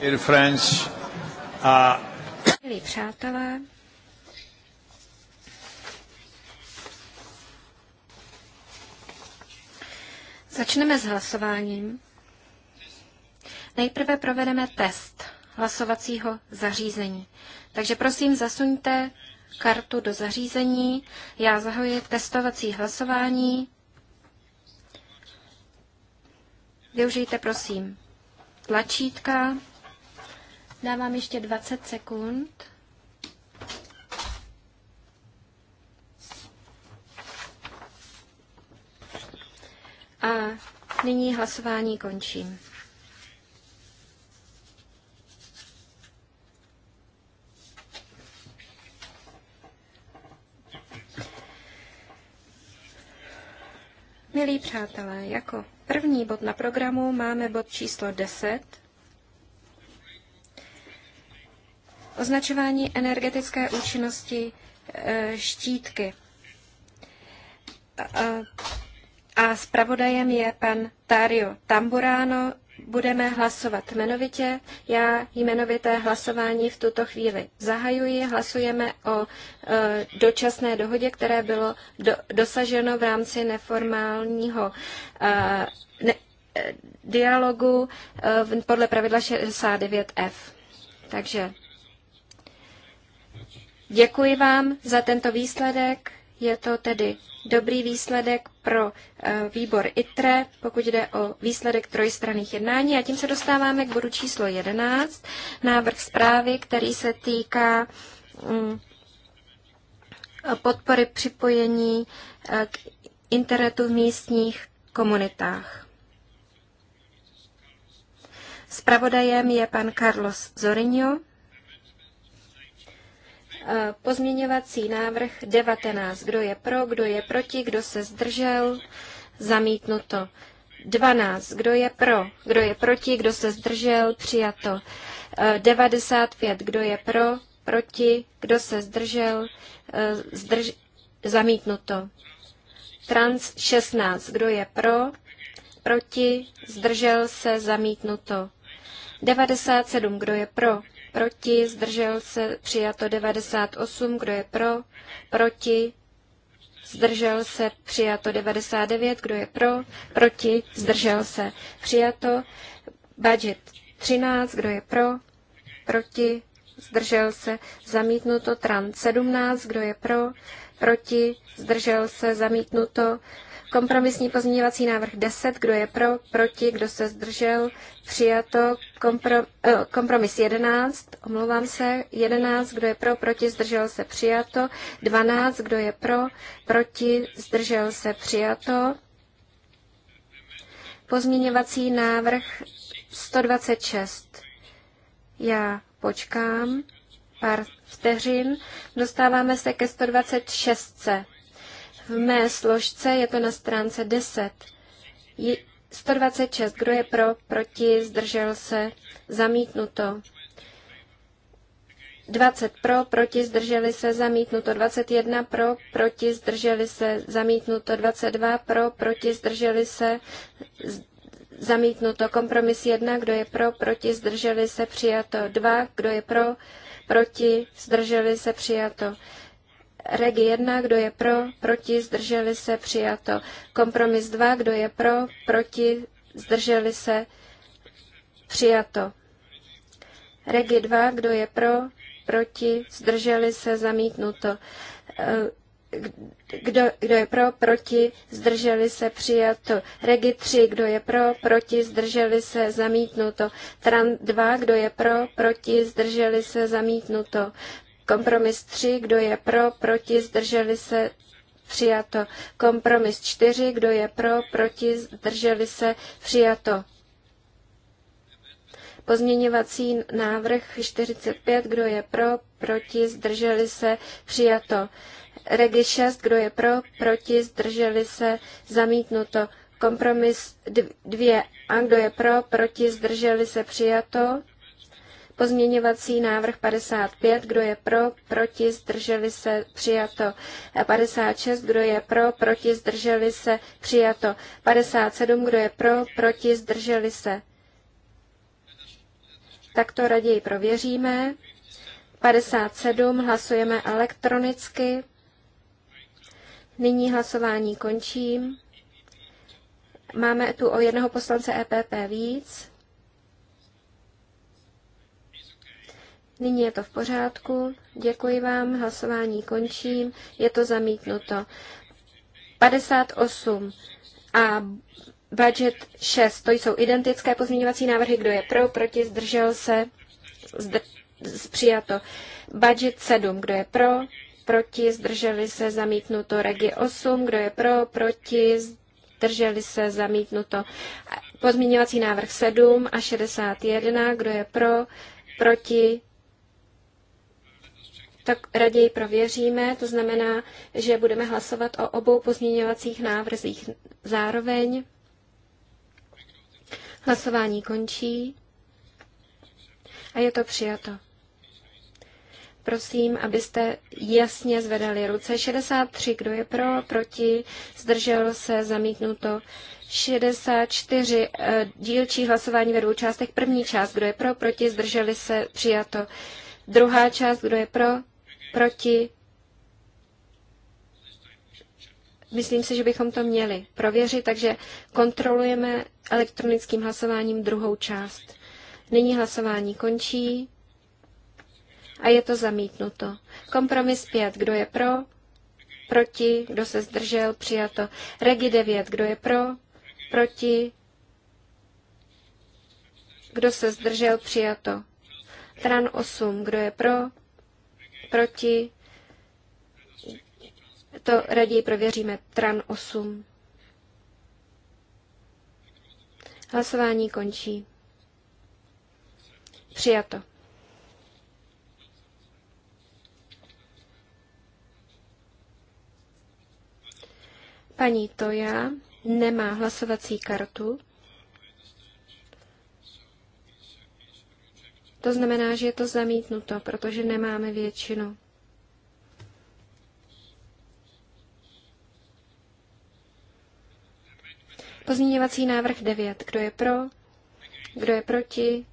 Dear friends, uh... Milí přátelé, začneme s hlasováním. Nejprve provedeme test hlasovacího zařízení. Takže prosím, zasuňte kartu do zařízení. Já zahoji testovací hlasování. Využijte prosím tlačítka. Dávám ještě 20 sekund. A nyní hlasování končím. Milí přátelé, jako první bod na programu máme bod číslo 10, Označování energetické účinnosti e, štítky. A zpravodajem je pan Tario Tamburano. Budeme hlasovat jmenovitě. Já jmenovité hlasování v tuto chvíli zahajuji. Hlasujeme o e, dočasné dohodě, které bylo do, dosaženo v rámci neformálního e, ne, dialogu podle pravidla 69F. Takže Děkuji vám za tento výsledek. Je to tedy dobrý výsledek pro eh, výbor ITRE, pokud jde o výsledek trojstranných jednání. A tím se dostáváme k bodu číslo 11, návrh zprávy, který se týká mm, podpory připojení eh, k internetu v místních komunitách. Spravodajem je pan Carlos Zorinho. Eh, pozměňovací návrh 19. Kdo je pro, kdo je proti, kdo se zdržel? Zamítnuto. 12. Kdo je pro, kdo je proti, kdo se zdržel? Přijato. 95. Eh, kdo je pro, proti, kdo se zdržel? Eh, zdrž... Zamítnuto. Trans 16. Kdo je pro, proti, zdržel se, zamítnuto. 97. Kdo je pro, proti, zdržel se, přijato 98, kdo je pro, proti, zdržel se, přijato 99, kdo je pro, proti, zdržel se, přijato, budget 13, kdo je pro, proti, zdržel se, zamítnuto, tran 17, kdo je pro, proti, zdržel se, zamítnuto, Kompromisní pozměňovací návrh 10, kdo je pro, proti, kdo se zdržel, přijato. Kompro, eh, kompromis 11, omlouvám se, 11, kdo je pro, proti, zdržel se, přijato. 12, kdo je pro, proti, zdržel se, přijato. Pozměňovací návrh 126. Já počkám pár vteřin. Dostáváme se ke 126. V mé složce je to na stránce 10. 126. Kdo je pro, proti, zdržel se, zamítnuto. 20 pro, proti, zdrželi se, zamítnuto. 21 pro, proti, zdrželi se, zamítnuto. 22 pro, proti, zdrželi se, zamítnuto. Kompromis 1, kdo je pro, proti, zdrželi se, přijato. 2, kdo je pro, proti, zdrželi se, přijato. Regi 1, kdo je pro, proti, zdrželi se, přijato. Kompromis 2, kdo je pro, proti, zdrželi se, přijato. Regi 2, kdo je pro, proti, zdrželi se, zamítnuto. Eh, kdo, kdo je pro, proti, zdrželi se, přijato. Regi 3, kdo je pro, proti, zdrželi se, zamítnuto. Tran 2, kdo je pro, proti, zdrželi se, zamítnuto. Kompromis 3, kdo je pro, proti, zdrželi se, přijato. Kompromis 4, kdo je pro, proti, zdrželi se, přijato. Pozměňovací návrh 45, kdo je pro, proti, zdrželi se, přijato. Regi 6, kdo je pro, proti, zdrželi se, zamítnuto. Kompromis 2, a kdo je pro, proti, zdrželi se, přijato. Pozměňovací návrh 55, kdo je pro, proti, zdrželi se, přijato. 56, kdo je pro, proti, zdrželi se, přijato. 57, kdo je pro, proti, zdrželi se. Tak to raději prověříme. 57 hlasujeme elektronicky. Nyní hlasování končím. Máme tu o jednoho poslance EPP víc. Nyní je to v pořádku. Děkuji vám, hlasování končím. Je to zamítnuto. 58 a budget 6. To jsou identické pozměňovací návrhy. Kdo je pro, proti, zdržel se, zdr- přijato. Budget 7. Kdo je pro, proti, zdrželi se, zamítnuto. Regi 8. Kdo je pro, proti, zdrželi se, zamítnuto. Pozměňovací návrh 7 a 61. Kdo je pro, proti, tak raději prověříme. To znamená, že budeme hlasovat o obou pozměňovacích návrzích zároveň. Hlasování končí a je to přijato. Prosím, abyste jasně zvedali ruce. 63, kdo je pro, proti, zdržel se, zamítnuto. 64, eh, dílčí hlasování ve dvou částech. První část, kdo je pro, proti, zdrželi se, přijato. Druhá část, kdo je pro, proti. Myslím si, že bychom to měli prověřit, takže kontrolujeme elektronickým hlasováním druhou část. Nyní hlasování končí a je to zamítnuto. Kompromis 5. Kdo je pro? Proti? Kdo se zdržel? Přijato. Regi 9. Kdo je pro? Proti? Kdo se zdržel? Přijato. Tran 8. Kdo je pro? proti, to raději prověříme TRAN 8. Hlasování končí. Přijato. Paní Toja nemá hlasovací kartu. To znamená, že je to zamítnuto, protože nemáme většinu. Pozměňovací návrh 9. Kdo je pro? Kdo je proti?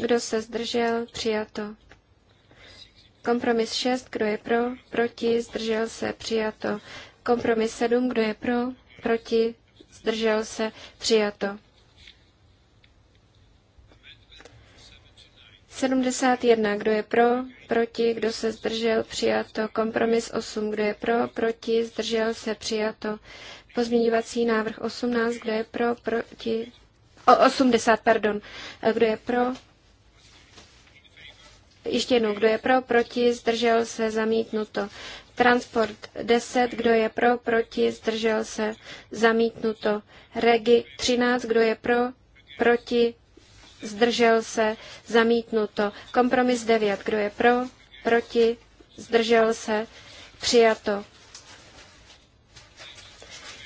Kdo se zdržel? Přijato. Kompromis 6. Kdo je pro? Proti? Zdržel se? Přijato. Kompromis 7. Kdo je pro? Proti? Zdržel se? Přijato. 71, kdo je pro, proti, kdo se zdržel, přijato. Kompromis 8, kdo je pro, proti, zdržel se, přijato. Pozměňovací návrh 18, kdo je pro, proti, o, 80, pardon, eh, kdo je pro, ještě jednou, kdo je pro, proti, zdržel se, zamítnuto. Transport 10, kdo je pro, proti, zdržel se, zamítnuto. Regi 13, kdo je pro, proti, zdržel se, zamítnuto. Kompromis 9, kdo je pro, proti, zdržel se, přijato.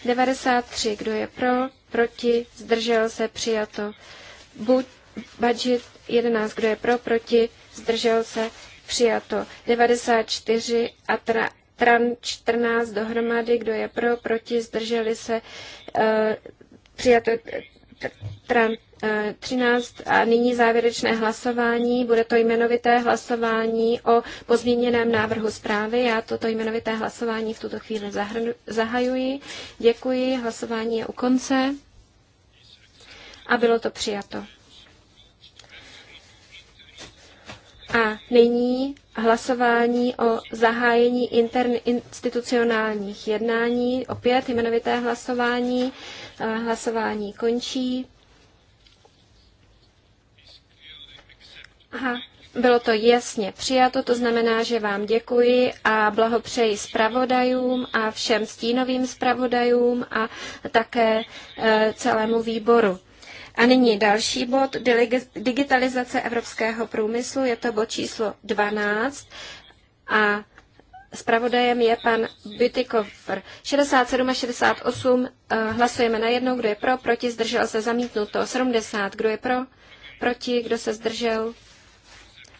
93, kdo je pro, proti, zdržel se, přijato. Buď budget 11, kdo je pro, proti, zdržel se, přijato. 94 a tra, tran 14 dohromady, kdo je pro, proti, zdrželi se, uh, přijato. Eh, tran 13 a nyní závěrečné hlasování. Bude to jmenovité hlasování o pozměněném návrhu zprávy. Já toto jmenovité hlasování v tuto chvíli zahajuji. Děkuji. Hlasování je u konce. A bylo to přijato. A nyní hlasování o zahájení interinstitucionálních jednání. Opět jmenovité hlasování. Hlasování končí. Aha, bylo to jasně přijato, to znamená, že vám děkuji a blahopřeji zpravodajům a všem stínovým zpravodajům a také e, celému výboru. A nyní další bod, digitalizace evropského průmyslu, je to bod číslo 12 a zpravodajem je pan Bytykofr. 67 a 68 e, hlasujeme na jednou, kdo je pro, proti, zdržel se zamítnuto. 70, kdo je pro, proti, kdo se zdržel,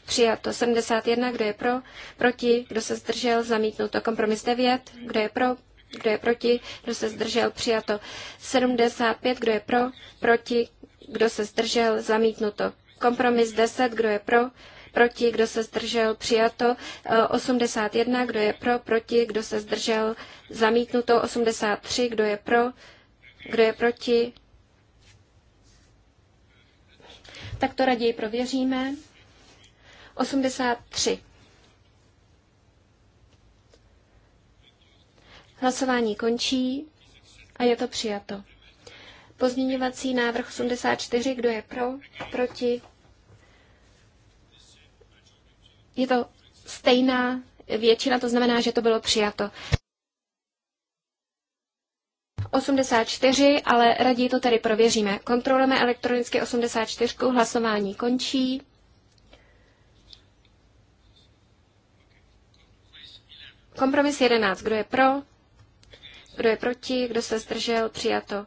Přijato 71, kdo je pro, proti, kdo se zdržel, zamítnuto. Kompromis 9, kdo je pro, kdo je proti, kdo se zdržel, přijato 75, kdo je pro, proti, kdo se zdržel, zamítnuto. Kompromis 10, kdo je pro, proti, kdo se zdržel, přijato 81, eh, kdo je pro, proti, kdo se zdržel, zamítnuto 83, kdo je pro, kdo je proti. Tak to raději prověříme. 83. Hlasování končí a je to přijato. Pozměňovací návrh 84, kdo je pro, proti. Je to stejná většina, to znamená, že to bylo přijato. 84, ale raději to tedy prověříme. Kontrolujeme elektronicky 84, hlasování končí. Kompromis 11. Kdo je pro? Kdo je proti? Kdo se zdržel? Přijato.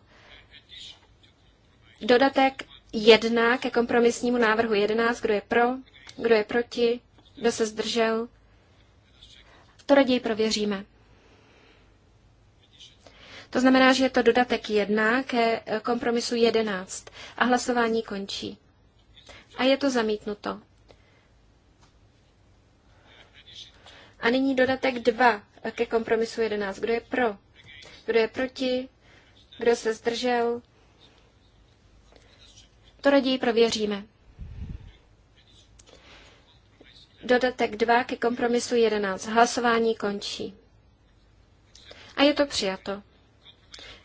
Dodatek 1 ke kompromisnímu návrhu 11. Kdo je pro? Kdo je proti? Kdo se zdržel? To raději prověříme. To znamená, že je to dodatek 1 ke eh, kompromisu 11 a hlasování končí. A je to zamítnuto. A nyní dodatek 2 ke kompromisu 11. Kdo je pro? Kdo je proti? Kdo se zdržel? To raději prověříme. Dodatek 2 ke kompromisu 11. Hlasování končí. A je to přijato.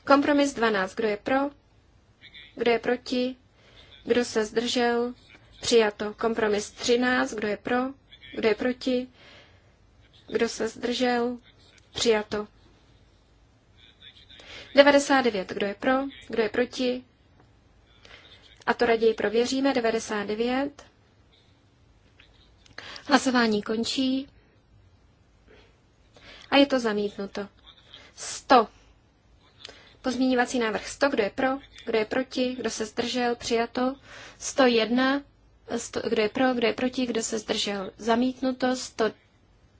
Kompromis 12. Kdo je pro? Kdo je proti? Kdo se zdržel? Přijato. Kompromis 13. Kdo je pro? Kdo je proti? Kdo se zdržel? Přijato. 99. Kdo je pro? Kdo je proti? A to raději prověříme. 99. Hlasování končí. A je to zamítnuto. 100. Pozměňovací návrh 100. Kdo je pro? Kdo je proti? Kdo se zdržel? Přijato. 101. kdo je pro? Kdo je proti? Kdo se zdržel? Zamítnuto. 102.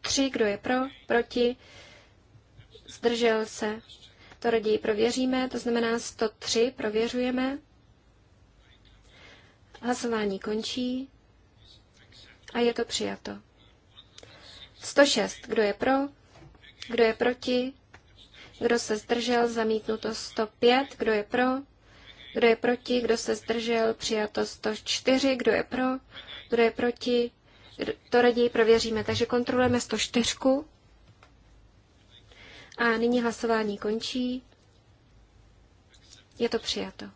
3, kdo je pro, proti, zdržel se. To raději prověříme, to znamená 103, prověřujeme. Hlasování končí a je to přijato. 106, kdo je pro, kdo je proti, kdo se zdržel, zamítnuto 105, kdo je pro, kdo je proti, kdo se zdržel, přijato 104, kdo je pro, kdo je proti, to raději prověříme. Takže kontrolujeme 104. A nyní hlasování končí. Je to přijato.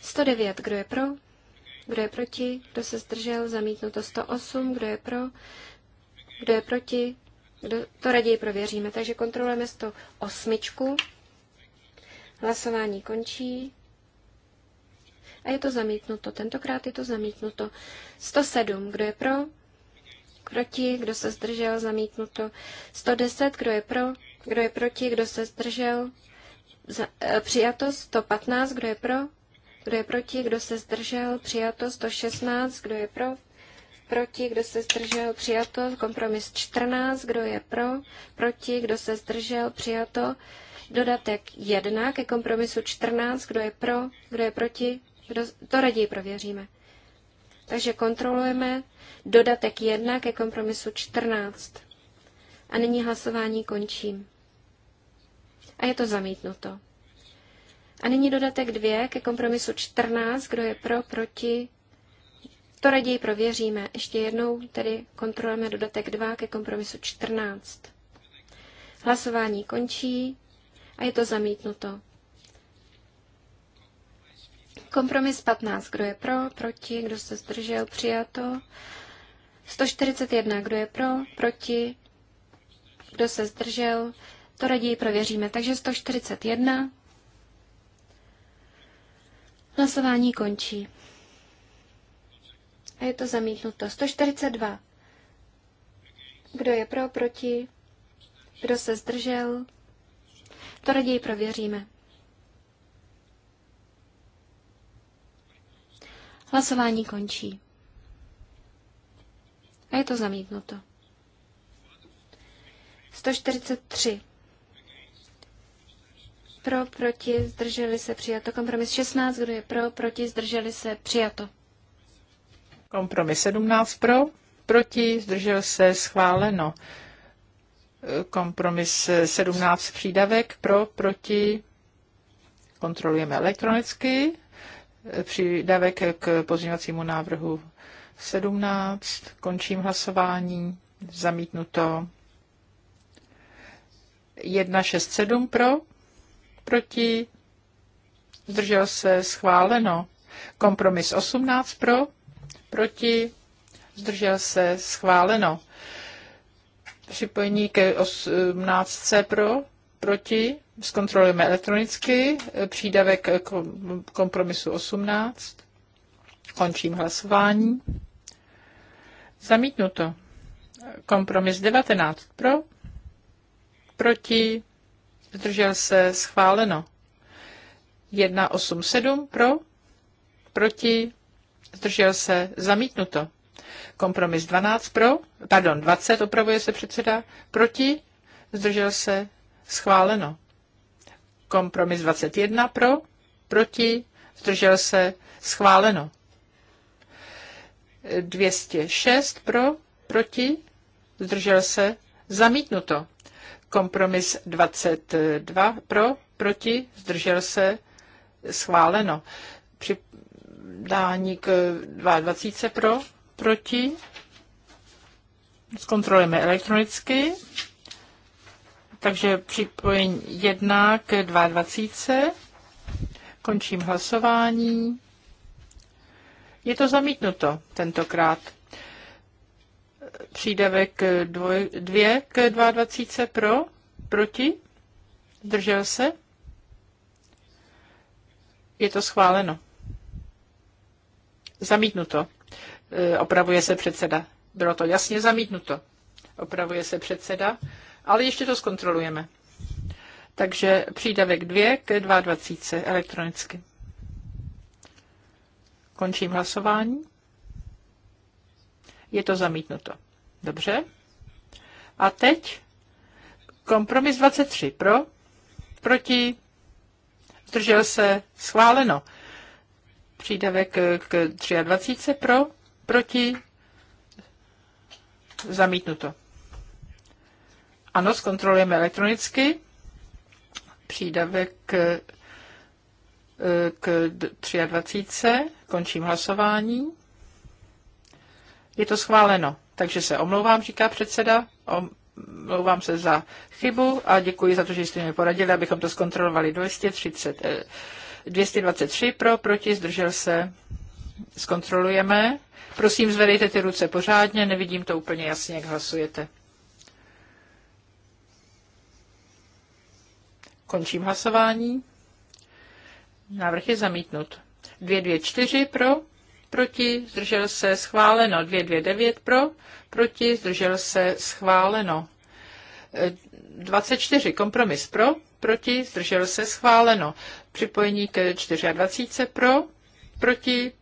109. Kdo je pro? Kdo je proti? Kdo se zdržel? Zamítnuto 108. Kdo je pro? Kdo je proti? Kdo, to raději prověříme. Takže kontrolujeme 108. Hlasování končí a je to zamítnuto. Tentokrát je to zamítnuto. 107, kdo je pro, proti, kdo se zdržel, zamítnuto. 110, kdo je pro, kdo je proti, kdo se zdržel, za, e, přijato. 115, kdo je pro, kdo je proti, kdo se zdržel, přijato. 116, kdo je pro, proti, kdo se zdržel, přijato. Kompromis 14, kdo je pro, proti, kdo se zdržel, přijato. Dodatek 1 ke kompromisu 14, kdo je pro, kdo je proti, to raději prověříme. Takže kontrolujeme dodatek 1 ke kompromisu 14. A nyní hlasování končím. A je to zamítnuto. A nyní dodatek 2 ke kompromisu 14. Kdo je pro, proti? To raději prověříme. Ještě jednou tedy kontrolujeme dodatek 2 ke kompromisu 14. Hlasování končí a je to zamítnuto. Kompromis 15. Kdo je pro? Proti? Kdo se zdržel? Přijato. 141. Kdo je pro? Proti? Kdo se zdržel? To raději prověříme. Takže 141. Hlasování končí. A je to zamítnuto. 142. Kdo je pro? Proti? Kdo se zdržel? To raději prověříme. Hlasování končí. A je to zamítnuto. 143. Pro, proti, zdrželi se, přijato. Kompromis 16, kdo je pro, proti, zdrželi se, přijato. Kompromis 17 pro, proti, zdržel se, schváleno. Kompromis 17 přídavek pro, proti, kontrolujeme elektronicky přidavek k pozměňovacímu návrhu 17. Končím hlasování. Zamítnuto. 167 pro, proti, zdržel se, schváleno. Kompromis 18 pro, proti, zdržel se, schváleno. Připojení ke 18 pro, proti, Zkontrolujeme elektronicky přídavek kompromisu 18. Končím hlasování. Zamítnuto. Kompromis 19 pro, proti, zdržel se, schváleno. 187 pro, proti, zdržel se, zamítnuto. Kompromis 12 pro, pardon, 20, opravuje se předseda, proti, zdržel se, schváleno. Kompromis 21 pro, proti, zdržel se, schváleno. 206 pro, proti, zdržel se, zamítnuto. Kompromis 22 pro, proti, zdržel se, schváleno. Přidání k 22 pro, proti, zkontrolujeme elektronicky. Takže připojení 1 k 22. Končím hlasování. Je to zamítnuto tentokrát. Přídavek 2 k 22 pro, proti, držel se. Je to schváleno. Zamítnuto. E, opravuje se předseda. Bylo to jasně zamítnuto. Opravuje se předseda ale ještě to zkontrolujeme. Takže přídavek 2 k 22 elektronicky. Končím hlasování. Je to zamítnuto. Dobře. A teď kompromis 23 pro, proti, zdržel se, schváleno. Přídavek k 23 pro, proti, zamítnuto. Ano, zkontrolujeme elektronicky. Přídavek eh, k, 23. Končím hlasování. Je to schváleno. Takže se omlouvám, říká předseda. Omlouvám se za chybu a děkuji za to, že jste mi poradili, abychom to zkontrolovali. 230, 223 eh, pro, proti, zdržel se. Zkontrolujeme. Prosím, zvedejte ty ruce pořádně, nevidím to úplně jasně, jak hlasujete. Končím hlasování. Návrh je zamítnut. 224 pro, proti, zdržel se, schváleno. 229 pro, proti, zdržel se, schváleno. 24 e, kompromis pro, proti, zdržel se, schváleno. Připojení ke 24 pro, proti,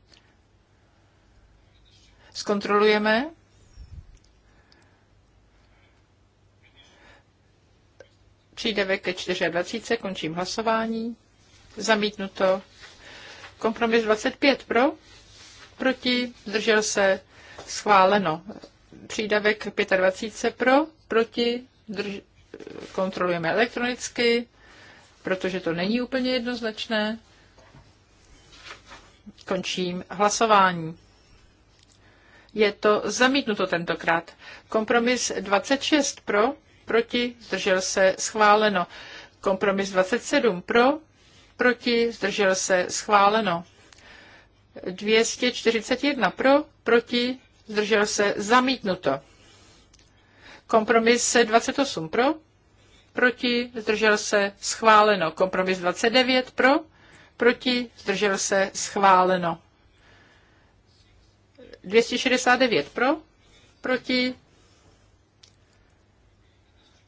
zkontrolujeme. Přídavek ke 24. Končím hlasování. Zamítnuto. Kompromis 25 pro. Proti. Zdržel se. Schváleno. Přídavek 25 pro. Proti. Drž... Kontrolujeme elektronicky, protože to není úplně jednoznačné. Končím hlasování. Je to zamítnuto tentokrát. Kompromis 26 pro, proti, zdržel se, schváleno. Kompromis 27 pro, proti, zdržel se, schváleno. 241 pro, proti, zdržel se, zamítnuto. Kompromis 28 pro, proti, zdržel se, schváleno. Kompromis 29 pro, proti, zdržel se, schváleno. 269 pro, proti,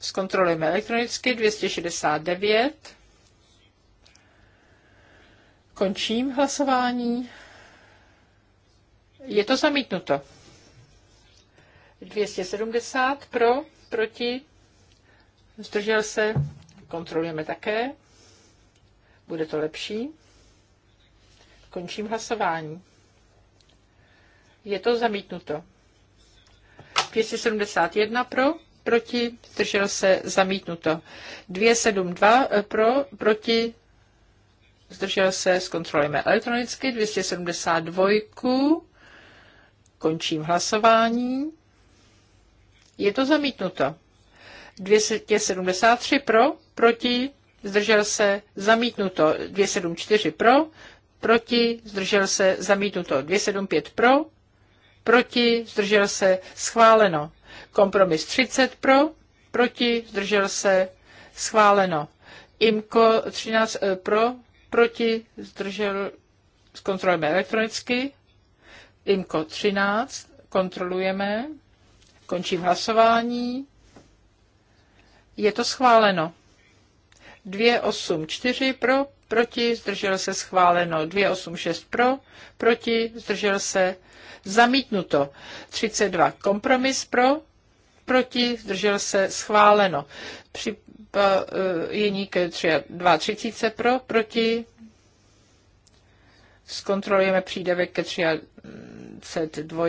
Zkontrolujeme elektronicky 269. Končím hlasování. Je to zamítnuto. 270 pro, proti, zdržel se, kontrolujeme také. Bude to lepší. Končím hlasování. Je to zamítnuto. 271 pro, proti, zdržel se, zamítnuto. 272 eh, pro, proti, zdržel se, zkontrolujeme elektronicky, 272, končím hlasování, je to zamítnuto. 273 pro, proti, zdržel se, zamítnuto. 274 pro, proti, zdržel se, zamítnuto. 275 pro, proti, zdržel se, schváleno. Kompromis 30 pro, proti, zdržel se, schváleno. IMKO 13 eh, pro, proti, zdržel, zkontrolujeme elektronicky. IMKO 13, kontrolujeme, končím hlasování. Je to schváleno. 284 pro, proti, zdržel se schváleno. 286 pro, proti, zdržel se zamítnuto. 32 kompromis pro, proti, zdržel se, schváleno. Připojení ke třicíce pro, proti, zkontrolujeme přídavek ke 32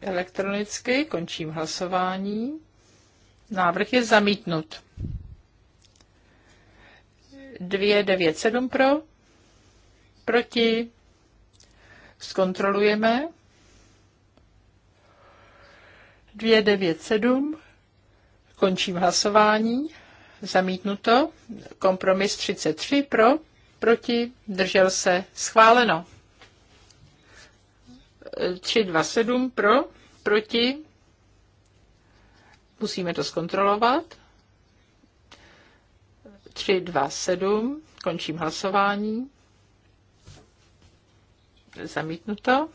elektronicky, končím hlasování. Návrh je zamítnut. 297 pro, proti, zkontrolujeme. 297. Končím hlasování. Zamítnuto. Kompromis 33 pro, proti, držel se, schváleno. 327 pro, proti, musíme to zkontrolovat. 327, končím hlasování. Zamítnuto.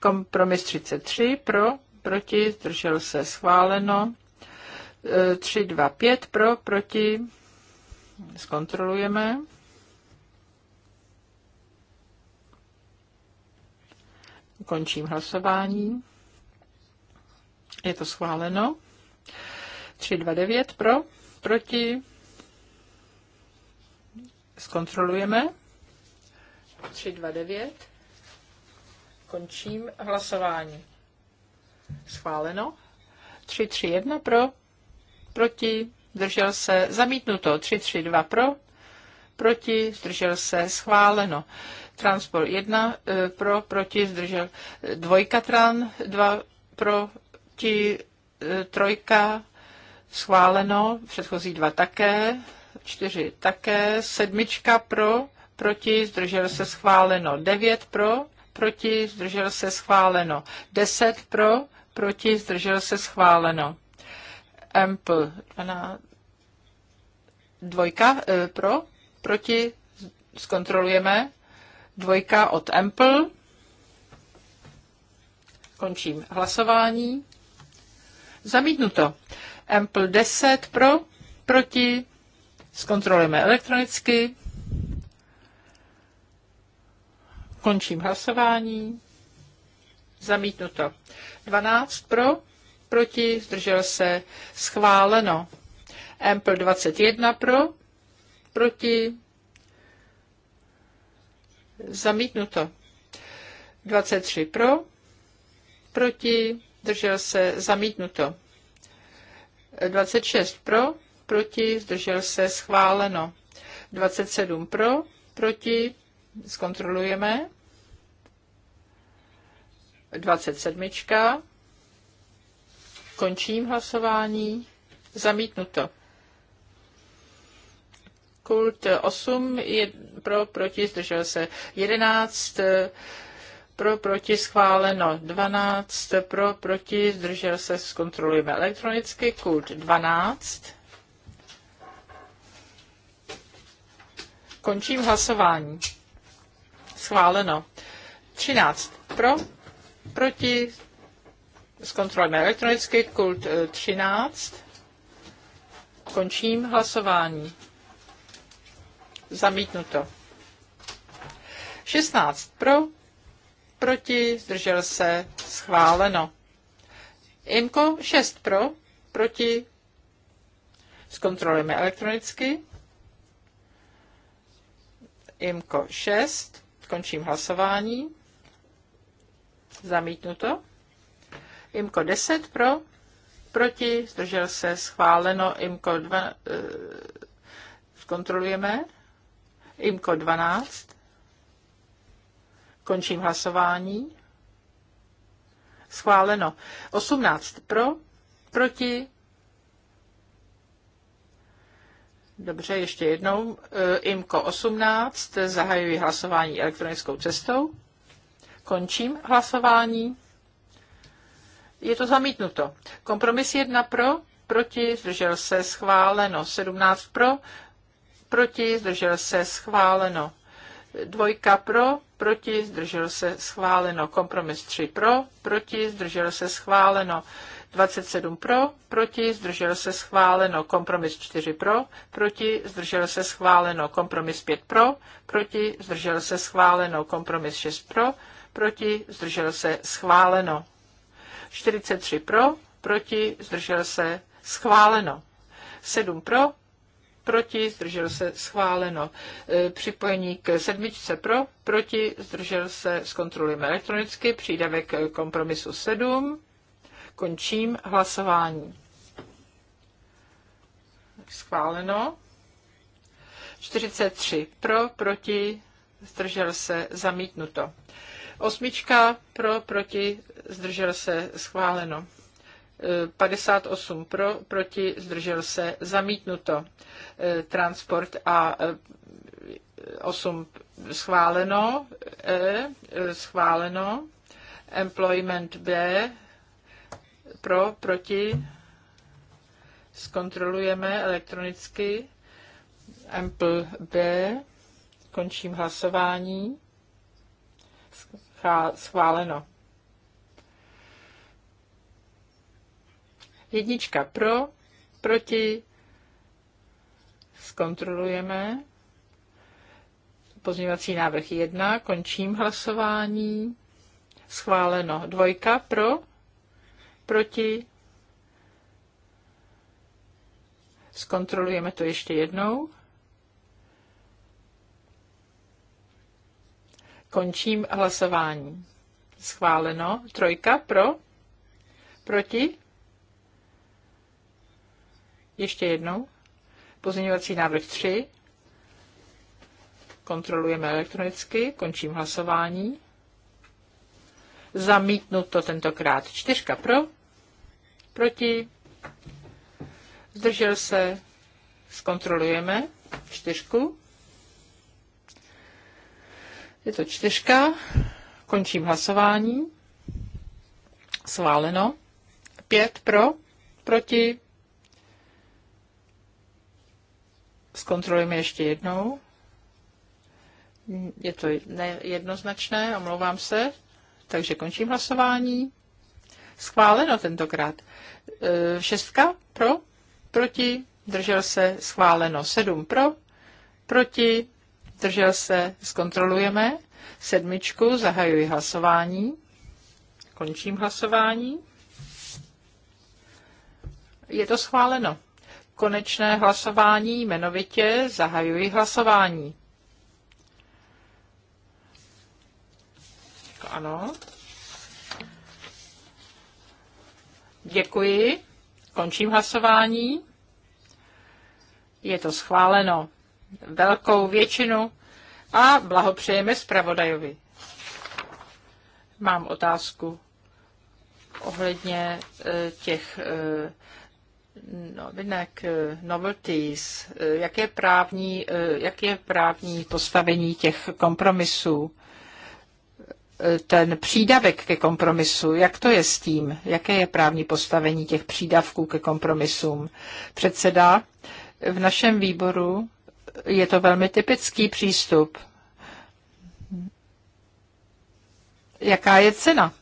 Kompromis 33 pro, proti, zdržel se schváleno. 3, 2, 5 pro, proti, zkontrolujeme. Končím hlasování. Je to schváleno. 3, 2, 9 pro, proti. Zkontrolujeme. 3, 2, 9. Končím hlasování. Schváleno. 3-3-1 pro, proti, zdržel se, zamítnuto. 3-3-2 pro, proti, zdržel se, schváleno. Transport 1 eh, pro, proti, zdržel. Eh, dvojka tran, 2 proti, eh, trojka, schváleno, předchozí dva také, čtyři také, sedmička pro, proti, zdržel se schváleno, 9 pro, proti, zdržel se schváleno, 10 pro, proti, zdržel se schváleno. Ample 12, dvojka e, pro, proti, zkontrolujeme. Dvojka od Ample. Končím hlasování. Zamítnuto. Ample 10 pro, proti, zkontrolujeme elektronicky. Končím hlasování. Zamítnuto. 12 pro, proti, zdržel se, schváleno. Ample 21 pro, proti, zamítnuto. 23 pro, proti, zdržel se, zamítnuto. 26 pro, proti, zdržel se, schváleno. 27 pro, proti, zkontrolujeme. 27. Končím hlasování. Zamítnuto. Kult 8 je pro, proti, zdržel se 11, pro, proti, schváleno 12, pro, proti, zdržel se, zkontrolujeme elektronicky, kult 12. Končím hlasování. Schváleno. 13 pro, proti, zkontrolujeme elektronicky, kult 13, eh, končím hlasování, zamítnuto. 16 pro, proti, zdržel se, schváleno. Imko 6 pro, proti, zkontrolujeme elektronicky. Imko 6, končím hlasování. Zamítnuto. Imko 10 pro, proti, zdržel se, schváleno. Imko 2, e, eh, zkontrolujeme. Imko 12. Končím hlasování. Schváleno. 18 pro, proti. Dobře, ještě jednou. Eh, Imko 18. Zahajuji hlasování elektronickou cestou. Končím hlasování. Je to zamítnuto. Kompromis 1 pro, proti, zdržel se, schváleno. 17 pro, proti, zdržel se, schváleno. Dvojka pro, proti, zdržel se, schváleno. Kompromis 3 pro, proti, zdržel se, schváleno. 27 pro, proti, zdržel se schváleno, kompromis 4 pro, proti, zdržel se schváleno, kompromis 5 pro, proti, zdržel se schváleno, kompromis 6 pro, proti, zdržel se, schváleno. 43 pro, proti, zdržel se, schváleno. 7 pro, proti, zdržel se, schváleno. E, připojení k sedmičce pro, proti, zdržel se, zkontrolujeme elektronicky, přídavek kompromisu 7. Končím hlasování. Schváleno. 43 pro, proti, zdržel se, zamítnuto. Osmička pro, proti, zdržel se, schváleno. 58 e, pro, proti, zdržel se, zamítnuto. E, transport a 8 e, schváleno, E schváleno, employment B pro, proti, zkontrolujeme elektronicky, Ample B, končím hlasování schváleno. Jednička pro, proti, zkontrolujeme. Pozměňovací návrh 1, končím hlasování. Schváleno. Dvojka pro, proti, zkontrolujeme to ještě jednou. Končím hlasování. Schváleno. Trojka pro? Proti? Ještě jednou. Pozměňovací návrh 3. Kontrolujeme elektronicky. Končím hlasování. Zamítnuto tentokrát. Čtyřka pro? Proti? Zdržel se? Zkontrolujeme. Čtyřku. Je to čtyřka. Končím hlasování. Sváleno. Pět pro, proti. Zkontrolujeme ještě jednou. Je to jednoznačné, omlouvám se. Takže končím hlasování. Schváleno tentokrát. E, šestka pro, proti, držel se, schváleno. Sedm pro, proti, zdržel se, zkontrolujeme. Sedmičku, zahajuji hlasování. Končím hlasování. Je to schváleno. Konečné hlasování jmenovitě zahajuji hlasování. Ano. Děkuji. Končím hlasování. Je to schváleno velkou většinu a blahopřejeme zpravodajovi. Mám otázku ohledně eh, těch eh, novinek, eh, novelties, jak je právní, jak je právní postavení těch kompromisů, ten přídavek ke kompromisu, jak to je s tím, jaké je právní postavení těch přídavků ke kompromisům. Předseda v našem výboru je to velmi typický přístup. Jaká je cena?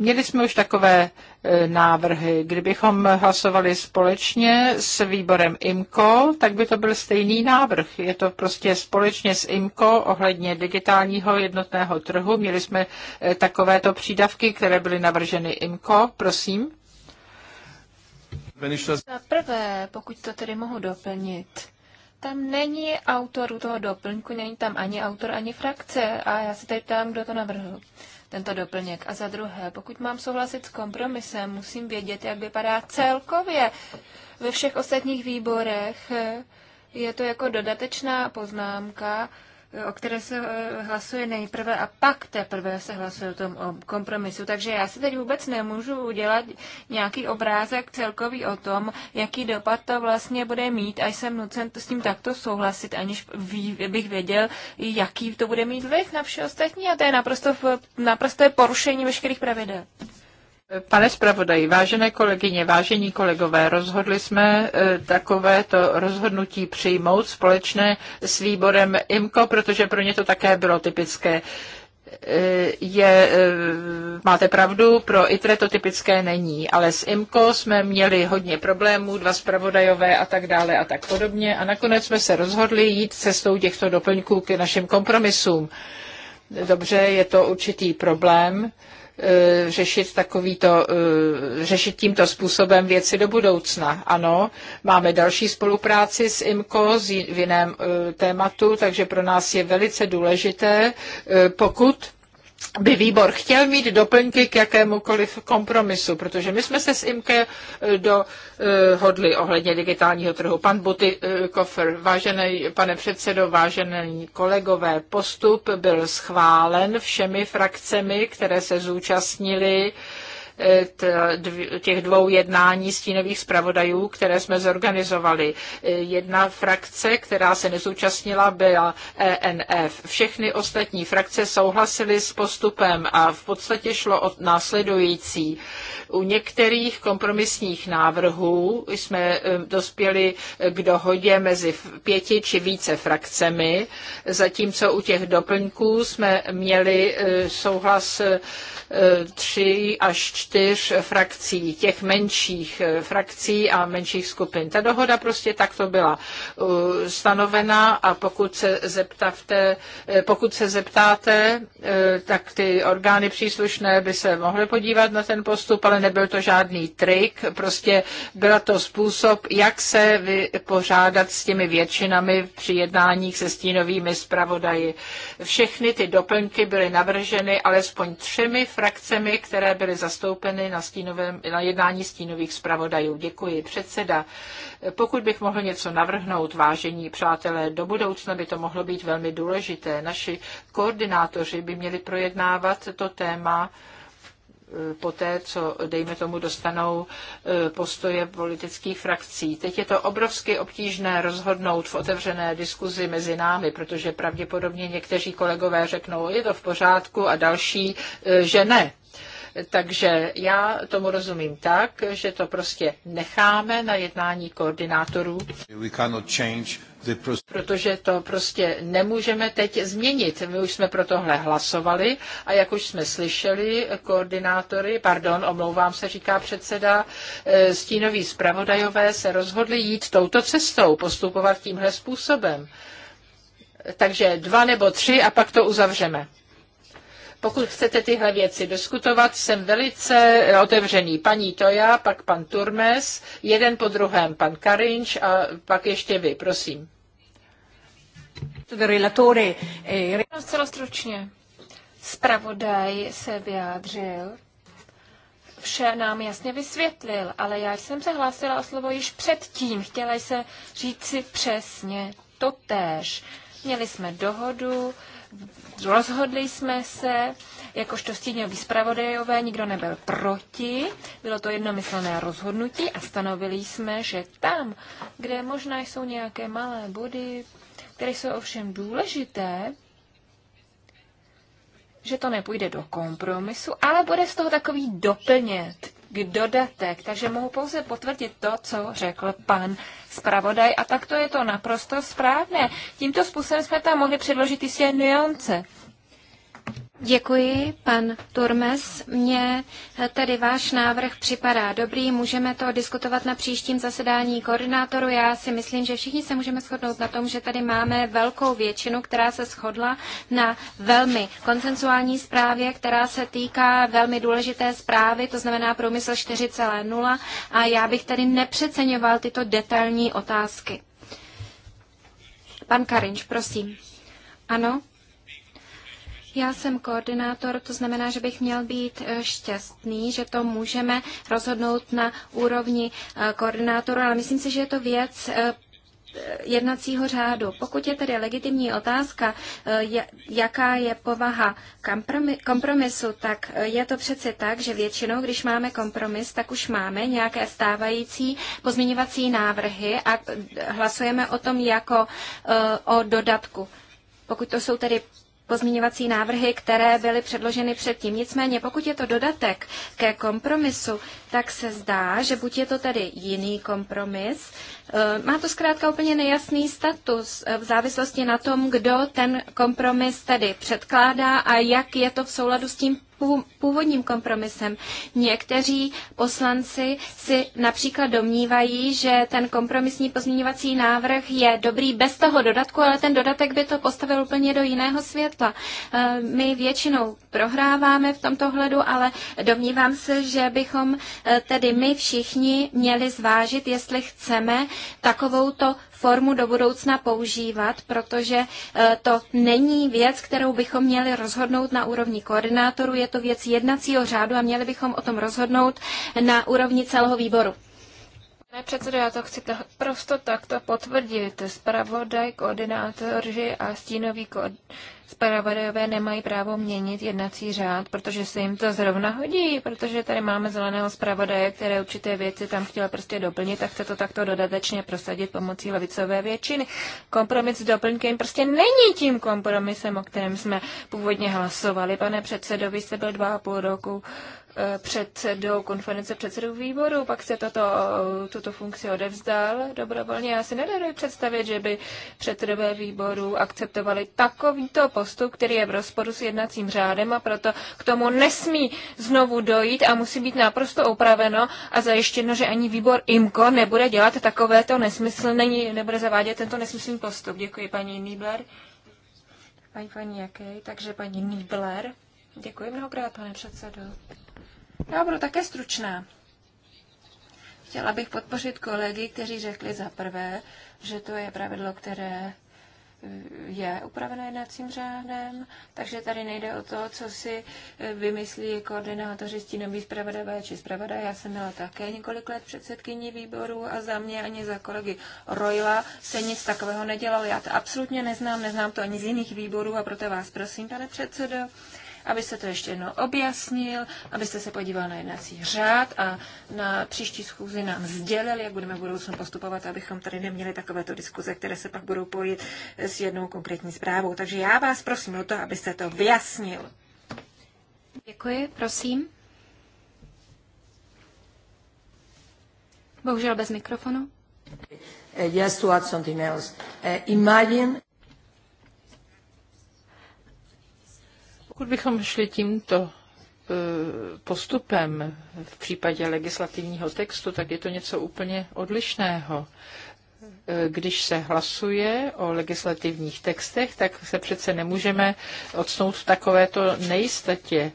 Měli jsme už takové e, návrhy. Kdybychom hlasovali společně s výborem IMCO, tak by to byl stejný návrh. Je to prostě společně s IMCO ohledně digitálního jednotného trhu. Měli jsme e, takovéto přídavky, které byly navrženy IMCO. Prosím. Za prvé, pokud to tedy mohu doplnit, tam není autoru toho doplňku, není tam ani autor, ani frakce. A já se teď ptám, kdo to navrhl, tento doplněk. A za druhé, pokud mám souhlasit s kompromisem, musím vědět, jak vypadá celkově ve všech ostatních výborech. Je to jako dodatečná poznámka o které se eh, hlasuje nejprve a pak teprve se hlasuje o tom o kompromisu. Takže já si teď vůbec nemůžu udělat nějaký obrázek celkový o tom, jaký dopad to vlastně bude mít a jsem nucen s tím takto souhlasit, aniž bych věděl, jaký to bude mít vliv na vše ostatní a to je naprosto, naprosto porušení veškerých pravidel. Pane zpravodaji, vážené kolegyně, vážení kolegové, rozhodli jsme eh, takovéto rozhodnutí přijmout společné s výborem IMCO, protože pro ně to také bylo typické eh, je, eh, máte pravdu, pro ITRE to typické není, ale s IMCO jsme měli hodně problémů, dva zpravodajové a tak dále a tak podobně a nakonec jsme se rozhodli jít cestou těchto doplňků k našim kompromisům. Dobře, je to určitý problém, Eh, řešit takovýto, eh, řešit tímto způsobem věci do budoucna. Ano, máme další spolupráci s IMCO v jiném eh, tématu, takže pro nás je velice důležité, pokud by výbor chtěl mít doplňky k jakémukoliv kompromisu, protože my jsme se s IMKE eh, dohodli ohledně digitálního trhu. Pan Buty Kofer, vážený pane předsedo, vážené kolegové, postup byl schválen všemi frakcemi, které se zúčastnili uh, těch dvou jednání stínových zpravodajů, které jsme zorganizovali. E, jedna frakce, která se nezúčastnila, byla ENF. Všechny ostatní frakce souhlasily s postupem a v podstatě šlo o následující. U některých kompromisních návrhů jsme e, dospěli k dohodě mezi pěti či více frakcemi, zatímco u těch doplňků jsme měli e, souhlas tři až čtyř frakcí, těch menších eh, frakcí a menších skupin. Ta dohoda prostě takto byla eh, stanovena a pokud se, zeptavte, eh, pokud se zeptáte, tak ty orgány příslušné by se mohly podívat na ten postup, ale nebyl to žádný trik, prostě byl to způsob, jak se vypořádat s těmi většinami při jednáních se stínovými zpravodaji. Všechny ty doplňky byly navrženy alespoň třemi frakcemi, které byly zastoupeny zastoupeny na, stínovém, na jednání stínových zpravodajů. Děkuji, předseda. Pokud bych mohl něco navrhnout, vážení přátelé, do budoucna by to mohlo být velmi důležité. Naši koordinátoři by měli projednávat to téma eh, poté, co, dejme tomu, dostanou eh, postoje politických frakcí. Teď je to obrovsky obtížné rozhodnout v otevřené diskuzi mezi námi, protože pravděpodobně někteří kolegové řeknou, je to v pořádku a další, eh, že ne. Takže já tomu rozumím tak, že to prostě necháme na jednání koordinátorů, protože to prostě nemůžeme teď změnit. My už jsme pro tohle hlasovali a jak už jsme slyšeli, koordinátory, pardon, omlouvám se, říká předseda, eh, stínoví zpravodajové se rozhodli jít touto cestou, postupovat tímhle způsobem. Takže dva nebo tři a pak to uzavřeme. Pokud chcete tyhle věci diskutovat, jsem velice otevřený. Paní Toja, pak pan Turmes, jeden po druhém pan Karinč a pak ještě vy, prosím. Eh, no, zcela stručně. Spravodaj se vyjádřil, vše nám jasně vysvětlil, ale já jsem se hlásila o slovo již předtím. Chtěla jsem říct si přesně totéž. Měli jsme dohodu, Rozhodli jsme se, jakožto stíňoví zpravodajové, nikdo nebyl proti, bylo to jednomyslné rozhodnutí a stanovili jsme, že tam, kde možná jsou nějaké malé body, které jsou ovšem důležité, že to nepůjde do kompromisu, ale bude z toho takový doplněk k dodatek, takže mohu pouze potvrdit to, co řekl pan zpravodaj a takto je to naprosto správné. Tímto způsobem jsme tam mohli předložit jistě nuance. Děkuji, pan Turmes. Mně tedy váš návrh připadá dobrý. Můžeme to diskutovat na příštím zasedání koordinátoru. Já si myslím, že všichni se můžeme shodnout na tom, že tady máme velkou většinu, která se shodla na velmi konsensuální zprávě, která se týká velmi důležité zprávy, to znamená průmysl 4.0. A já bych tady nepřeceňoval tyto detailní otázky. Pan Karinč, prosím. Ano, já jsem koordinátor, to znamená, že bych měl být eh, šťastný, že to můžeme rozhodnout na úrovni eh, koordinátoru, ale myslím si, že je to věc eh, jednacího řádu. Pokud je tedy legitimní otázka, jaká je povaha kompromisu, tak je to přece tak, že většinou, když máme kompromis, tak už máme nějaké stávající pozměňovací návrhy a hlasujeme o tom jako o dodatku. Pokud to jsou tedy pozměňovací návrhy, které byly předloženy předtím. Nicméně, pokud je to dodatek ke kompromisu, tak se zdá, že buď je to tedy jiný kompromis, eh, má to zkrátka úplně nejasný status eh, v závislosti na tom, kdo ten kompromis tedy předkládá a jak je to v souladu s tím původním kompromisem. Někteří poslanci si například domnívají, že ten kompromisní pozměňovací návrh je dobrý bez toho dodatku, ale ten dodatek by to postavil úplně do jiného světla. Eh, my většinou prohráváme v tomto hledu, ale domnívám se, že bychom eh, tedy my všichni měli zvážit, jestli chceme takovouto formu do budoucna používat, protože eh, to není věc, kterou bychom měli rozhodnout na úrovni koordinátorů, je to věc jednacího řádu a měli bychom o tom rozhodnout na úrovni celého výboru. Pane předsedo, já to chci to prosto takto potvrdit. Spravodaj, koordinátoři a stínový koordinátor Spravodajové nemají právo měnit jednací řád, protože se jim to zrovna hodí, protože tady máme zeleného zpravodaje, které určité věci tam chtěla prostě doplnit a chce to takto dodatečně prosadit pomocí levicové většiny. Kompromis s doplňkem prostě není tím kompromisem, o kterém jsme původně hlasovali. Pane předsedovi, jste byl dva a půl roku předsedou konference předsedů výboru, pak se toto, tuto funkci odevzdal dobrovolně. Já si nedovedu představit, že by předsedové výboru akceptovali takovýto postup, který je v rozporu s jednacím řádem a proto k tomu nesmí znovu dojít a musí být naprosto upraveno a zajištěno, že ani výbor IMCO nebude dělat takovéto nesmyslné, nebude zavádět tento nesmyslný postup. Děkuji paní Nibler. Paní paní Jakej, takže paní Nibler. Děkuji mnohokrát, pane předsedo. Já budu také stručná. Chtěla bych podpořit kolegy, kteří řekli za prvé, že to je pravidlo, které eh, je upraveno jednacím řádem, takže tady nejde o to, co si eh, vymyslí koordinátoři stínový zpravodavé či zpravodaj. Já jsem byla také několik let předsedkyní výboru a za mě ani za kolegy Rojla se nic takového nedělalo. Já to absolutně neznám, neznám to ani z jiných výborů a proto vás prosím, pane předsedo, abyste to ještě jednou objasnil, abyste se podíval na jednací řád a na příští schůzi nám sdělil, jak budeme v budoucnu postupovat, abychom tady neměli takovéto diskuze, které se pak budou pojit s jednou konkrétní zprávou. Takže já vás prosím o to, abyste to vyjasnil. Děkuji, prosím. Bohužel bez mikrofonu. Just to add something else. Uh, imagine... Pokud bychom šli tímto e, postupem v případě legislativního textu, tak je to něco úplně odlišného když se hlasuje o legislativních textech, tak se přece nemůžeme odsnout v takovéto nejistotě.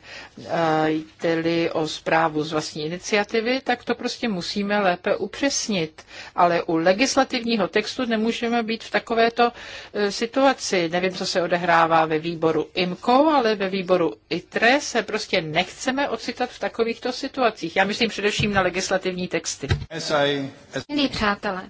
tedy o zprávu z vlastní iniciativy, tak to prostě musíme lépe upřesnit. Ale u legislativního textu nemůžeme být v takovéto e, situaci. Nevím, co se odehrává ve výboru IMCO, ale ve výboru ITRE se prostě nechceme ocitat v takovýchto situacích. Já myslím především na legislativní texty. Milí přátelé,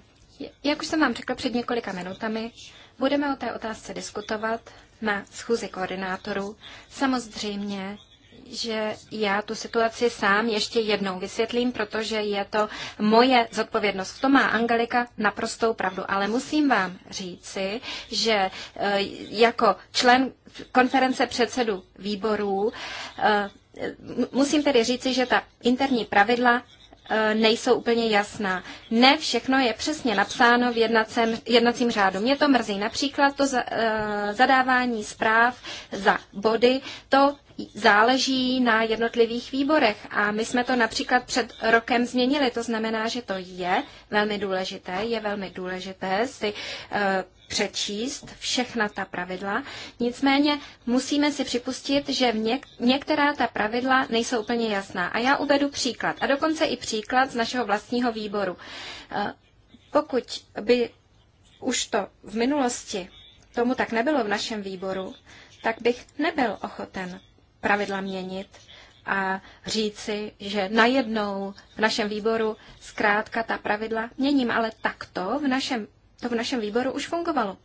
jak už jsem vám řekla před několika minutami, budeme o té otázce diskutovat na schůzi koordinátorů. Samozřejmě, že já tu situaci sám ještě jednou vysvětlím, protože je to moje zodpovědnost. V tom má Angelika naprostou pravdu, ale musím vám říci, že e, jako člen konference předsedu výborů e, musím tedy říci, že ta interní pravidla E, nejsou úplně jasná. Ne všechno je přesně napsáno v jednacím, jednacím řádu. Mě to mrzí. Například to za, e, zadávání zpráv za body, to záleží na jednotlivých výborech. A my jsme to například před rokem změnili. To znamená, že to je velmi důležité. Je velmi důležité si e, přečíst všechna ta pravidla, nicméně musíme si připustit, že v něk- některá ta pravidla nejsou úplně jasná. A já uvedu příklad, a dokonce i příklad z našeho vlastního výboru. Eh, pokud by už to v minulosti tomu tak nebylo v našem výboru, tak bych nebyl ochoten pravidla měnit a říci, že najednou v našem výboru zkrátka ta pravidla měním, ale takto v našem to v našem výboru už fungovalo.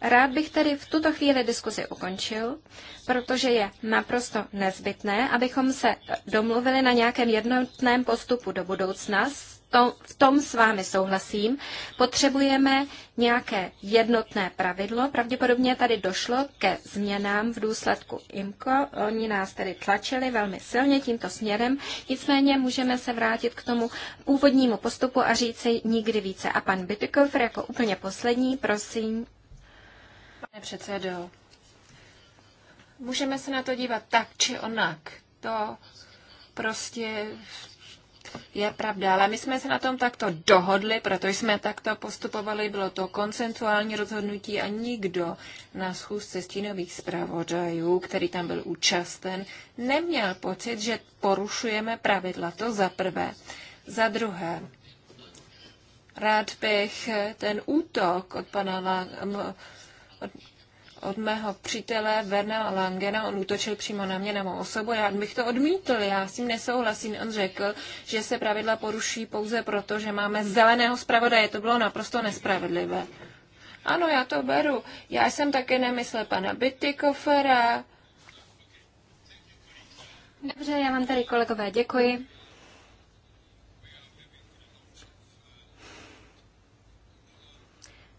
Rád bych tedy v tuto chvíli diskuzi ukončil, protože je naprosto nezbytné, abychom se domluvili na nějakém jednotném postupu do budoucna v tom s vámi souhlasím. Potřebujeme nějaké jednotné pravidlo. Pravděpodobně tady došlo ke změnám v důsledku IMCO. Oni nás tedy tlačili velmi silně tímto směrem. Nicméně můžeme se vrátit k tomu původnímu postupu a říci nikdy více. A pan Bytykov jako úplně poslední, prosím. Pane předsedo, můžeme se na to dívat tak či onak. To prostě je pravda, ale my jsme se na tom takto dohodli, protože jsme takto postupovali, bylo to koncentuální rozhodnutí a nikdo na schůzce stínových zpravodajů, který tam byl účasten, neměl pocit, že porušujeme pravidla. To za prvé. Za druhé, rád bych ten útok od pana od od mého přítele Vernela Langena, on útočil přímo na mě, na mou osobu, já bych to odmítl, já s tím nesouhlasím. On řekl, že se pravidla poruší pouze proto, že máme zeleného zpravodaje, to bylo naprosto nespravedlivé. Ano, já to beru. Já jsem také nemyslel pana Bytykofera. Dobře, já vám tady kolegové děkuji.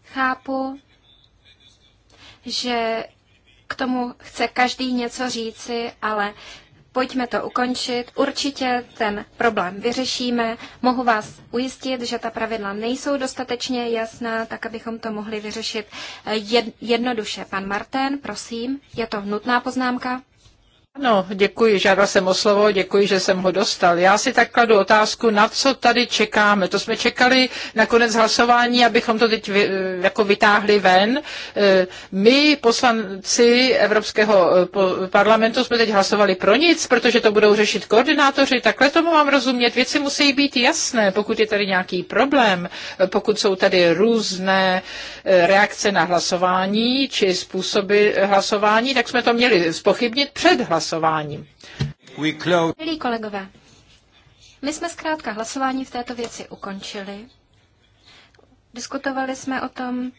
Chápu, že k tomu chce každý něco říci, ale pojďme to ukončit. Určitě ten problém vyřešíme. Mohu vás ujistit, že ta pravidla nejsou dostatečně jasná, tak abychom to mohli vyřešit eh, jednoduše. Pan Martin, prosím, je to nutná poznámka? Ano, děkuji, žádal jsem o slovo, děkuji, že jsem ho dostal. Já si tak kladu otázku, na co tady čekáme. To jsme čekali na konec hlasování, abychom to teď vy, jako vytáhli ven. E, my, poslanci Evropského e, parlamentu, jsme teď hlasovali pro nic, protože to budou řešit koordinátoři. Takhle tomu mám rozumět. Věci musí být jasné, pokud je tady nějaký problém, e, pokud jsou tady různé reakce na hlasování či způsoby hlasování, tak jsme to měli spochybnit před hlasováním hlasováním. Milí kolegové, my jsme zkrátka hlasování v této věci ukončili. Diskutovali jsme o tom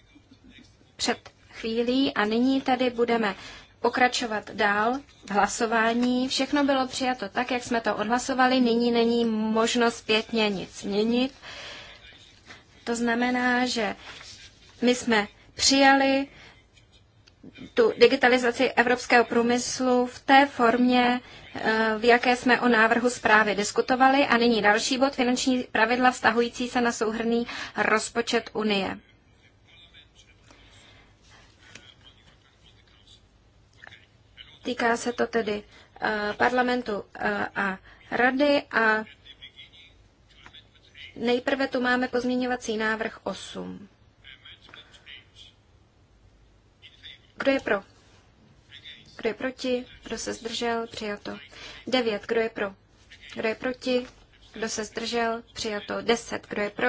před chvílí a nyní tady budeme pokračovat dál v hlasování. Všechno bylo přijato tak, jak jsme to odhlasovali. Nyní není možno zpětně nic měnit. To znamená, že my jsme přijali tu digitalizaci evropského průmyslu v té formě, eh, v jaké jsme o návrhu zprávy diskutovali. A nyní další bod, finanční pravidla vztahující se na souhrný rozpočet Unie. Týká se to tedy eh, parlamentu eh, a rady a nejprve tu máme pozměňovací návrh 8. Kdo je pro? Kdo je proti? Kdo se zdržel? Přijato. 9. Kdo je pro? Kdo je proti? Kdo se zdržel? Přijato. 10. Kdo je pro?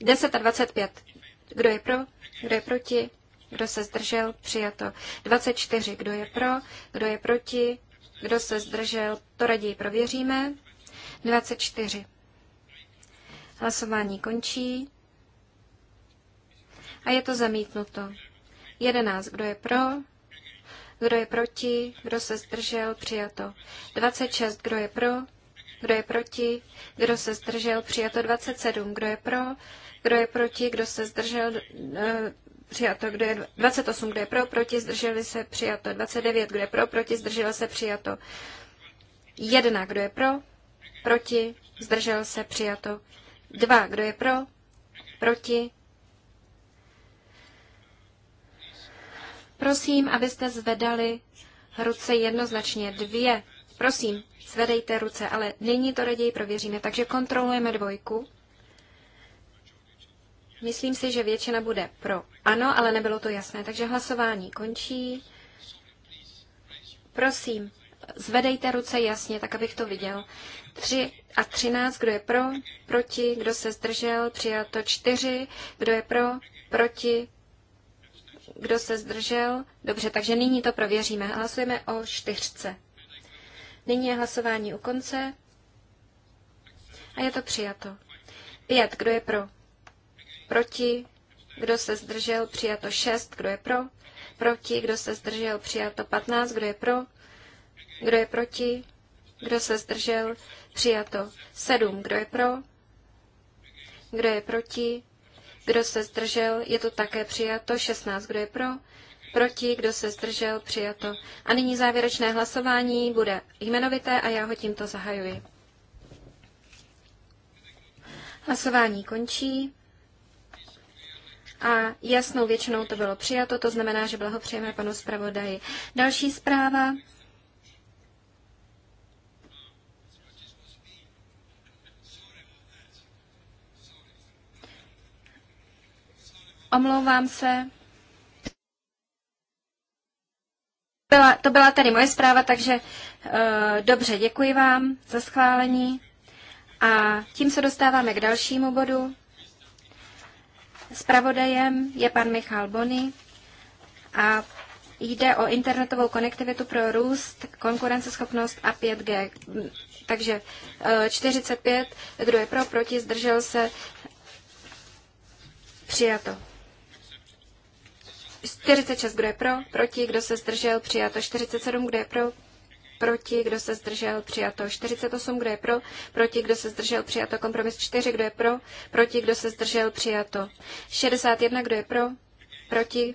10 a 25. Kdo je pro? Kdo je proti? Kdo se zdržel? Přijato. 24. Kdo je pro? Kdo je proti? Kdo se zdržel? To raději prověříme. 24. Hlasování končí. A je to zamítnuto. 11. Kdo je pro? Kdo je proti? Kdo se zdržel? Přijato. 26. Kdo je pro? Kdo je proti? Kdo se zdržel? Přijato 27. Kdo je pro? Kdo je proti? Kdo se zdržel? Přijato, kdo je 28, kdo je pro, proti, zdrželi se, přijato. 29, kdo je pro, proti, zdržel se, přijato. 1, kdo je pro, proti, zdržel se, přijato. 2, kdo je pro, proti, Prosím, abyste zvedali ruce jednoznačně dvě. Prosím, zvedejte ruce, ale nyní to raději prověříme. Takže kontrolujeme dvojku. Myslím si, že většina bude pro. Ano, ale nebylo to jasné, takže hlasování končí. Prosím, zvedejte ruce jasně, tak abych to viděl. 3 a 13, kdo je pro, proti, kdo se zdržel, přijato 4, kdo je pro, proti, kdo se zdržel? Dobře, takže nyní to prověříme. Hlasujeme o čtyřce. Nyní je hlasování u konce a je to přijato. Pět, kdo je pro? Proti? Kdo se zdržel? Přijato šest, kdo je pro? Proti? Kdo se zdržel? Přijato patnáct, kdo je pro? Kdo je proti? Kdo se zdržel? Přijato sedm, kdo je pro? Kdo je proti? Kdo se zdržel, je to také přijato. 16. Kdo je pro? Proti, kdo se zdržel, přijato. A nyní závěrečné hlasování bude jmenovité a já ho tímto zahajuji. Hlasování končí. A jasnou většinou to bylo přijato, to znamená, že blahopřejeme panu zpravodaji. Další zpráva Omlouvám se. Byla, to byla tady moje zpráva, takže uh, dobře, děkuji vám za schválení. A tím se dostáváme k dalšímu bodu. Spravodajem je pan Michal Bony a jde o internetovou konektivitu pro růst, konkurenceschopnost a 5G. Takže 45, eh, kdo je pro, proti, zdržel se, přijato. 46, kdo je pro, proti, kdo se zdržel, přijato 47, kdo je pro, proti, kdo se zdržel, přijato 48, kdo je pro, proti, kdo se zdržel, přijato kompromis 4, kdo je pro, proti, kdo se zdržel, přijato 61, kdo je pro, proti,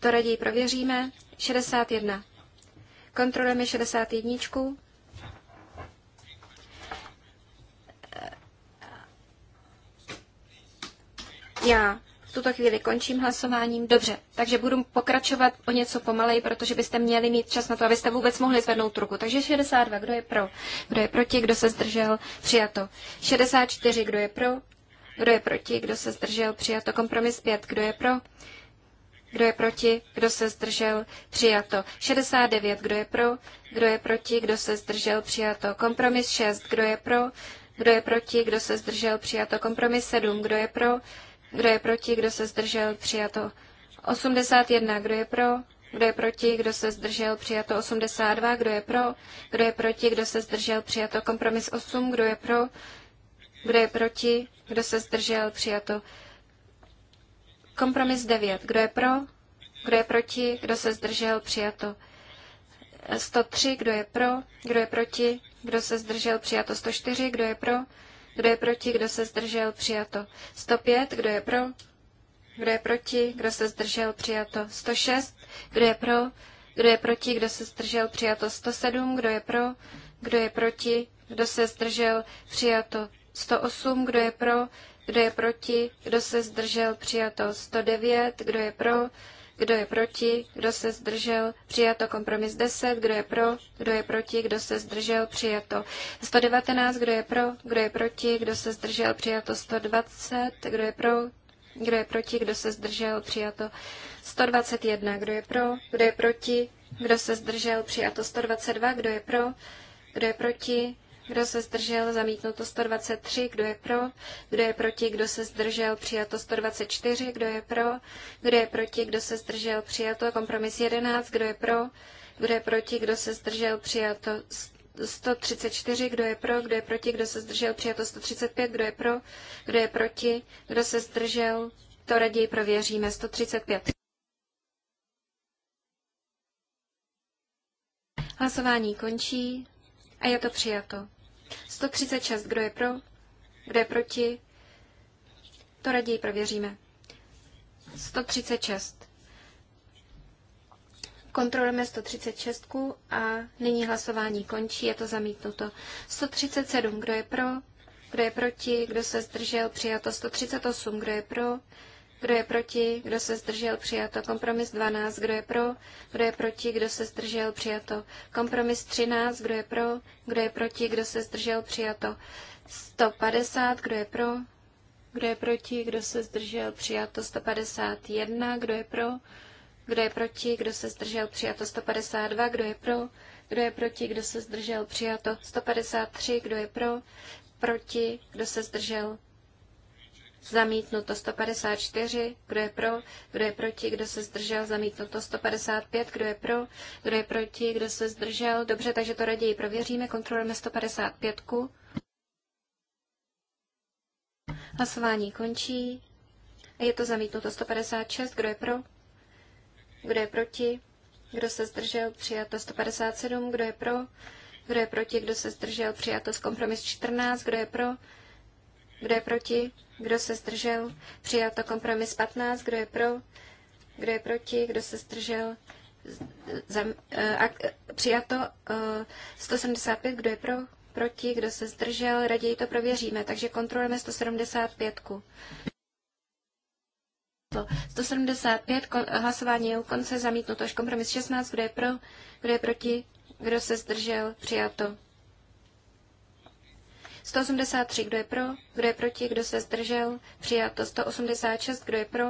to raději prověříme, 61. Kontrolujeme 61. Já tuto chvíli končím hlasováním. Dobře, takže budu pokračovat o něco pomaleji, protože byste měli mít čas na to, abyste vůbec mohli zvednout ruku. Takže 62, kdo je pro, kdo je proti, kdo se zdržel, přijato. 64, kdo je pro, kdo je proti, kdo se zdržel, přijato. Kompromis 5, kdo je pro, kdo je proti? Kdo se zdržel? Přijato. 69. Kdo je pro? Kdo je proti? Kdo se zdržel? Přijato. Kompromis 6. Kdo je pro? Kdo je proti? Kdo se zdržel? Přijato. Kompromis 7. Kdo je pro? Kdo je proti? Kdo se zdržel? Přijato. 81. Kdo je pro? Kdo je proti? Kdo se zdržel? Přijato 82. Kdo je pro? Kdo je proti? Kdo se zdržel? Přijato kompromis 8. Kdo je pro? Kdo je proti? Kdo se zdržel? Přijato kompromis 9. Kdo je pro? Kdo je proti? Kdo se zdržel? Přijato 103. Kdo je pro? Kdo je proti? Kdo se zdržel? Přijato 104. Kdo je pro? Kdo je proti? Kdo se zdržel? Přijato. 105. Kdo je pro? Kdo je proti? Kdo se zdržel? Přijato. 106. Kdo je pro? Kdo je proti? Kdo se zdržel? Přijato. 107. Kdo je pro? Kdo je proti? Kdo se zdržel? Přijato. 108. Kdo je pro? Kdo je proti? Kdo se zdržel? Přijato. 109. Kdo je pro? kdo je proti, kdo se zdržel, přijato kompromis 10, kdo je pro, kdo je proti, kdo se zdržel, přijato 119, kdo je pro, kdo je proti, kdo se zdržel, přijato 120, kdo je pro, kdo je proti, kdo se zdržel, přijato 121, kdo je pro, kdo je proti, kdo se zdržel, přijato 122, kdo je pro, kdo je proti, kdo se zdržel? Zamítnuto 123. Kdo je pro? Kdo je proti? Kdo se zdržel? Přijato 124. Kdo je pro? Kdo je proti? Kdo se zdržel? Přijato. Kompromis 11. Kdo je pro? Kdo je proti? Kdo se zdržel? Přijato 134, kdo je pro, kdo je proti, kdo se zdržel, přijato 135, kdo je pro, kdo je proti, kdo se zdržel, to raději prověříme, 135. Hlasování končí a je to přijato. 136, kdo je pro, kdo je proti, to raději prověříme. 136. Kontrolujeme 136 a nyní hlasování končí, je to zamítnuto. 137, kdo je pro, kdo je proti, kdo se zdržel, přijato 138, kdo je pro, kdo je proti? Kdo se zdržel? Přijato. Kompromis 12. Kdo je pro? Kdo je proti? Kdo se zdržel? Přijato. Kompromis 13. Kdo je pro? Kdo je proti? Kdo se zdržel? Přijato. 150. Kdo je pro? Kdo je proti? Kdo se zdržel? Přijato. 151. Kdo je pro? Kdo je proti? Kdo se zdržel? Přijato. 152. Kdo je pro? Kdo je proti? Kdo se zdržel? Přijato. 153. Kdo je pro? Proti? Kdo se zdržel? Zamítnuto 154, kdo je pro, kdo je proti, kdo se zdržel, zamítnuto 155, kdo je pro, kdo je proti, kdo se zdržel. Dobře, takže to raději prověříme, kontrolujeme 155. Hlasování končí. Je to zamítnuto 156, kdo je pro, kdo je proti, kdo se zdržel, přijato 157, kdo je pro, kdo je proti, kdo se zdržel, přijato z kompromis 14, kdo je pro, kdo je proti? Kdo se zdržel? Přijal to kompromis 15. Kdo je pro? Kdo je proti? Kdo se zdržel? Zam, eh, a, eh, přijato 175. Eh, kdo je pro? Proti? Kdo se zdržel? Raději to prověříme. Takže kontrolujeme 175. -ku. 175, kon, hlasování je u konce, zamítnuto až kompromis 16, kdo je pro, kdo je proti, kdo se zdržel, přijato. 183, kdo je pro, kdo je proti, kdo se zdržel, přijato 186, kdo je pro,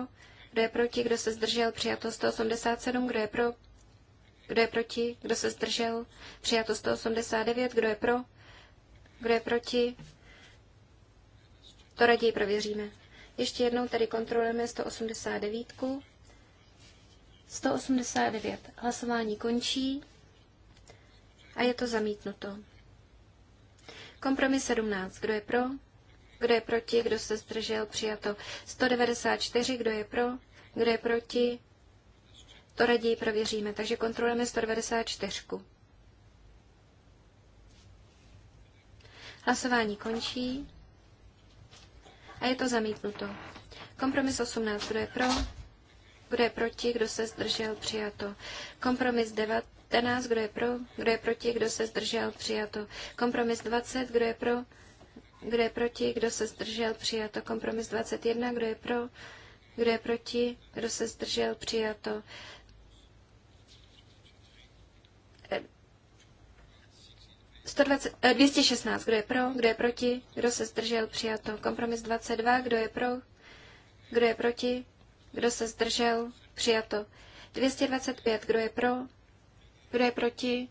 kdo je proti, kdo se zdržel, přijato 187, kdo je pro, kdo je proti, kdo se zdržel, přijato 189, kdo je pro, kdo je proti, to raději prověříme. Ještě jednou tady kontrolujeme 189. 189. Hlasování končí a je to zamítnuto. Kompromis 17. Kdo je pro? Kdo je proti? Kdo se zdržel? Přijato. 194. Kdo je pro? Kdo je proti? To raději prověříme. Takže kontrolujeme 194. Hlasování končí a je to zamítnuto. Kompromis 18. Kdo je pro? Kdo je proti? Kdo se zdržel? Přijato. Kompromis 9. 14, kdo je pro, kdo je proti, kdo se zdržel, přijato. Kompromis 20, kdo je pro, kdo je proti, kdo se zdržel, přijato. Kompromis 21, kdo je pro, kdo je proti, kdo se zdržel, přijato. E, 120, e, 216, kdo je pro, kdo je proti, kdo se zdržel, přijato. Kompromis 22, kdo je pro, kdo je proti, kdo se zdržel, přijato. 225, kdo je pro, kdo je proti?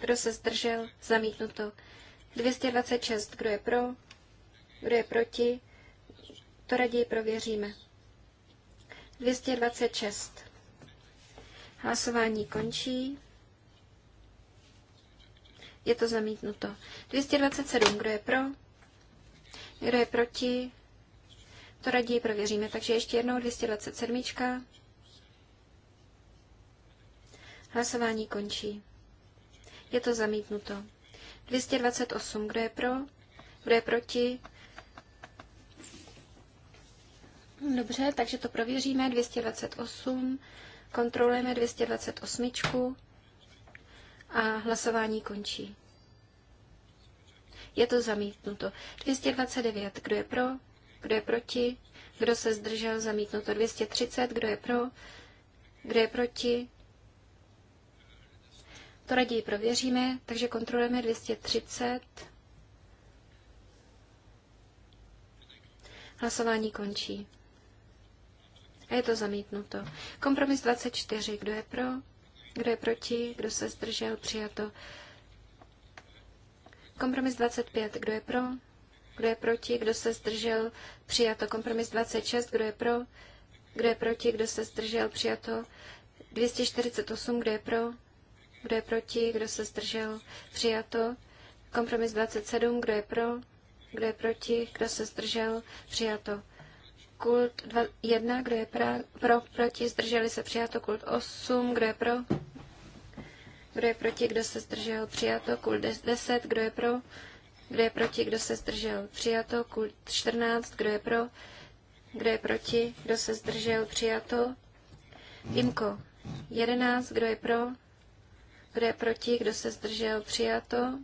Kdo se zdržel? Zamítnuto. 226. Kdo je pro? Kdo je proti? To raději prověříme. 226. Hlasování končí. Je to zamítnuto. 227. Kdo je pro? Kdo je proti? To raději prověříme. Takže ještě jednou 227. Hlasování končí. Je to zamítnuto. 228. Kdo je pro? Kdo je proti? Dobře, takže to prověříme. 228. Kontrolujeme 228. A hlasování končí. Je to zamítnuto. 229. Kdo je pro? Kdo je proti? Kdo se zdržel? Zamítnuto. 230. Kdo je pro? Kdo je proti? To raději prověříme, takže kontrolujeme 230. Hlasování končí. A je to zamítnuto. Kompromis 24. Kdo je pro? Kdo je proti? Kdo se zdržel? Přijato. Kompromis 25. Kdo je pro? Kdo je proti? Kdo se zdržel? Přijato. Kompromis 26. Kdo je pro? Kdo je proti? Kdo se zdržel? Přijato. 248. Kdo je pro? Kdo je proti? Kdo se zdržel? Přijato. Kompromis 27. Kdo je pro? Kdo je proti? Kdo se zdržel? Přijato. Kult 1. Kdo je pra, pro? Proti? Zdrželi se? Přijato. Kult 8. Kdo je pro? Kdo je proti? Kdo se zdržel? Přijato. Kult 10. Kdo je pro? Kdo je proti? Kdo se zdržel? Přijato. Kult 14. Kdo je pro? Kdo je proti? Kdo se zdržel? Přijato. Imko 11. Kdo je pro? Kdo je proti? Kdo se zdržel? Přijato.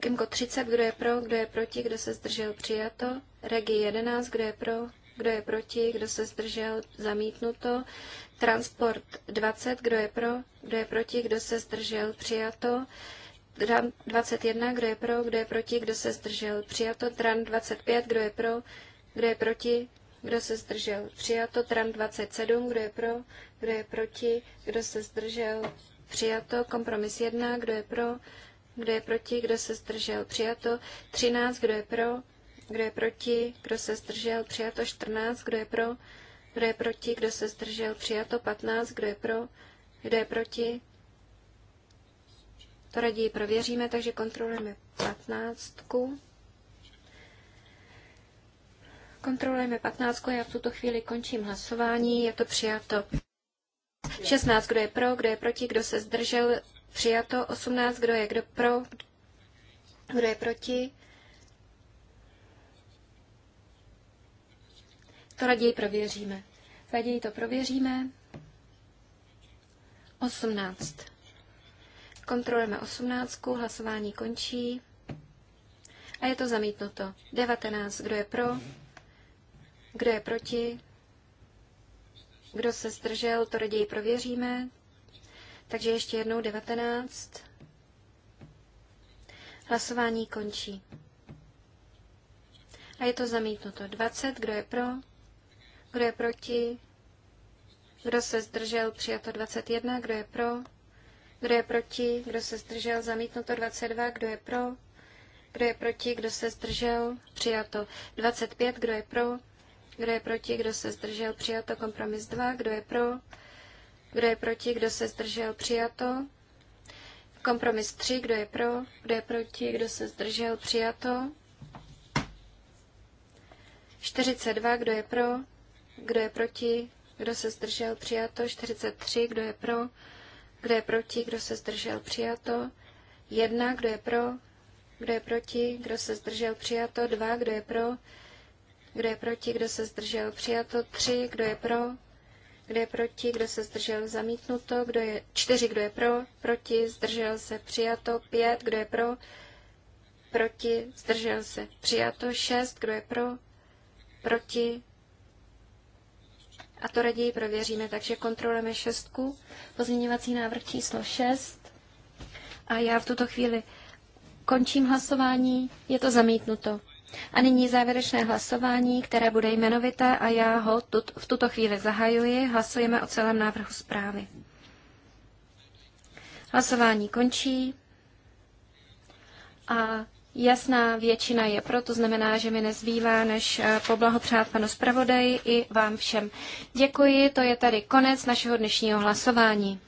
Kimko eh, 30, kdo je pro, kdo je proti, kdo se zdržel, přijato. Regi 11, kdo je pro, kdo je proti, kdo se zdržel, zamítnuto. Transport 20, kdo je pro, kdo je proti, kdo se zdržel, přijato. Tran 21, kdo je pro, kdo je proti, kdo se zdržel, přijato. Tran 25, kdo je pro, kdo je proti, kdo se zdržel, přijato. Tran 27, kdo je pro, kdo je proti, kdo se zdržel, přijato. Kompromis 1, kdo je pro, kdo je proti, kdo se zdržel, přijato. 13, kdo je pro, kdo je proti, kdo se zdržel, přijato. 14, kdo je pro, kdo je proti, kdo se zdržel, přijato. 15, kdo je pro, kdo je proti, to raději prověříme, takže kontrolujeme 15. Kontrolujeme 15. Já v tuto chvíli končím hlasování. Je to přijato. 16. Kdo je pro, kdo je proti, kdo se zdržel? Přijato. 18. Kdo je kdo pro, kdo je proti? To raději prověříme. Raději to prověříme. 18. Kontrolujeme 18. Hlasování končí. A je to zamítnuto. 19. Kdo je pro? Kdo je proti? Kdo se zdržel, to raději prověříme. Takže ještě jednou 19. Hlasování končí. A je to zamítnuto. 20. Kdo je pro? Kdo je proti? Kdo se zdržel? Přijato 21. Kdo je pro? Kdo je proti? Kdo se zdržel? Zamítnuto 22. Kdo je pro? Kdo je proti? Kdo se zdržel? Přijato 25. Kdo je pro? kdo je proti, kdo se zdržel, přijato. Kompromis 2, kdo je pro, kdo je proti, kdo se zdržel, přijato. Kompromis 3, kdo je pro, kdo je proti, kdo se zdržel, přijato. 42, kdo je pro, kdo je proti, kdo se zdržel, přijato. 43, kdo je pro, kdo je proti, kdo se zdržel, přijato. 1, kdo je pro, kdo je proti, kdo se zdržel, přijato. 2, kdo je pro, kdo je proti? Kdo se zdržel? Přijato. tři. Kdo je pro? Kdo je proti? Kdo se zdržel? Zamítnuto. Kdo je čtyři? Kdo je pro? Proti? Zdržel se? Přijato. pět. Kdo je pro? Proti? Zdržel se? Přijato. šest. Kdo je pro? Proti? A to raději prověříme, takže kontrolujeme šestku, pozměňovací návrh číslo šest. A já v tuto chvíli končím hlasování, je to zamítnuto. A nyní závěrečné hlasování, které bude jmenovité a já ho tut, v tuto chvíli zahajuji. Hlasujeme o celém návrhu zprávy. Hlasování končí a jasná většina je pro, to znamená, že mi nezbývá, než eh, poblahopřát panu zpravodaji i vám všem. Děkuji, to je tady konec našeho dnešního hlasování.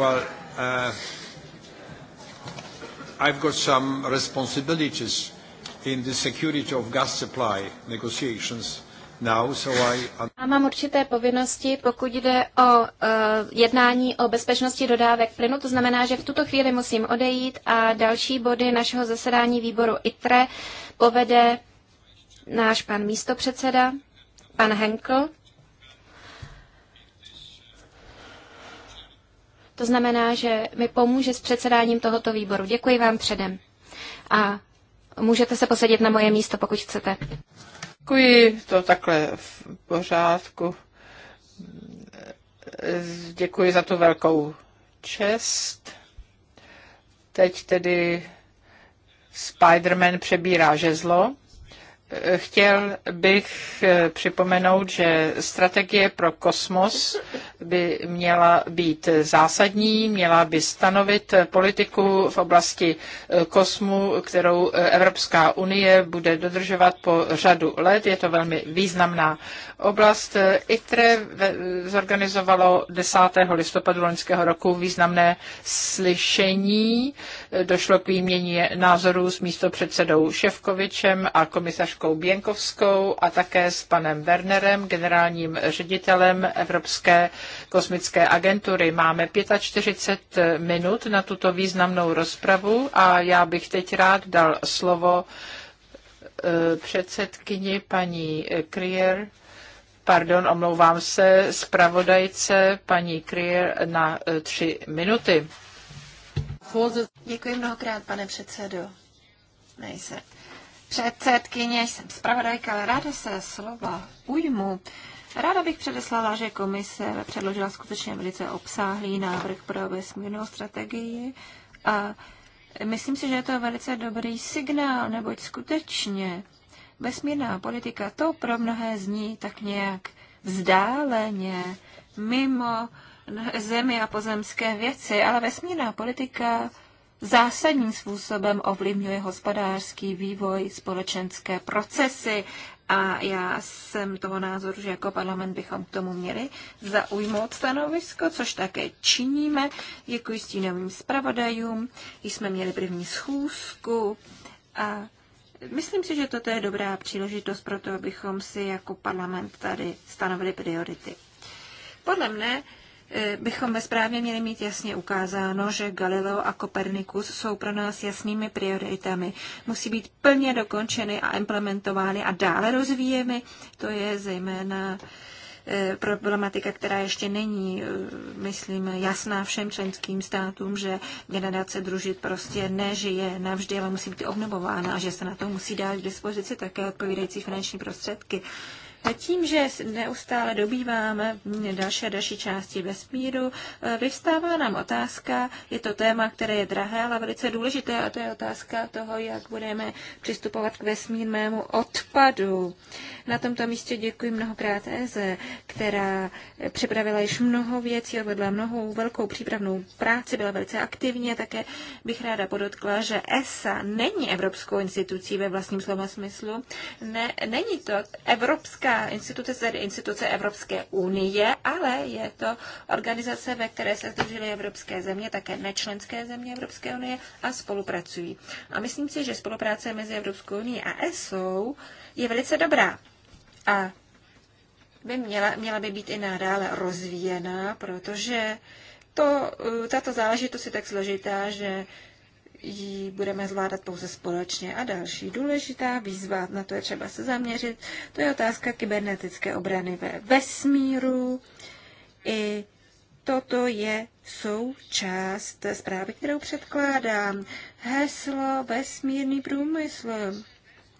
Well, uh, I've got some responsibilities in the security of gas supply negotiations now, so I... Já mám určité povinnosti, pokud jde o uh, jednání o bezpečnosti dodávek plynu. To znamená, že v tuto chvíli musím odejít a další body našeho zasedání výboru ITRE povede náš pan místopředseda, pan Henkel. To znamená, že mi pomůže s předsedáním tohoto výboru. Děkuji vám předem. A můžete se posadit na moje místo, pokud chcete. Děkuji, to takhle v pořádku. Děkuji za tu velkou čest. Teď tedy Spider-Man přebírá žezlo. Chtěl bych eh, připomenout, že strategie pro kosmos by měla být zásadní, měla by stanovit politiku v oblasti eh, kosmu, kterou eh, Evropská unie bude dodržovat po řadu let. Je to velmi významná oblast. ITRE zorganizovalo 10. listopadu loňského roku významné slyšení. Došlo k výměně názorů s místopředsedou Ševkovičem a komisařkou Evkou Běnkovskou a také s panem Wernerem, generálním ředitelem Evropské kosmické agentury. Máme 45 minut na tuto významnou rozpravu a já bych teď rád dal slovo eh, předsedkyni paní Krier, pardon, omlouvám se, zpravodajce paní Krier na eh, tři minuty. Děkuji mnohokrát, pane předsedo. Nejse předsedkyně, jsem zpravodajka, ale ráda se slova ujmu. Ráda bych předeslala, že komise předložila skutečně velice obsáhlý návrh pro vesmírnou strategii a myslím si, že je to velice dobrý signál, neboť skutečně vesmírná politika, to pro mnohé zní tak nějak vzdáleně, mimo zemi a pozemské věci, ale vesmírná politika zásadním způsobem ovlivňuje hospodářský vývoj, společenské procesy a já jsem toho názoru, že jako parlament bychom k tomu měli zaujmout stanovisko, což také činíme. Děkuji stínovým zpravodajům, když jsme měli první schůzku a Myslím si, že toto je dobrá příležitost pro to, abychom si jako parlament tady stanovili priority. Podle mne Eh, bychom správně měli mít jasně ukázáno, že Galileo a Kopernikus jsou pro nás jasnými prioritami. Musí být plně dokončeny a implementovány a dále rozvíjeny. To je zejména eh, problematika, která ještě není, eh, myslím, jasná všem členským státům, že generace družit prostě nežije navždy, ale musí být obnovována a že se na to musí dát k dispozici také odpovídající finanční prostředky. Tím, že neustále dobýváme další a další části vesmíru, e, vyvstává nám otázka, je to téma, které je drahé, ale velice důležité, a to je otázka toho, jak budeme přistupovat k vesmírnému odpadu. Na tomto místě děkuji mnohokrát Eze, která připravila již mnoho věcí, odvedla mnoho velkou přípravnou práci, byla velice aktivní a také bych ráda podotkla, že ESA není evropskou institucí ve vlastním slova smyslu. Ne, není to evropská Evropská instituce, tedy instituce Evropské unie, ale je to organizace, ve které se združily evropské země, také nečlenské země Evropské unie a spolupracují. A myslím si, že spolupráce mezi Evropskou unii a ESO je velice dobrá. A by měla, měla by být i nadále rozvíjená, protože to, eh, tato záležitost je tak složitá, že ji budeme zvládat pouze společně. A další důležitá výzva, na to je třeba se zaměřit, to je otázka kybernetické obrany ve vesmíru. I toto je součást zprávy, kterou předkládám. Heslo vesmírný průmysl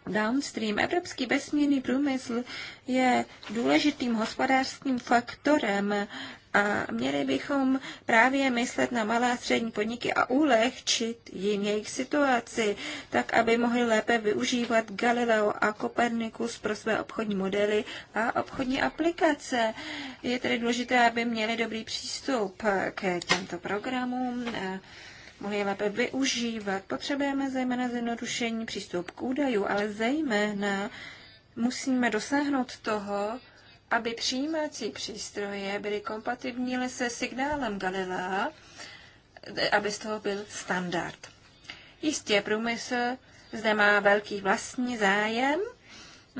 downstream. Evropský vesmírný průmysl je důležitým hospodářským faktorem a měli bychom právě myslet na malé a střední podniky a ulehčit jim jejich situaci, tak aby mohli lépe využívat Galileo a Kopernikus pro své obchodní modely a obchodní aplikace. Je tedy důležité, aby měli dobrý přístup k těmto programům mohli je lépe využívat. Potřebujeme zejména zjednodušení přístup k údajů, ale zejména musíme dosáhnout toho, aby přijímací přístroje byly kompatibilní se signálem Galilea, aby z toho byl standard. Jistě, průmysl zde má velký vlastní zájem,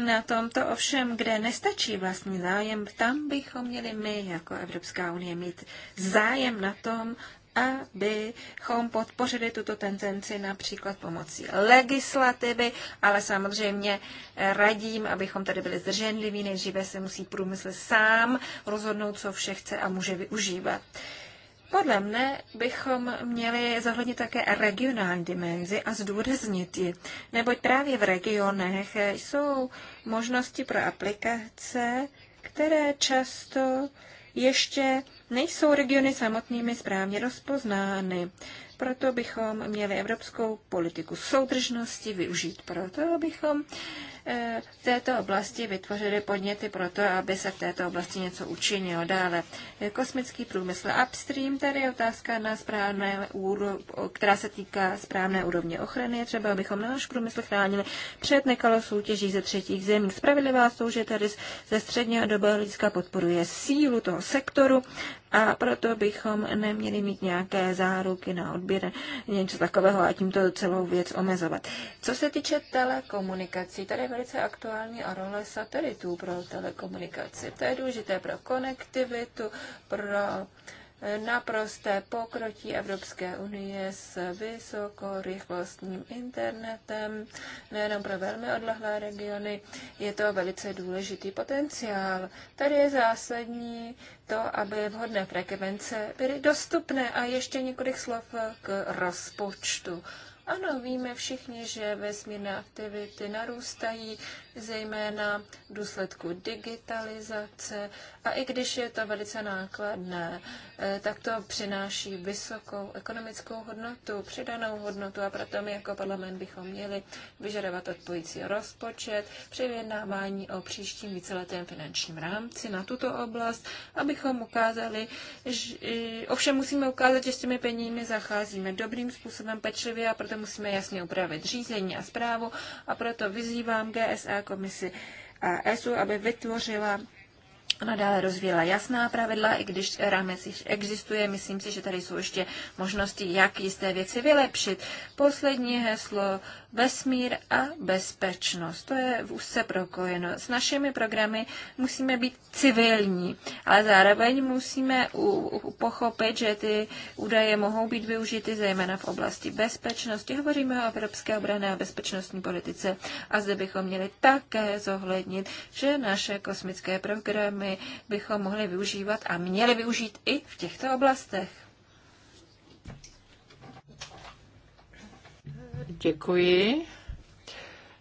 na tomto ovšem, kde nestačí vlastní zájem, tam bychom měli my jako Evropská unie mít zájem na tom, abychom podpořili tuto tendenci například pomocí legislativy, ale samozřejmě radím, abychom tady byli zdrženliví. Nejdříve se musí průmysl sám rozhodnout, co vše chce a může využívat. Podle mne bychom měli zohlednit také regionální dimenzi a zdůraznit ji, neboť právě v regionech jsou možnosti pro aplikace, které často ještě nejsou regiony samotnými správně rozpoznány. Proto bychom měli evropskou politiku soudržnosti využít proto, bychom. Eh, v této oblasti vytvořily podněty pro to, aby se v této oblasti něco učinilo dále. Eh, kosmický průmysl upstream, tady je otázka na správné která se týká správné úrovně ochrany. Je třeba, abychom náš průmysl chránili před nekalou soutěží ze třetích zemí. Spravedlivá soutěž tady ze středního doba lidská podporuje sílu toho sektoru a proto bychom neměli mít nějaké záruky na odběr něco takového a tímto celou věc omezovat. Co se týče telekomunikací, tady velice aktuální a role satelitů pro telekomunikaci. To je důležité pro konektivitu, pro eh, naprosté pokrotí Evropské unie s vysokorychlostním internetem, nejenom pro velmi odlehlé regiony, je to velice důležitý potenciál. Tady je zásadní to, aby vhodné frekvence byly dostupné a ještě několik slov k rozpočtu. Ano, víme všichni, že vesmírné aktivity narůstají, zejména v důsledku digitalizace. A i když je to velice nákladné, eh, tak to přináší vysokou ekonomickou hodnotu, přidanou hodnotu a proto my jako parlament bychom měli vyžadovat odpojící rozpočet při vyjednávání o příštím víceletém finančním rámci na tuto oblast, abychom ukázali, že, ovšem musíme ukázat, že s těmi peními zacházíme dobrým způsobem pečlivě a proto musíme jasně upravit řízení a zprávu a proto vyzývám GSA komisi a ESU, aby vytvořila nadále rozvíjela jasná pravidla, i když rámec již existuje, myslím si, že tady jsou ještě možnosti, jak jisté věci vylepšit. Poslední heslo vesmír a bezpečnost. To je v úzce prokojeno. S našimi programy musíme být civilní, ale zároveň musíme u, u, pochopit, že ty údaje mohou být využity zejména v oblasti bezpečnosti. Hovoříme o evropské obrané a bezpečnostní politice a zde bychom měli také zohlednit, že naše kosmické programy bychom mohli využívat a měli využít i v těchto oblastech. Děkuji.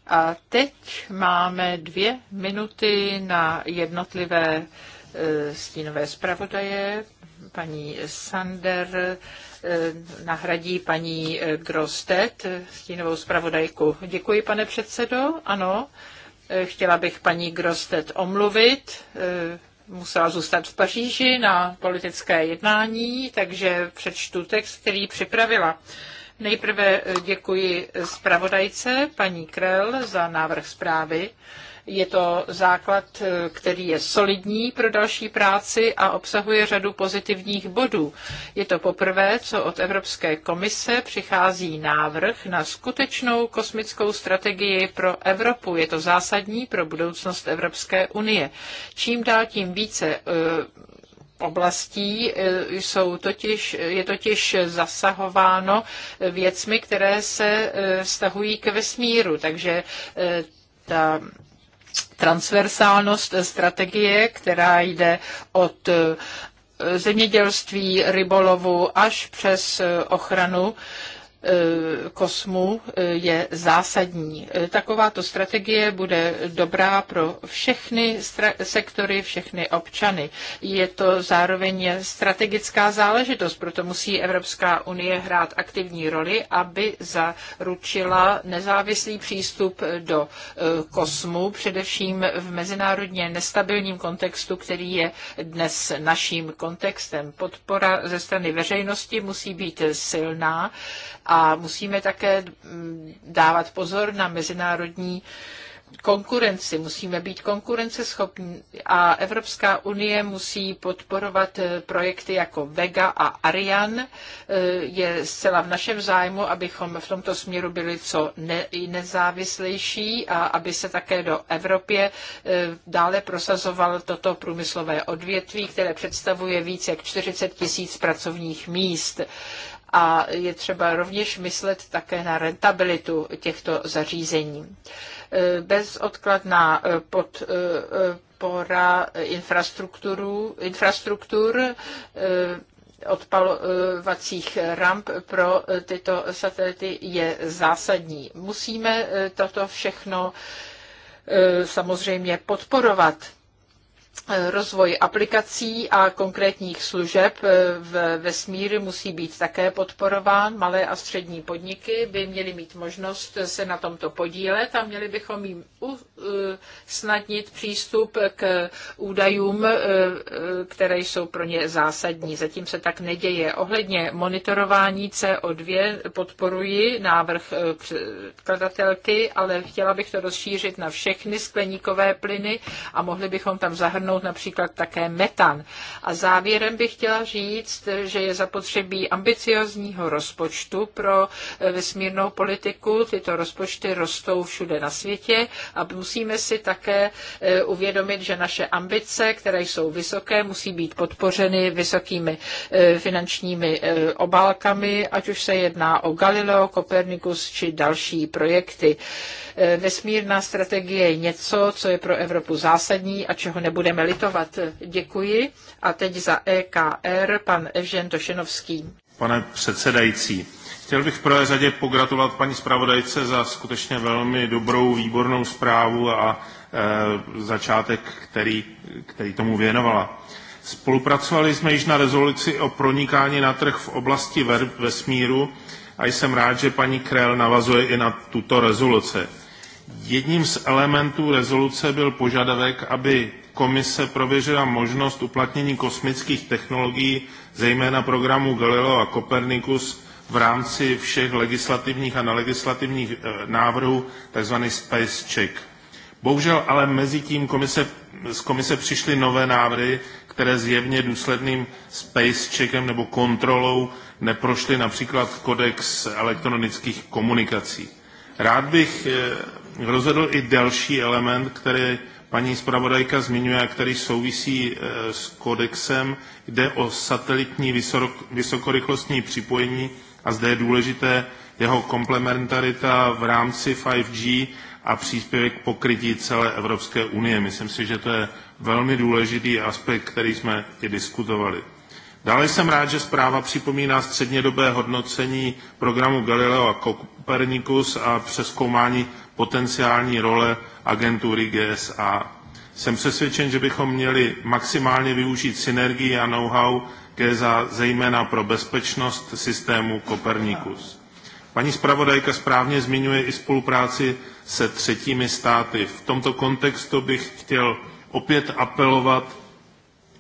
A teď máme dvě minuty na jednotlivé e, stínové zpravodaje. Paní Sander e, nahradí paní e, Grostet, stínovou zpravodajku. Děkuji, pane předsedo. Ano, Chtěla bych paní Grostet omluvit. E, Musela zůstat v Paříži na politické jednání, takže přečtu text, který připravila. Nejprve e, děkuji zpravodajce paní Krell za návrh zprávy. Je to základ, který je solidní pro další práci a obsahuje řadu pozitivních bodů. Je to poprvé, co od Evropské komise přichází návrh na skutečnou kosmickou strategii pro Evropu. Je to zásadní pro budoucnost Evropské unie. Čím dál tím více eh, oblastí eh, jsou totiž, je totiž zasahováno věcmi, které se stahují eh, k vesmíru. Takže ta transversálnost strategie, která jde od eh, zemědělství, rybolovu až přes eh, ochranu Eh, kosmu eh, je zásadní. Eh, takováto strategie bude dobrá pro všechny sektory, všechny občany. Je to zároveň strategická záležitost, proto musí Evropská unie hrát aktivní roli, aby zaručila nezávislý přístup do kosmu, především v mezinárodně nestabilním kontextu, který je dnes naším kontextem. Podpora ze strany veřejnosti musí být silná a musíme také mm, dávat pozor na mezinárodní konkurenci, musíme být konkurenceschopní a Evropská unie musí podporovat eh, projekty jako Vega a Arian. Eh, je zcela v našem zájmu, abychom v tomto směru byli co ne, nezávislejší a aby se také do Evropě eh, dále prosazoval toto průmyslové odvětví, které představuje více jak 40 tisíc pracovních míst a je třeba rovněž myslet také na rentabilitu těchto zařízení. E, Bezodkladná e, pod podpora e, infrastruktur odpalovacích ramp pro tyto satelity je zásadní. Musíme toto všechno samozřejmě podporovat Eh, rozvoj aplikací a konkrétních služeb eh, v vesmíru musí být také podporován. Malé a střední podniky by měly mít možnost se na tomto podílet a měli bychom jim usnadnit eh, přístup k údajům, které jsou pro ně zásadní. Zatím se tak neděje. Ohledně monitorování CO2 podporuji návrh předkladatelky, ale chtěla bych to rozšířit na všechny skleníkové plyny a mohli bychom tam zahrnout zahrnout například také metan. A závěrem bych chtěla říct, že je zapotřebí ambiciozního rozpočtu pro eh, vesmírnou politiku. Tyto rozpočty rostou všude na světě a musíme si také eh, uvědomit, že naše ambice, které jsou vysoké, musí být podpořeny vysokými eh, finančními obálkami, ať už se jedná o Galileo, Copernicus či další projekty. Vesmírná strategie je něco, co je pro Evropu zásadní a čeho nebudeme budeme litovat. Děkuji. A teď za EKR pan Evžen Tošenovský. Pane předsedající, chtěl bych v prvé řadě pogratulovat paní zpravodajce za skutečně velmi dobrou, výbornou zprávu a e, začátek, který, který tomu věnovala. Spolupracovali jsme již na rezoluci o pronikání na trh v oblasti vesmíru a jsem rád, že paní Krell navazuje i na tuto rezoluce. Jedním z elementů rezoluce byl požadavek, aby komise prověřila možnost uplatnění kosmických technologií, zejména programu Galileo a Copernicus, v rámci všech legislativních a nelegislativních eh, návrhů, tzv. Space Check. Bohužel ale mezi tím komise, z komise přišly nové návrhy, které zjevně důsledným space checkem nebo kontrolou neprošly například kodex elektronických komunikací. Rád bych eh, rozvedl i další element, který paní zpravodajka zmiňuje, který souvisí e, s kodexem, jde o satelitní vysokorychlostní připojení a zde je důležité jeho komplementarita v rámci 5G a příspěvek k pokrytí celé Evropské unie. Myslím si, že to je velmi důležitý aspekt, který jsme i diskutovali. Dále jsem rád, že zpráva připomíná střednědobé hodnocení programu Galileo a Copernicus a přeskoumání potenciální role agentury GSA. Jsem přesvědčen, že bychom měli maximálně využít synergii a know-how GSA zejména pro bezpečnost systému Copernicus. Paní zpravodajka správně zmiňuje i spolupráci se třetími státy. V tomto kontextu bych chtěl opět apelovat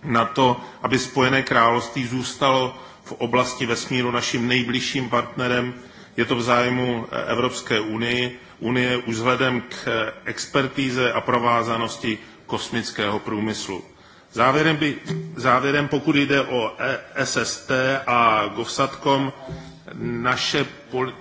na to, aby Spojené království zůstalo v oblasti vesmíru naším nejbližším partnerem. Je to v zájmu Evropské unie unie už vzhledem k eh, expertíze a provázanosti kosmického průmyslu. Závěrem, by, závěrem pokud jde o eh, SST a Govsatcom, naše, poli,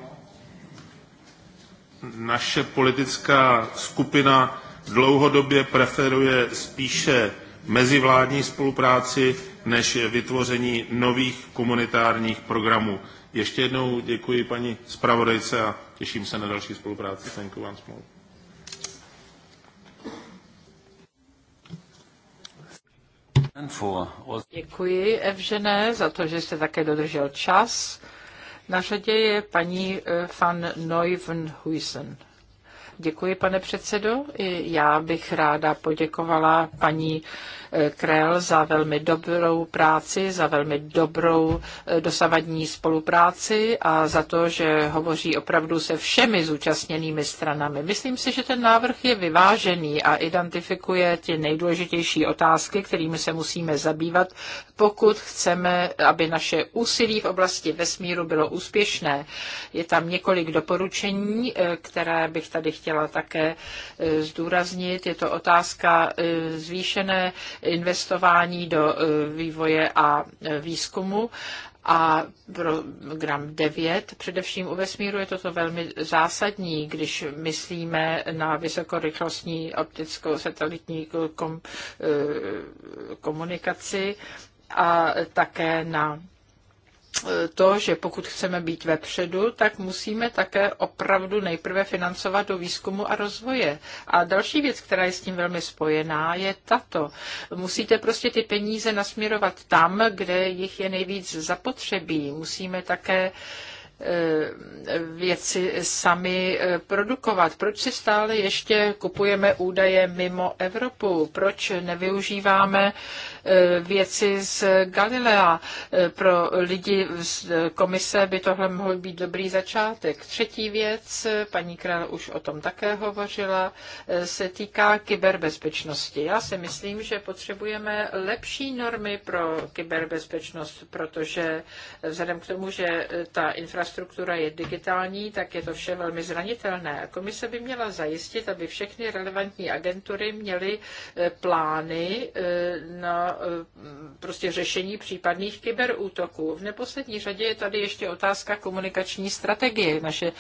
naše politická skupina dlouhodobě preferuje spíše mezivládní spolupráci než vytvoření nových komunitárních programů. Ještě jednou děkuji paní zpravodajce a těším se na další spolupráci. Thank you once more. Děkuji, Evžené, za to, že jste také dodržel čas. Na řadě je paní eh, van Neuvenhuisen. Děkuji, pane předsedo. já bych ráda poděkovala paní eh, Krell za velmi dobrou práci, za velmi dobrou eh, dosavadní spolupráci a za to, že hovoří opravdu se všemi zúčastněnými stranami. Myslím si, že ten návrh je vyvážený a identifikuje ty nejdůležitější otázky, kterými se musíme zabývat, pokud chceme, aby naše úsilí v oblasti vesmíru bylo úspěšné. Je tam několik doporučení, eh, které bych tady chtěla chtěla také e, zdůraznit. Je to otázka e, zvýšené investování do e, vývoje a výzkumu a program 9, především u vesmíru, je toto velmi zásadní, když myslíme na vysokorychlostní optickou satelitní komunikaci a také na to, že pokud chceme být vepředu, tak musíme také opravdu nejprve financovat do výzkumu a rozvoje. A další věc, která je s tím velmi spojená, je tato. Musíte prostě ty peníze nasměrovat tam, kde jich je nejvíc zapotřebí. Musíme také uh, Eh, věci sami eh, produkovat. Proč si stále ještě kupujeme údaje mimo Evropu? Proč nevyužíváme eh, věci z Galilea? Pro lidi z komise by tohle mohl být dobrý začátek. Třetí věc, paní Král už o tom také hovořila, se týká kyberbezpečnosti. Já si myslím, že potřebujeme lepší normy pro kyberbezpečnost, protože vzhledem k tomu, že ta infrastruktura infrastruktura je digitální, tak je to vše velmi zranitelné. Komise by měla zajistit, aby všechny relevantní agentury měly e, plány e, na e, prostě řešení případných kyberútoků. V neposlední řadě je tady ještě otázka komunikační strategie. Naše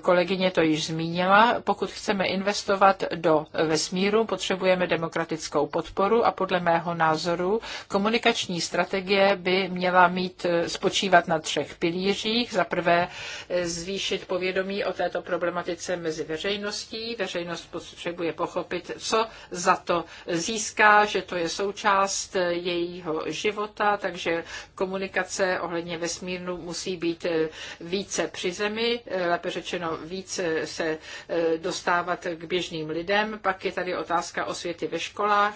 kolegyně to již zmínila. Pokud chceme investovat do vesmíru, potřebujeme demokratickou podporu a podle mého názoru komunikační strategie by měla mít spočívat na třech pilířích za prvé eh, zvýšit povědomí o této problematice mezi veřejností. Veřejnost potřebuje pochopit, co za to získá, že to je součást eh, jejího života, takže komunikace ohledně vesmírnu musí být eh, více při zemi, lépe řečeno více se dostávat k běžným lidem. Pak je tady otázka osvěty ve školách,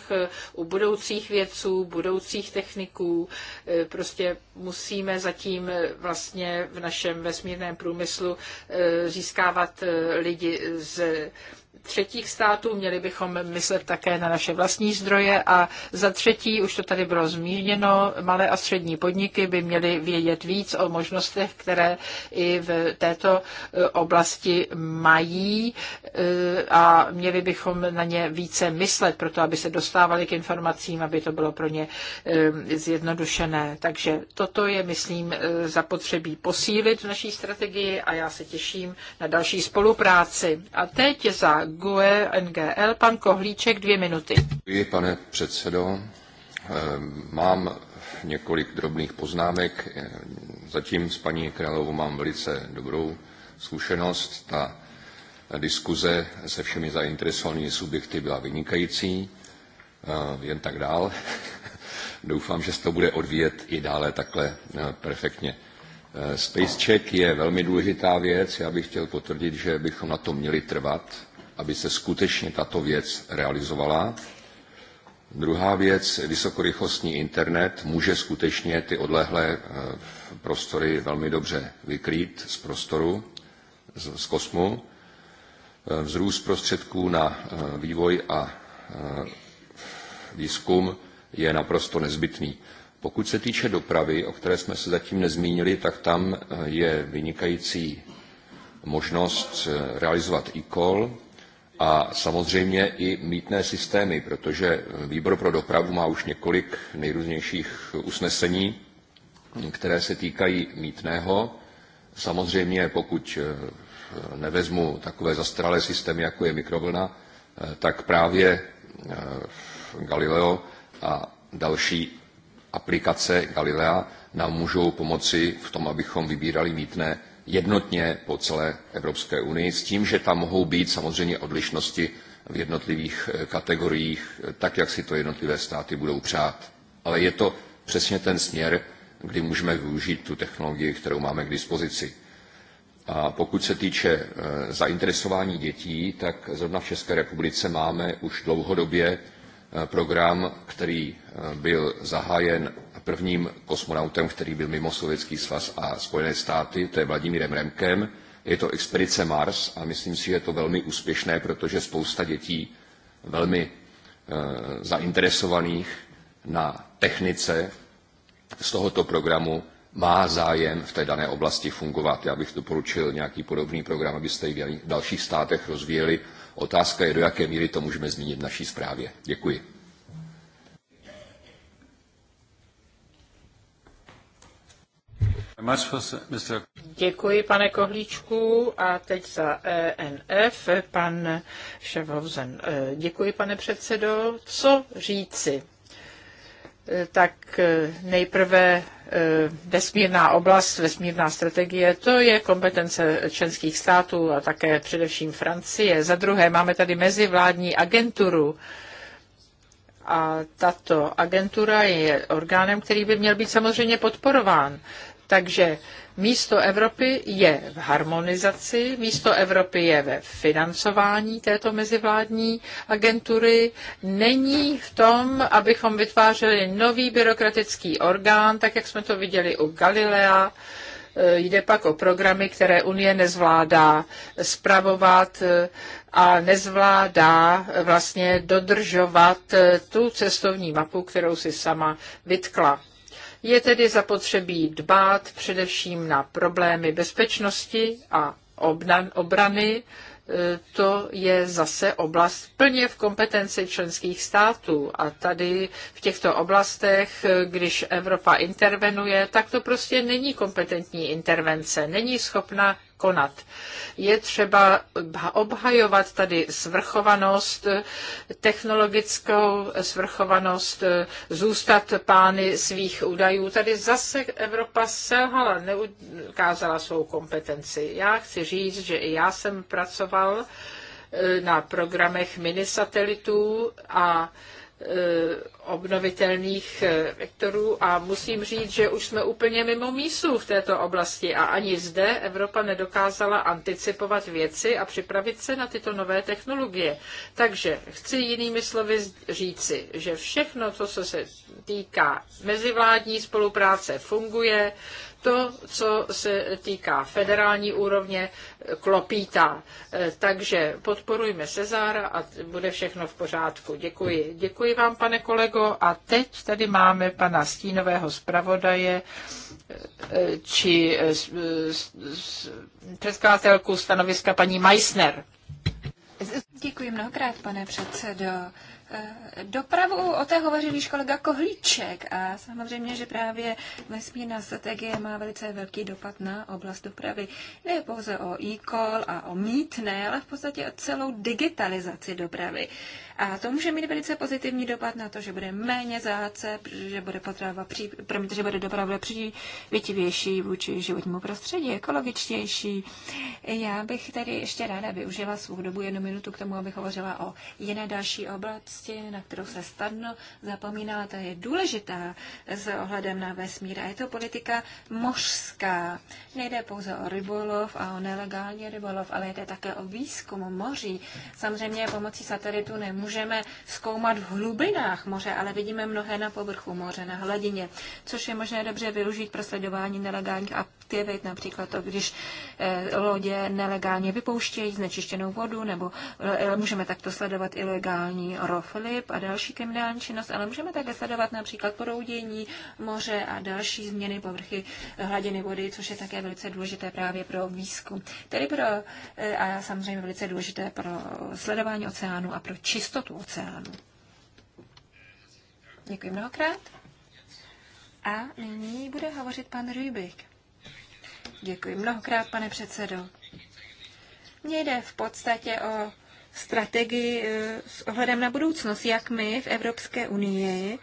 u budoucích vědců, budoucích techniků, prostě musíme zatím eh, vlastně v našem vesmírném průmyslu eh, získávat eh, lidi z třetích států, měli bychom myslet také na naše vlastní zdroje a za třetí, už to tady bylo zmíněno, malé a střední podniky by měly vědět víc o možnostech, které i v této e, oblasti mají e, a měli bychom na ně více myslet, proto aby se dostávali k informacím, aby to bylo pro ně e, zjednodušené. Takže toto je, myslím, zapotřebí posílit v naší strategii a já se těším na další spolupráci. A teď za GUE NGL. Pan Kohlíček, dvě minuty. Děkuji, pane předsedo. Ehm, mám několik drobných poznámek. Ehm, zatím s paní Královou mám velice dobrou zkušenost. Ta diskuze se všemi zainteresovanými subjekty byla vynikající. Ehm, jen tak dál. Doufám, že se to bude odvíjet i dále takhle eh, perfektně. Space check je velmi důležitá věc. Já bych chtěl potvrdit, že bychom na to měli trvat aby se skutečně tato věc realizovala. Druhá věc, vysokorychlostní internet může skutečně ty odlehlé eh, prostory velmi dobře vykrýt z prostoru, z, z kosmu. Eh, vzrůst prostředků na eh, vývoj a výzkum je naprosto nezbytný. Pokud se týče dopravy, o které jsme se zatím nezmínili, tak tam je vynikající možnost realizovat e-call, a samozřejmě i mítné systémy, protože výbor pro dopravu má už několik nejrůznějších usnesení, které se týkají mítného. Samozřejmě pokud eh, nevezmu takové zastralé systémy, jako je mikrovlna, eh, tak právě eh, Galileo a další aplikace Galilea nám můžou pomoci v tom, abychom vybírali mítné jednotně po celé Evropské unii, s tím, že tam mohou být samozřejmě odlišnosti v jednotlivých eh, kategoriích, eh, tak jak si to jednotlivé státy budou přát. Ale je to přesně ten směr, kdy můžeme využít tu technologii, kterou máme k dispozici. A pokud se týče eh, zainteresování dětí, tak zrovna v České republice máme už dlouhodobě Eh, program, který eh, byl zahájen prvním kosmonautem, který byl mimo Sovětský svaz a Spojené státy, to je Vladimírem Remkem. Je to expedice Mars a myslím si, že je to velmi úspěšné, protože spousta dětí velmi eh, zainteresovaných na technice z tohoto programu má zájem v té dané oblasti fungovat. Já bych doporučil nějaký podobný program, abyste i v dalších státech rozvíjeli Otázka je, do jaké míry to můžeme zmínit v naší zprávě. Děkuji. Děkuji, pane Kohlíčku. A teď za ENF, pan Ševovzen. E, děkuji, pane předsedo. Co říci? E, tak e, nejprve E, vesmírná oblast, vesmírná strategie, to je kompetence členských států a také především Francie. Za druhé máme tady mezivládní agenturu, a tato agentura je orgánem, který by měl být samozřejmě podporován. Takže Místo Evropy je v harmonizaci, místo Evropy je ve financování této mezivládní agentury. Není v tom, abychom vytvářeli nový byrokratický orgán, tak jak jsme to viděli u Galilea, e, Jde pak o programy, které Unie nezvládá spravovat e, a nezvládá vlastně dodržovat e, tu cestovní mapu, kterou si sama vytkla. Je tedy zapotřebí dbát především na problémy bezpečnosti a obrany. E, to je zase oblast plně v kompetenci členských států. A tady v těchto oblastech, e, když Evropa intervenuje, tak to prostě není kompetentní intervence. Není schopna konat. Je třeba obhajovat tady svrchovanost, technologickou svrchovanost, zůstat pány svých údajů. Tady zase Evropa selhala, neukázala svou kompetenci. Já chci říct, že i já jsem pracoval eh, na programech minisatelitů a Eh, obnovitelných eh, vektorů a musím říct, že už jsme úplně mimo mísu v této oblasti a ani zde Evropa nedokázala anticipovat věci a připravit se na tyto nové technologie. Takže chci jinými slovy říci, že všechno, co se týká mezivládní spolupráce, funguje, to, co se týká federální úrovně, klopítá. E, takže podporujme Cezára a bude všechno v pořádku. Děkuji. Děkuji vám, pane kolego. A teď tady máme pana stínového zpravodaje e, či e, předkladatelku stanoviska paní Meissner. Děkuji mnohokrát, pane předsedo dopravu, o té hovořil již kolega Kohlíček a samozřejmě, že právě vesmírná strategie má velice velký dopad na oblast dopravy. Ne pouze o e-call a o mítné, ale v podstatě o celou digitalizaci dopravy. A to může mít velice pozitivní dopad na to, že bude méně záce, že bude potrava pří, promiňte, že bude doprava přívětivější vůči životnímu prostředí, ekologičtější. Já bych tady ještě ráda využila svou dobu jednu minutu k tomu, abych hovořila o jiné další oblasti oblasti, na kterou se snadno zapomíná, ta je důležitá s ohledem na vesmír. A je to politika mořská. Nejde pouze o rybolov a o nelegální rybolov, ale jde také o výzkum moří. Samozřejmě pomocí satelitu nemůžeme zkoumat v hlubinách moře, ale vidíme mnohé na povrchu moře, na hladině, což je možné dobře využít pro sledování nelegálních aktivit, například to, když eh, lodě nelegálně vypouštějí znečištěnou vodu, nebo eh, můžeme takto sledovat ilegální roflip a další kriminální činnost, ale můžeme také sledovat například proudění moře a další změny povrchy hladiny vody, což je také velice důležité právě pro výzkum. Tedy pro, eh, a samozřejmě velice důležité pro sledování oceánu a pro čistotu oceánu. Děkuji mnohokrát. A nyní bude hovořit pan Rybik. Děkuji mnohokrát, pane předsedo. Mně jde v podstatě o strategii eh, s ohledem na budoucnost, jak my v Evropské unii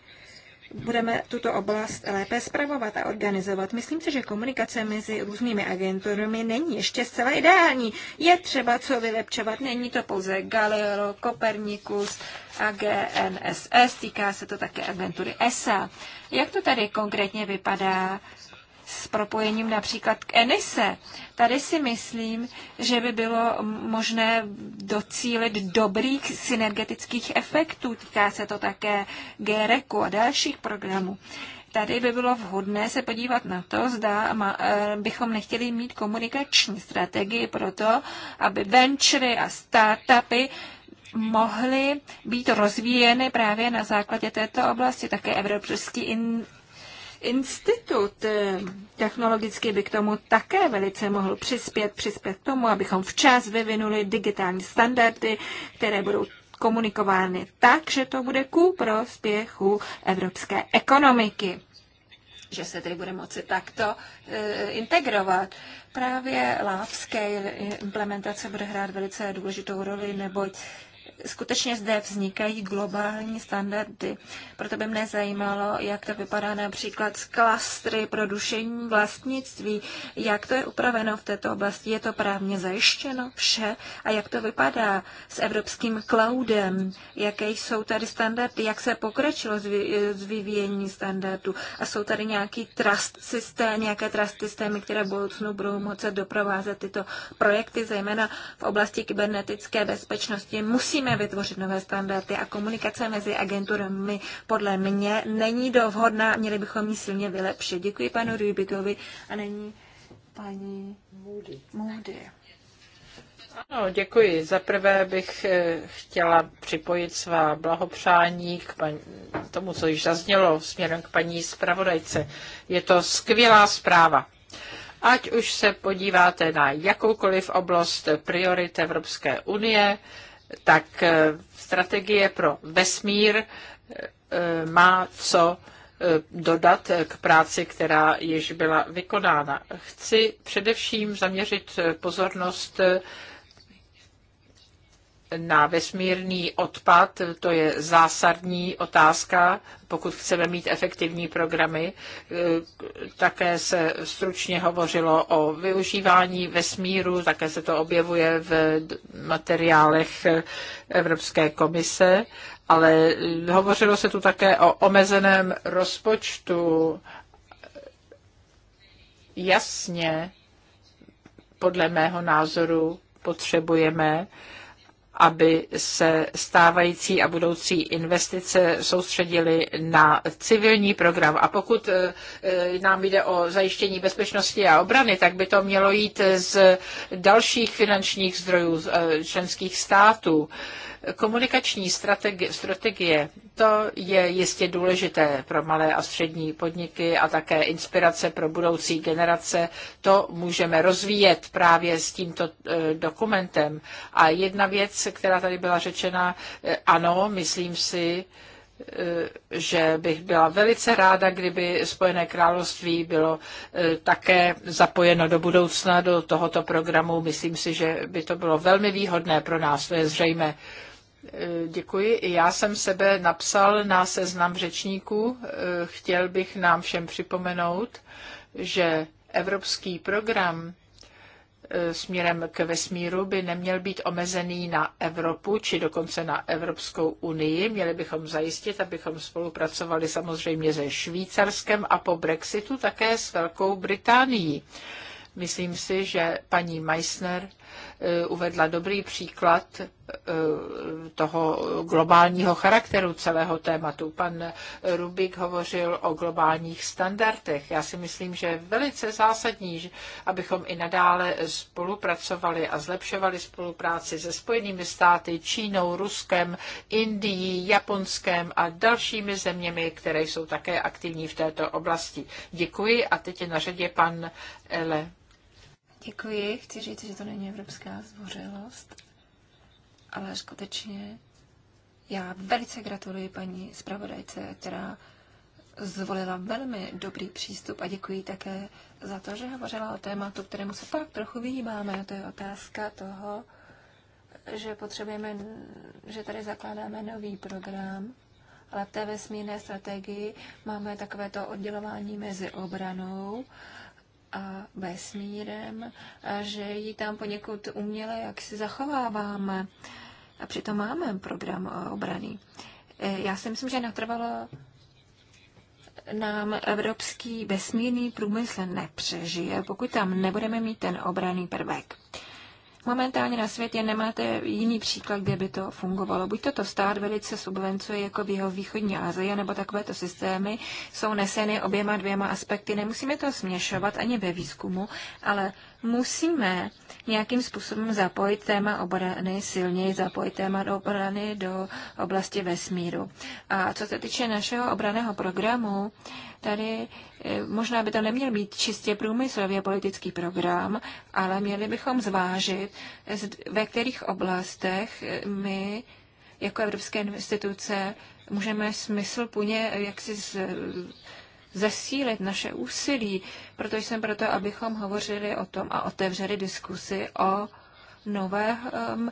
budeme tuto oblast lépe spravovat a organizovat. Myslím si, že komunikace mezi různými agenturami není ještě zcela ideální. Je třeba co vylepčovat. Není to pouze Galileo, Kopernikus a GNSS, týká se to také agentury ESA. Jak to tady konkrétně vypadá s propojením například k Enise. Tady si myslím, že by bylo možné docílit dobrých synergetických efektů. Týká se to také GREKu a dalších programů. Tady by bylo vhodné se podívat na to, zda ma, eh, bychom nechtěli mít komunikační strategii pro to, aby ventury a startupy mohly být rozvíjeny právě na základě této oblasti. Také Evropský in, institut eh, technologicky by k tomu také velice mohl přispět, přispět k tomu, abychom včas vyvinuli digitální standardy, které budou komunikovány tak, že to bude ku prospěchu evropské ekonomiky že se tedy bude moci takto e, integrovat. Právě lávské implementace bude hrát velice důležitou roli, neboť skutečně zde vznikají globální standardy. Proto by mne zajímalo, jak to vypadá například s klastry pro dušení vlastnictví, jak to je upraveno v této oblasti, je to právně zajištěno vše a jak to vypadá s evropským cloudem, jaké jsou tady standardy, jak se pokračilo z vyvíjení standardů a jsou tady nějaký trust systém, nějaké trust systémy, které v budoucnu budou moci doprovázet tyto projekty, zejména v oblasti kybernetické bezpečnosti. Musíme nutné vytvořit nové standardy a komunikace mezi agenturami podle mě není dovhodná, měli bychom ji silně vylepšit. Děkuji panu Rybitovi a není paní Moody. Moody. Ano, děkuji. Za prvé bych eh, chtěla připojit svá blahopřání k paní, tomu, co již zaznělo směrem k paní zpravodajce. Je to skvělá zpráva. Ať už se podíváte na jakoukoliv oblast priorit Evropské unie, tak eh, strategie pro vesmír eh, má co eh, dodat k práci, která již byla vykonána. Chci především zaměřit pozornost na vesmírný odpad, to je zásadní otázka, pokud chceme mít efektivní programy. E, také se stručně hovořilo o využívání vesmíru, také se to objevuje v materiálech Evropské komise, ale hovořilo se tu také o omezeném rozpočtu. Jasně, podle mého názoru, potřebujeme uh, aby se stávající a budoucí investice soustředily na civilní program. A pokud e, e, nám jde o zajištění bezpečnosti a obrany, tak by to mělo jít z dalších finančních zdrojů e, členských států. Komunikační strategie, strategie, to je jistě důležité pro malé a střední podniky a také inspirace pro budoucí generace. To můžeme rozvíjet právě s tímto e, dokumentem. A jedna věc, která tady byla řečena, e, ano, myslím si, e, že bych byla velice ráda, kdyby Spojené království bylo také zapojeno do budoucna do tohoto programu. Myslím si, že by to bylo velmi výhodné pro nás, to je zřejmé. Děkuji. I já jsem sebe napsal na seznam řečníků. Eh, chtěl bych nám všem připomenout, že evropský program eh, směrem k vesmíru by neměl být omezený na Evropu či dokonce na Evropskou unii. Měli bychom zajistit, abychom spolupracovali samozřejmě se Švýcarskem a po Brexitu také s Velkou Británií. Myslím si, že paní Meissner Eh, uvedla dobrý příklad eh, toho globálního charakteru celého tématu. Pan Rubik hovořil o globálních standardech. Já si myslím, že je velice zásadní, abychom i nadále spolupracovali a zlepšovali spolupráci se Spojenými státy, Čínou, Ruskem, Indií, Japonskem a dalšími zeměmi, které jsou také aktivní v této oblasti. Děkuji a teď je na řadě pan Ele Děkuji. Chci říct, že to není evropská zvořilost, ale skutečně já velice gratuluji paní zpravodajce, která zvolila velmi dobrý přístup a děkuji také za to, že hovořila o tématu, kterému se pak trochu vyhýbáme. A to je otázka toho, že potřebujeme, že tady zakládáme nový program, ale v té vesmírné strategii máme takovéto oddělování mezi obranou a vesmírem, a že ji tam poněkud uměle jak si zachováváme. A přitom máme program eh, obrany. Eh, já si myslím, že natrvalo nám evropský vesmírný průmysl nepřežije, pokud tam nebudeme mít ten obraný prvek. Momentálně na světě nemáte jiný příklad, kde by to fungovalo. Buď toto stát velice subvencuje jako v jeho východní Asii, nebo takovéto systémy jsou neseny oběma dvěma aspekty. Nemusíme to směšovat ani ve výzkumu, ale musíme nějakým způsobem zapojit téma obrany, silněji zapojit téma do obrany do oblasti vesmíru. A co se týče našeho obraného programu, tady eh, možná by to neměl být čistě průmyslově politický program, ale měli bychom zvážit, ve kterých oblastech eh, my jako evropské instituce můžeme smysl puně jaksi z, zesílit naše úsilí, protože jsem proto, abychom hovořili o tom a otevřeli diskusy o novém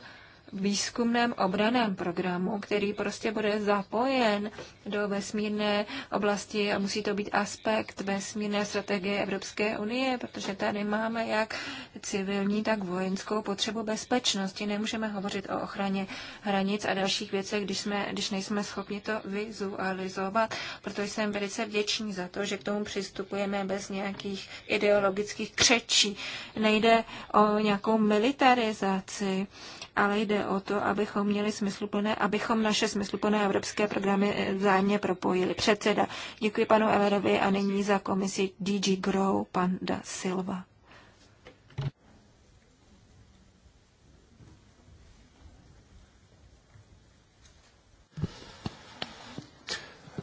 výzkumném obraném programu, který prostě bude zapojen do vesmírné oblasti a musí to být aspekt vesmírné strategie Evropské unie, protože tady máme jak civilní, tak vojenskou potřebu bezpečnosti. Nemůžeme hovořit o ochraně hranic a dalších věcech, když, jsme, když nejsme schopni to vizualizovat. Proto jsem velice vděčný za to, že k tomu přistupujeme bez nějakých ideologických křečí. Nejde o nějakou militarizaci, ale jde o to, abychom měli smysluplné, abychom naše smysluplné evropské programy eh, vzájemně propojili. Předseda, děkuji panu Everovi a nyní za komisi DG Grow, pan Da Silva.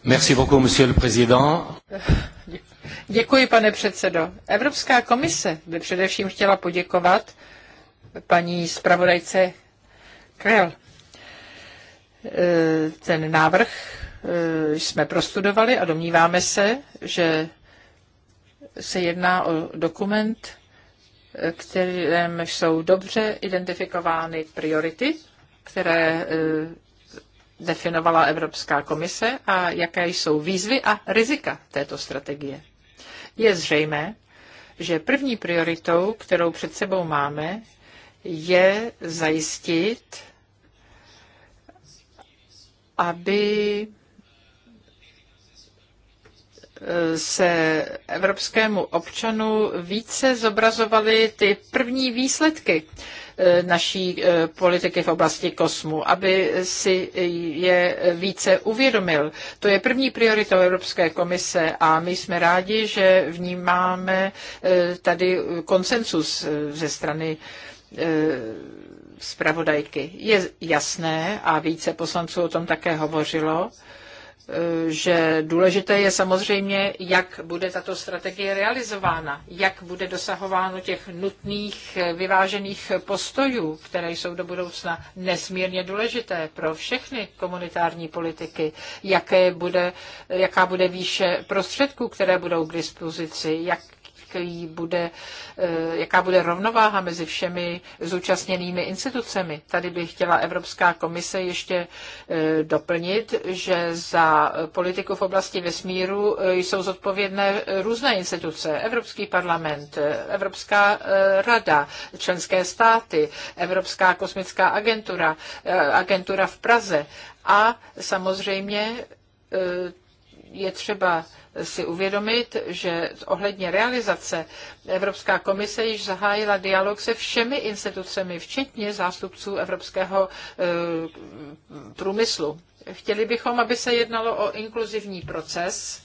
Merci beaucoup, monsieur le président. Děkuji, pane předsedo. Evropská komise by především chtěla poděkovat paní zpravodajce Krell. E, ten návrh e, jsme prostudovali a domníváme se, že se jedná o dokument, kterým jsou dobře identifikovány priority, které e, definovala Evropská komise a jaké jsou výzvy a rizika této strategie. Je zřejmé, že první prioritou, kterou před sebou máme, je zajistit aby se evropskému občanu více zobrazovaly ty první výsledky e, naší e, politiky v oblasti kosmu, aby si je více uvědomil. To je první priorita Evropské komise a my jsme rádi, že vnímáme e, tady konsensus ze strany zpravodajky. Je jasné, a více poslanců o tom také hovořilo, e, že důležité je samozřejmě, jak bude tato strategie realizována, jak bude dosahováno těch nutných e, vyvážených postojů, které jsou do budoucna nesmírně důležité pro všechny komunitární politiky, jaké bude, jaká bude výše prostředků, které budou k dispozici, jak jaký bude, eh, jaká bude rovnováha mezi všemi zúčastněnými institucemi. Tady bych chtěla Evropská komise ještě eh, doplnit, že za politiku v oblasti vesmíru eh, jsou zodpovědné různé instituce. Evropský parlament, Evropská rada, členské státy, Evropská kosmická agentura, agentura v Praze a samozřejmě je třeba si uvědomit, že ohledně realizace Evropská komise již zahájila dialog se všemi institucemi, včetně zástupců evropského eh, průmyslu. Chtěli bychom, aby se jednalo o inkluzivní proces,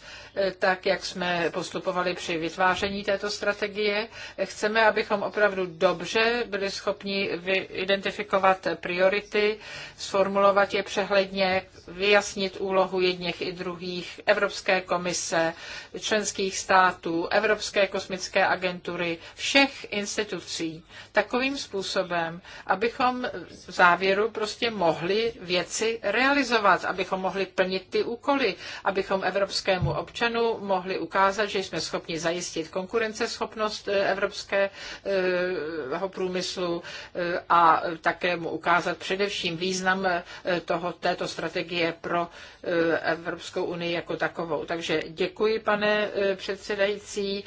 tak jak jsme postupovali při vytváření této strategie. Chceme, abychom opravdu dobře byli schopni identifikovat priority, sformulovat je přehledně, vyjasnit úlohu jedněch i druhých, Evropské komise, členských států, Evropské kosmické agentury, všech institucí takovým způsobem, abychom v závěru prostě mohli věci realizovat, abychom mohli plnit ty úkoly, abychom evropskému občanu občanů mohli ukázat, že jsme schopni zajistit konkurenceschopnost eh, evropského eh, průmyslu eh, a také mu ukázat především význam toho, této strategie pro Evropskou unii jako takovou. Takže děkuji, pane předsedající,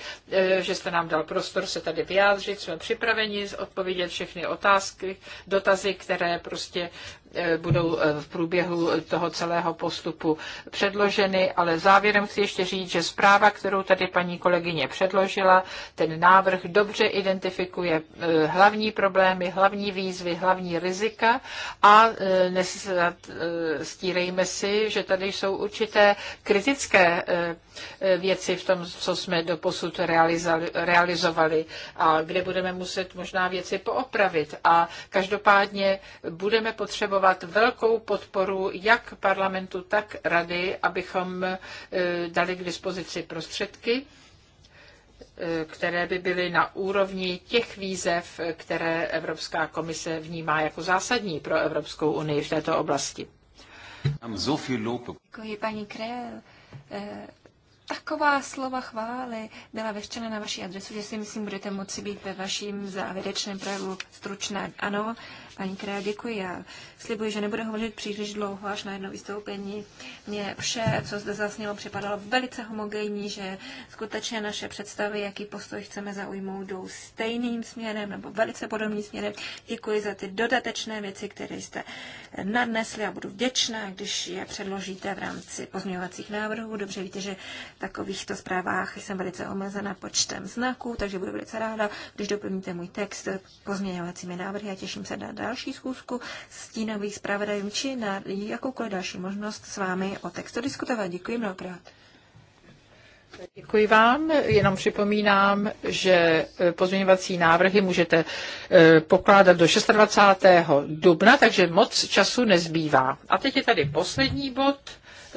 že jste nám dal prostor se tady vyjádřit. Jsme připraveni odpovědět všechny otázky, dotazy, které prostě E, budou e, v průběhu toho celého postupu předloženy, ale závěrem chci ještě říct, že zpráva, kterou tady paní kolegyně předložila, ten návrh dobře identifikuje e, hlavní problémy, hlavní výzvy, hlavní rizika a stírejme si, že tady jsou určité kritické věci v tom, co jsme do posud realizovali a kde budeme muset možná věci poopravit. A každopádně budeme potřebovat vyžadovat velkou podporu jak parlamentu, tak rady, abychom e, dali k dispozici prostředky, e, které by byly na úrovni těch výzev, které Evropská komise vnímá jako zásadní pro Evropskou unii v této oblasti. Děkuji, paní Krell. E, taková slova chvály byla veštěna na vaši adresu, že si myslím, budete moci být ve vaším závěrečném projevu stručná. Ano, Paní Kraja, děkuji. Já slibuji, že nebudu hovořit příliš dlouho, až na jedno vystoupení. Mně vše, co zde zasnělo, připadalo velice homogenní, že skutečně naše představy, jaký postoj chceme zaujmout, jdou stejným směrem nebo velice podobným směrem. Děkuji za ty dodatečné věci, které jste nadnesli a budu vděčná, když je předložíte v rámci pozměňovacích návrhů. Dobře víte, že v takovýchto zprávách jsem velice omezena počtem znaků, takže budu velice ráda, když doplníte můj text pozměňovacími návrhy a těším se na další schůzku stínových zpravodajem či na jakoukoliv další možnost s vámi o textu diskutovat. Děkuji mnohokrát. Děkuji vám. Jenom připomínám, že eh, pozměňovací návrhy můžete eh, pokládat do 26. dubna, takže moc času nezbývá. A teď je tady poslední bod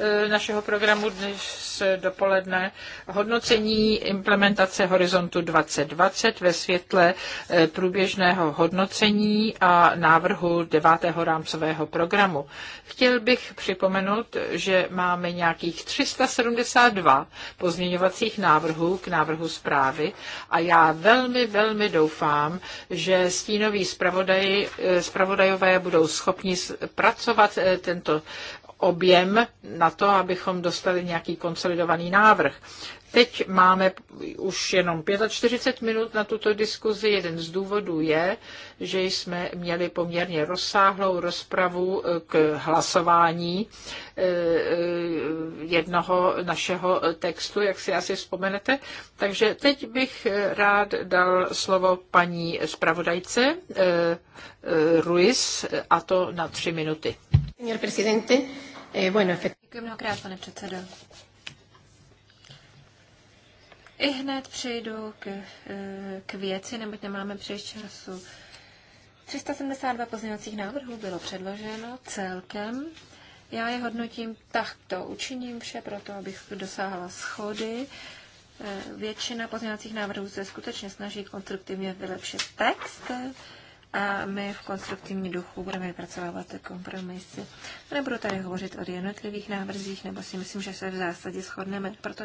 E, našeho programu dnes dopoledne hodnocení implementace Horizontu 2020 ve světle e, průběžného hodnocení a návrhu devátého rámcového programu. Chtěl bych připomenout, že máme nějakých 372 pozměňovacích návrhů k návrhu zprávy a já velmi, velmi doufám, že stínoví zpravodaj, e, zpravodajové budou schopni pracovat tento objem na to, abychom dostali nějaký konsolidovaný návrh. Teď máme už jenom 45 minut na tuto diskuzi. Jeden z důvodů je, že jsme měli poměrně rozsáhlou rozpravu eh, k hlasování eh, eh, jednoho našeho textu, jak si asi vzpomenete. Takže teď bych rád dal slovo paní zpravodajce Ruiz, a to na tři minuty. Señor presidente, Eh, Děkuji mnohokrát, pane předsedo. I hned přejdu k, eh, k věci, neboť nemáme příliš času. 372 pozměňovacích návrhů bylo předloženo celkem. Já je hodnotím takto. Učiním vše pro to, abych dosáhla schody. Eh, většina pozměňovacích návrhů se skutečně snaží konstruktivně vylepšit text a my v konstruktivní duchu budeme vypracovávat kompromisy. Nebudu tady hovořit o jednotlivých návrzích, nebo si myslím, že se v zásadě shodneme, proto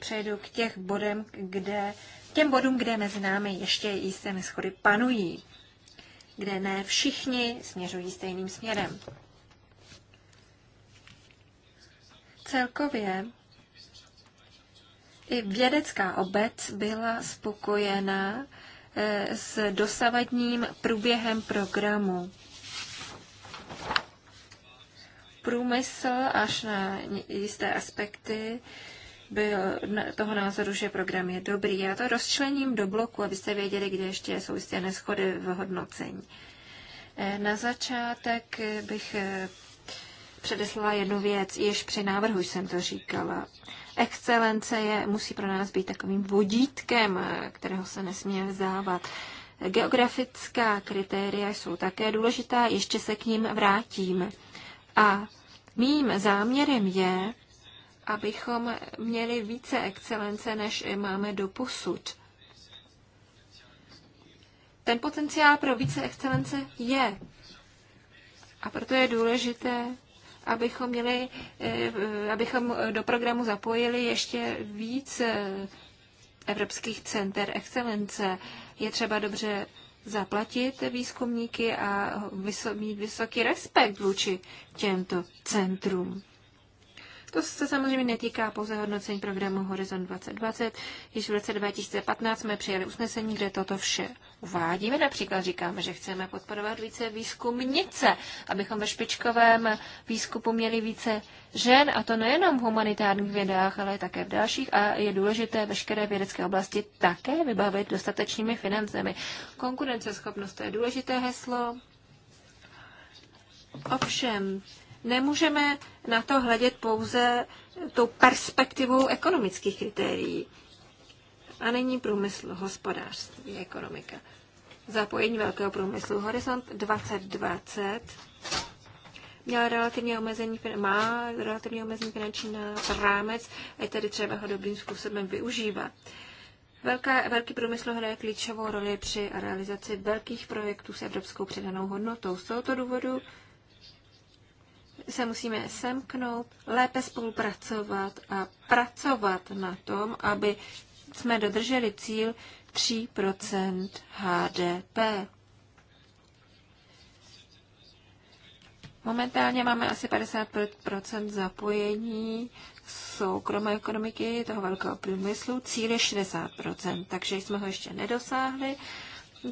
přejdu k těch bodem, kde, těm bodům, kde mezi námi ještě jisté neschody panují, kde ne všichni směřují stejným směrem. Celkově i vědecká obec byla spokojená Eh, s dosavadním průběhem programu. Průmysl až na jisté aspekty byl toho názoru, že program je dobrý. Já to rozčlením do bloku, abyste věděli, kde ještě jsou jisté neschody v hodnocení. Eh, na začátek bych eh, předeslala jednu věc, již při návrhu jsem to říkala. Excelence je, musí pro nás být takovým vodítkem, kterého se nesmíme vzdávat. Geografická kritéria jsou také důležitá, ještě se k ním vrátím. A mým záměrem je, abychom měli více excelence, než máme do posud. Ten potenciál pro více excelence je. A proto je důležité abychom, měli, eh, eh, abychom do programu zapojili ještě víc eh, evropských center excelence. Je třeba dobře zaplatit výzkumníky a mít vysoký respekt vůči těmto centrům. To se samozřejmě netýká pouze hodnocení programu Horizon 2020. Již v roce 2015 jsme přijali usnesení, kde toto vše uvádíme. Například říkáme, že chceme podporovat více výzkumnice, abychom ve špičkovém výzkumu měli více žen, a to nejenom v humanitárních vědách, ale také v dalších. A je důležité veškeré vědecké oblasti také vybavit dostatečnými financemi. Konkurenceschopnost to je důležité heslo. Ovšem, nemůžeme na to hledět pouze tou perspektivou ekonomických kritérií. A není průmysl, hospodářství, ekonomika. Zapojení velkého průmyslu. Horizont 2020 měla relativně omezený, má relativně omezený finanční rámec a je tedy třeba ho dobrým způsobem využívat. Velká, velký průmysl hraje klíčovou roli při realizaci velkých projektů s evropskou předanou hodnotou. Z tohoto důvodu se musíme semknout, lépe spolupracovat a pracovat na tom, aby jsme dodrželi cíl 3 HDP. Momentálně máme asi 50 zapojení soukromé ekonomiky, toho velkého průmyslu. Cíl je 60 takže jsme ho ještě nedosáhli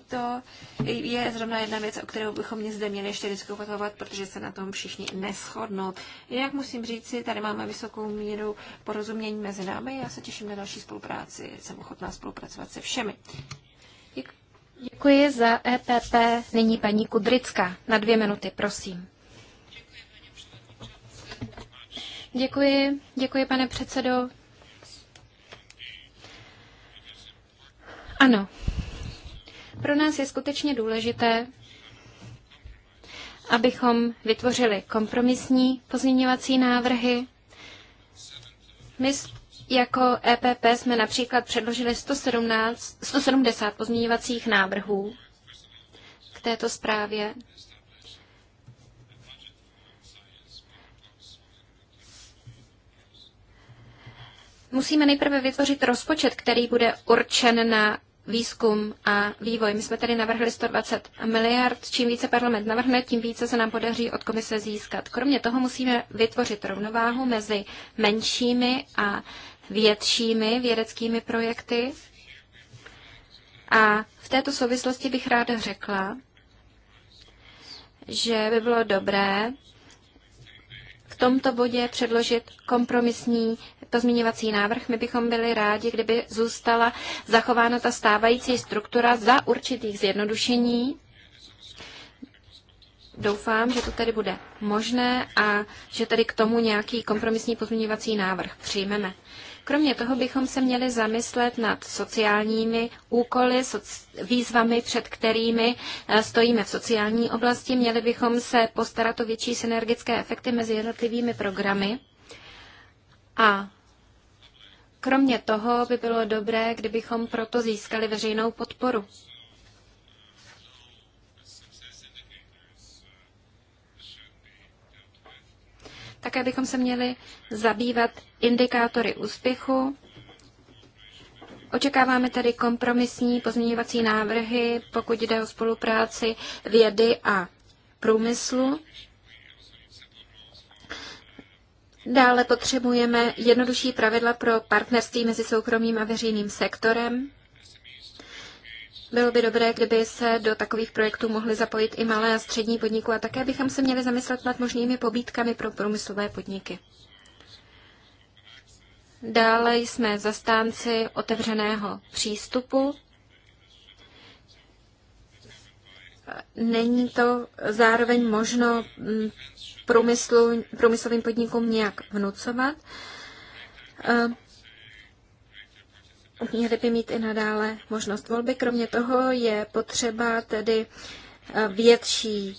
to je zrovna jedna věc, o kterou bychom mě zde měli ještě diskutovat, protože se na tom všichni neschodnou. Jinak musím říct si, tady máme vysokou míru porozumění mezi námi. Já se těším na další spolupráci. Jsem ochotná spolupracovat se všemi. Děkuji. Děkuji za EPP. Nyní paní Kudrická. Na dvě minuty, prosím. Děkuji, děkuji, pane předsedo. Ano, pro nás je skutečně důležité, abychom vytvořili kompromisní pozměňovací návrhy. My jako EPP jsme například předložili 117, 170 pozměňovacích návrhů k této zprávě. Musíme nejprve vytvořit rozpočet, který bude určen na výzkum a vývoj. My jsme tady navrhli 120 miliard. Čím více parlament navrhne, tím více se nám podaří od komise získat. Kromě toho musíme vytvořit rovnováhu mezi menšími a většími vědeckými projekty. A v této souvislosti bych ráda řekla, že by bylo dobré v tomto bodě předložit kompromisní pozměňovací návrh. My bychom byli rádi, kdyby zůstala zachována ta stávající struktura za určitých zjednodušení. Doufám, že to tedy bude možné a že tedy k tomu nějaký kompromisní pozměňovací návrh přijmeme. Kromě toho bychom se měli zamyslet nad sociálními úkoly, soc, výzvami, před kterými eh, stojíme v sociální oblasti. Měli bychom se postarat o větší synergické efekty mezi jednotlivými programy. A Kromě toho by bylo dobré, kdybychom proto získali veřejnou podporu. Také bychom se měli zabývat indikátory úspěchu. Očekáváme tedy kompromisní pozměňovací návrhy, pokud jde o spolupráci vědy a průmyslu. Dále potřebujeme jednodušší pravidla pro partnerství mezi soukromým a veřejným sektorem. Bylo by dobré, kdyby se do takových projektů mohly zapojit i malé a střední podniky a také bychom se měli zamyslet nad možnými pobídkami pro průmyslové podniky. Dále jsme zastánci otevřeného přístupu není to zároveň možno mm, průmyslu, průmyslovým podnikům nějak vnucovat. Eh, měli by mít i nadále možnost volby. Kromě toho je potřeba tedy eh, větší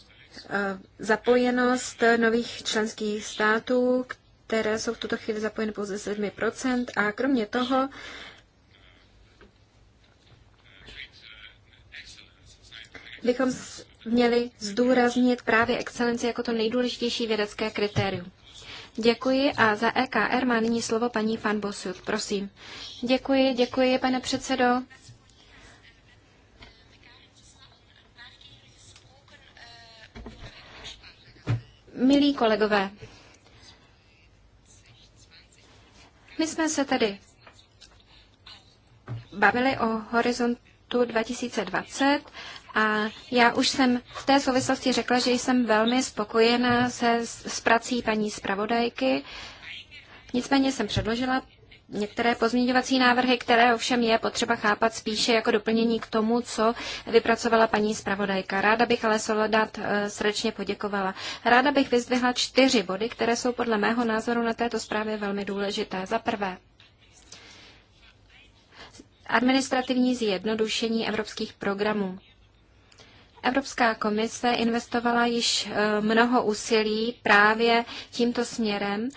eh, zapojenost nových členských států, které jsou v tuto chvíli zapojeny pouze 7%. A kromě toho bychom měli zdůraznit právě excelenci jako to nejdůležitější vědecké kritérium. Děkuji a za EKR má nyní slovo paní Fan Bosut. Prosím. Děkuji, děkuji, pane předsedo. Milí kolegové, my jsme se tedy bavili o horizontu 2020 a já už jsem v té souvislosti řekla, že jsem velmi spokojená se, s prací paní zpravodajky. Nicméně jsem předložila některé pozměňovací návrhy, které ovšem je potřeba chápat spíše jako doplnění k tomu, co vypracovala paní zpravodajka. Ráda bych ale Soledad eh, srdečně poděkovala. Ráda bych vyzdvihla čtyři body, které jsou podle mého názoru na této zprávě velmi důležité. Za prvé, administrativní zjednodušení evropských programů. Evropská komise investovala již eh, mnoho úsilí právě tímto směrem,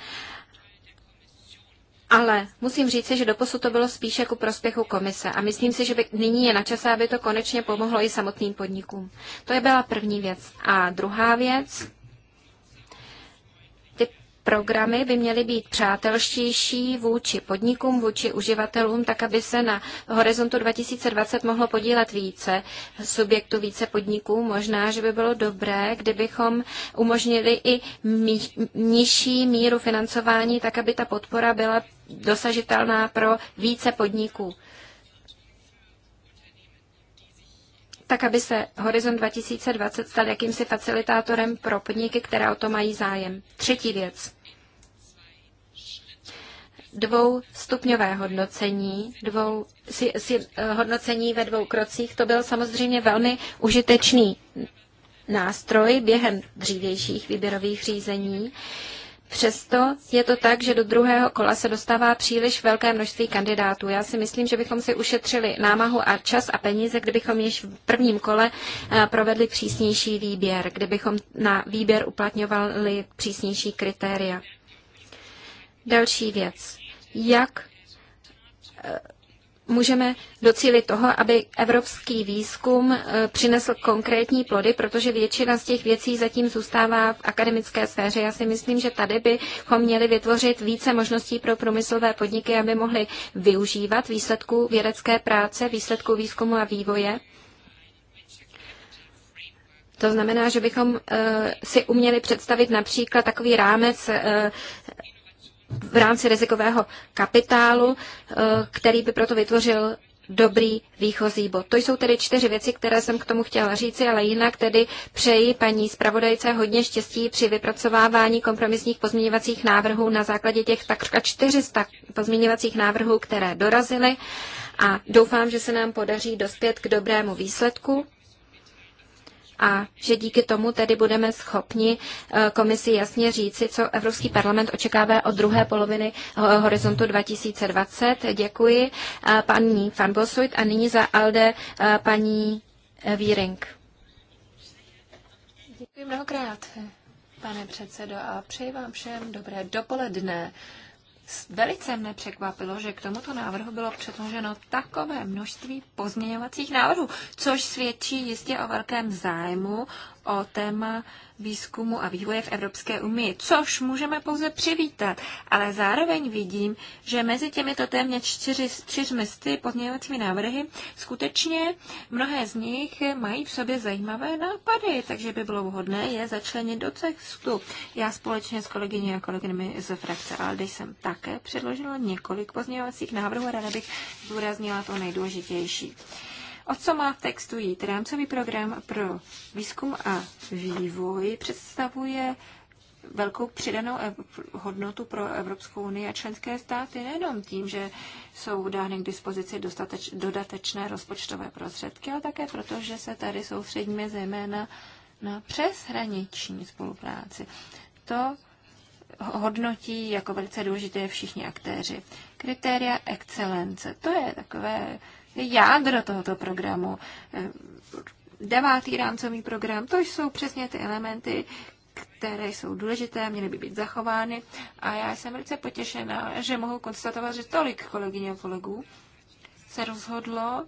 ale musím říci, že doposud to bylo spíše ku prospěchu komise a myslím si, že by nyní je na čase, aby to konečně pomohlo i samotným podnikům. To je byla první věc. A druhá věc, programy by měly být přátelštější vůči podnikům, vůči uživatelům, tak aby se na horizontu 2020 mohlo podílet více subjektů, více podniků. Možná, že by bylo dobré, kdybychom umožnili i nižší míru financování, tak aby ta podpora byla dosažitelná pro více podniků. tak aby se Horizon 2020 stal jakýmsi facilitátorem pro podniky, které o to mají zájem. Třetí věc. Dvou stupňové hodnocení, dvou, si, si, eh, hodnocení ve dvou krocích, to byl samozřejmě velmi užitečný nástroj během dřívějších výběrových řízení. Přesto je to tak, že do druhého kola se dostává příliš velké množství kandidátů. Já si myslím, že bychom si ušetřili námahu a čas a peníze, kdybychom již v prvním kole eh, provedli přísnější výběr, kdybychom na výběr uplatňovali přísnější kritéria. Další věc. Jak eh, můžeme docílit toho, aby evropský výzkum eh, přinesl konkrétní plody, protože většina z těch věcí zatím zůstává v akademické sféře. Já si myslím, že tady bychom měli vytvořit více možností pro průmyslové podniky, aby mohly využívat výsledků vědecké práce, výsledků výzkumu a vývoje. To znamená, že bychom eh, si uměli představit například takový rámec eh, v rámci rizikového kapitálu, eh, který by proto vytvořil dobrý výchozí bod. To jsou tedy čtyři věci, které jsem k tomu chtěla říci, ale jinak tedy přeji paní zpravodajce hodně štěstí při vypracovávání kompromisních pozměňovacích návrhů na základě těch takřka 400 pozměňovacích návrhů, které dorazily a doufám, že se nám podaří dospět k dobrému výsledku a že díky tomu tedy budeme schopni eh, komisi jasně říci, co Evropský parlament očekává od druhé poloviny horizontu 2020. Děkuji eh, paní Bosuit a nyní za Alde eh, paní Víring. Děkuji mnohokrát, pane předsedo, a přeji vám všem dobré dopoledne. Velice mne překvapilo, že k tomuto návrhu bylo předloženo takové množství pozměňovacích návrhů, což svědčí jistě o velkém zájmu o téma výzkumu a vývoje v Evropské unii, což můžeme pouze přivítat, ale zároveň vidím, že mezi těmito téměř čtyři, čtyřmi sty pozměňovacími návrhy skutečně mnohé z nich mají v sobě zajímavé nápady, takže by bylo vhodné je začlenit do textu. Já společně s kolegyní a kolegyněmi z frakce Aldy jsem také předložila několik pozměňovacích návrhů a ráda bych zdůraznila to nejdůležitější. O co má v textu jít? Rámcový program pro výzkum a vývoj představuje velkou přidanou hodnotu pro Evropskou unii a členské státy nejenom tím, že jsou dány k dispozici dostateč, dodatečné rozpočtové prostředky, ale také proto, že se tady soustředíme zejména na přeshraniční spolupráci. To hodnotí jako velice důležité všichni aktéři. Kritéria excelence, to je takové jádro tohoto programu. Eh, devátý rámcový program, to jsou přesně ty elementy, které jsou důležité, měly by být zachovány. A já jsem velice potěšena, že mohu konstatovat, že tolik kolegyně a kolegů se rozhodlo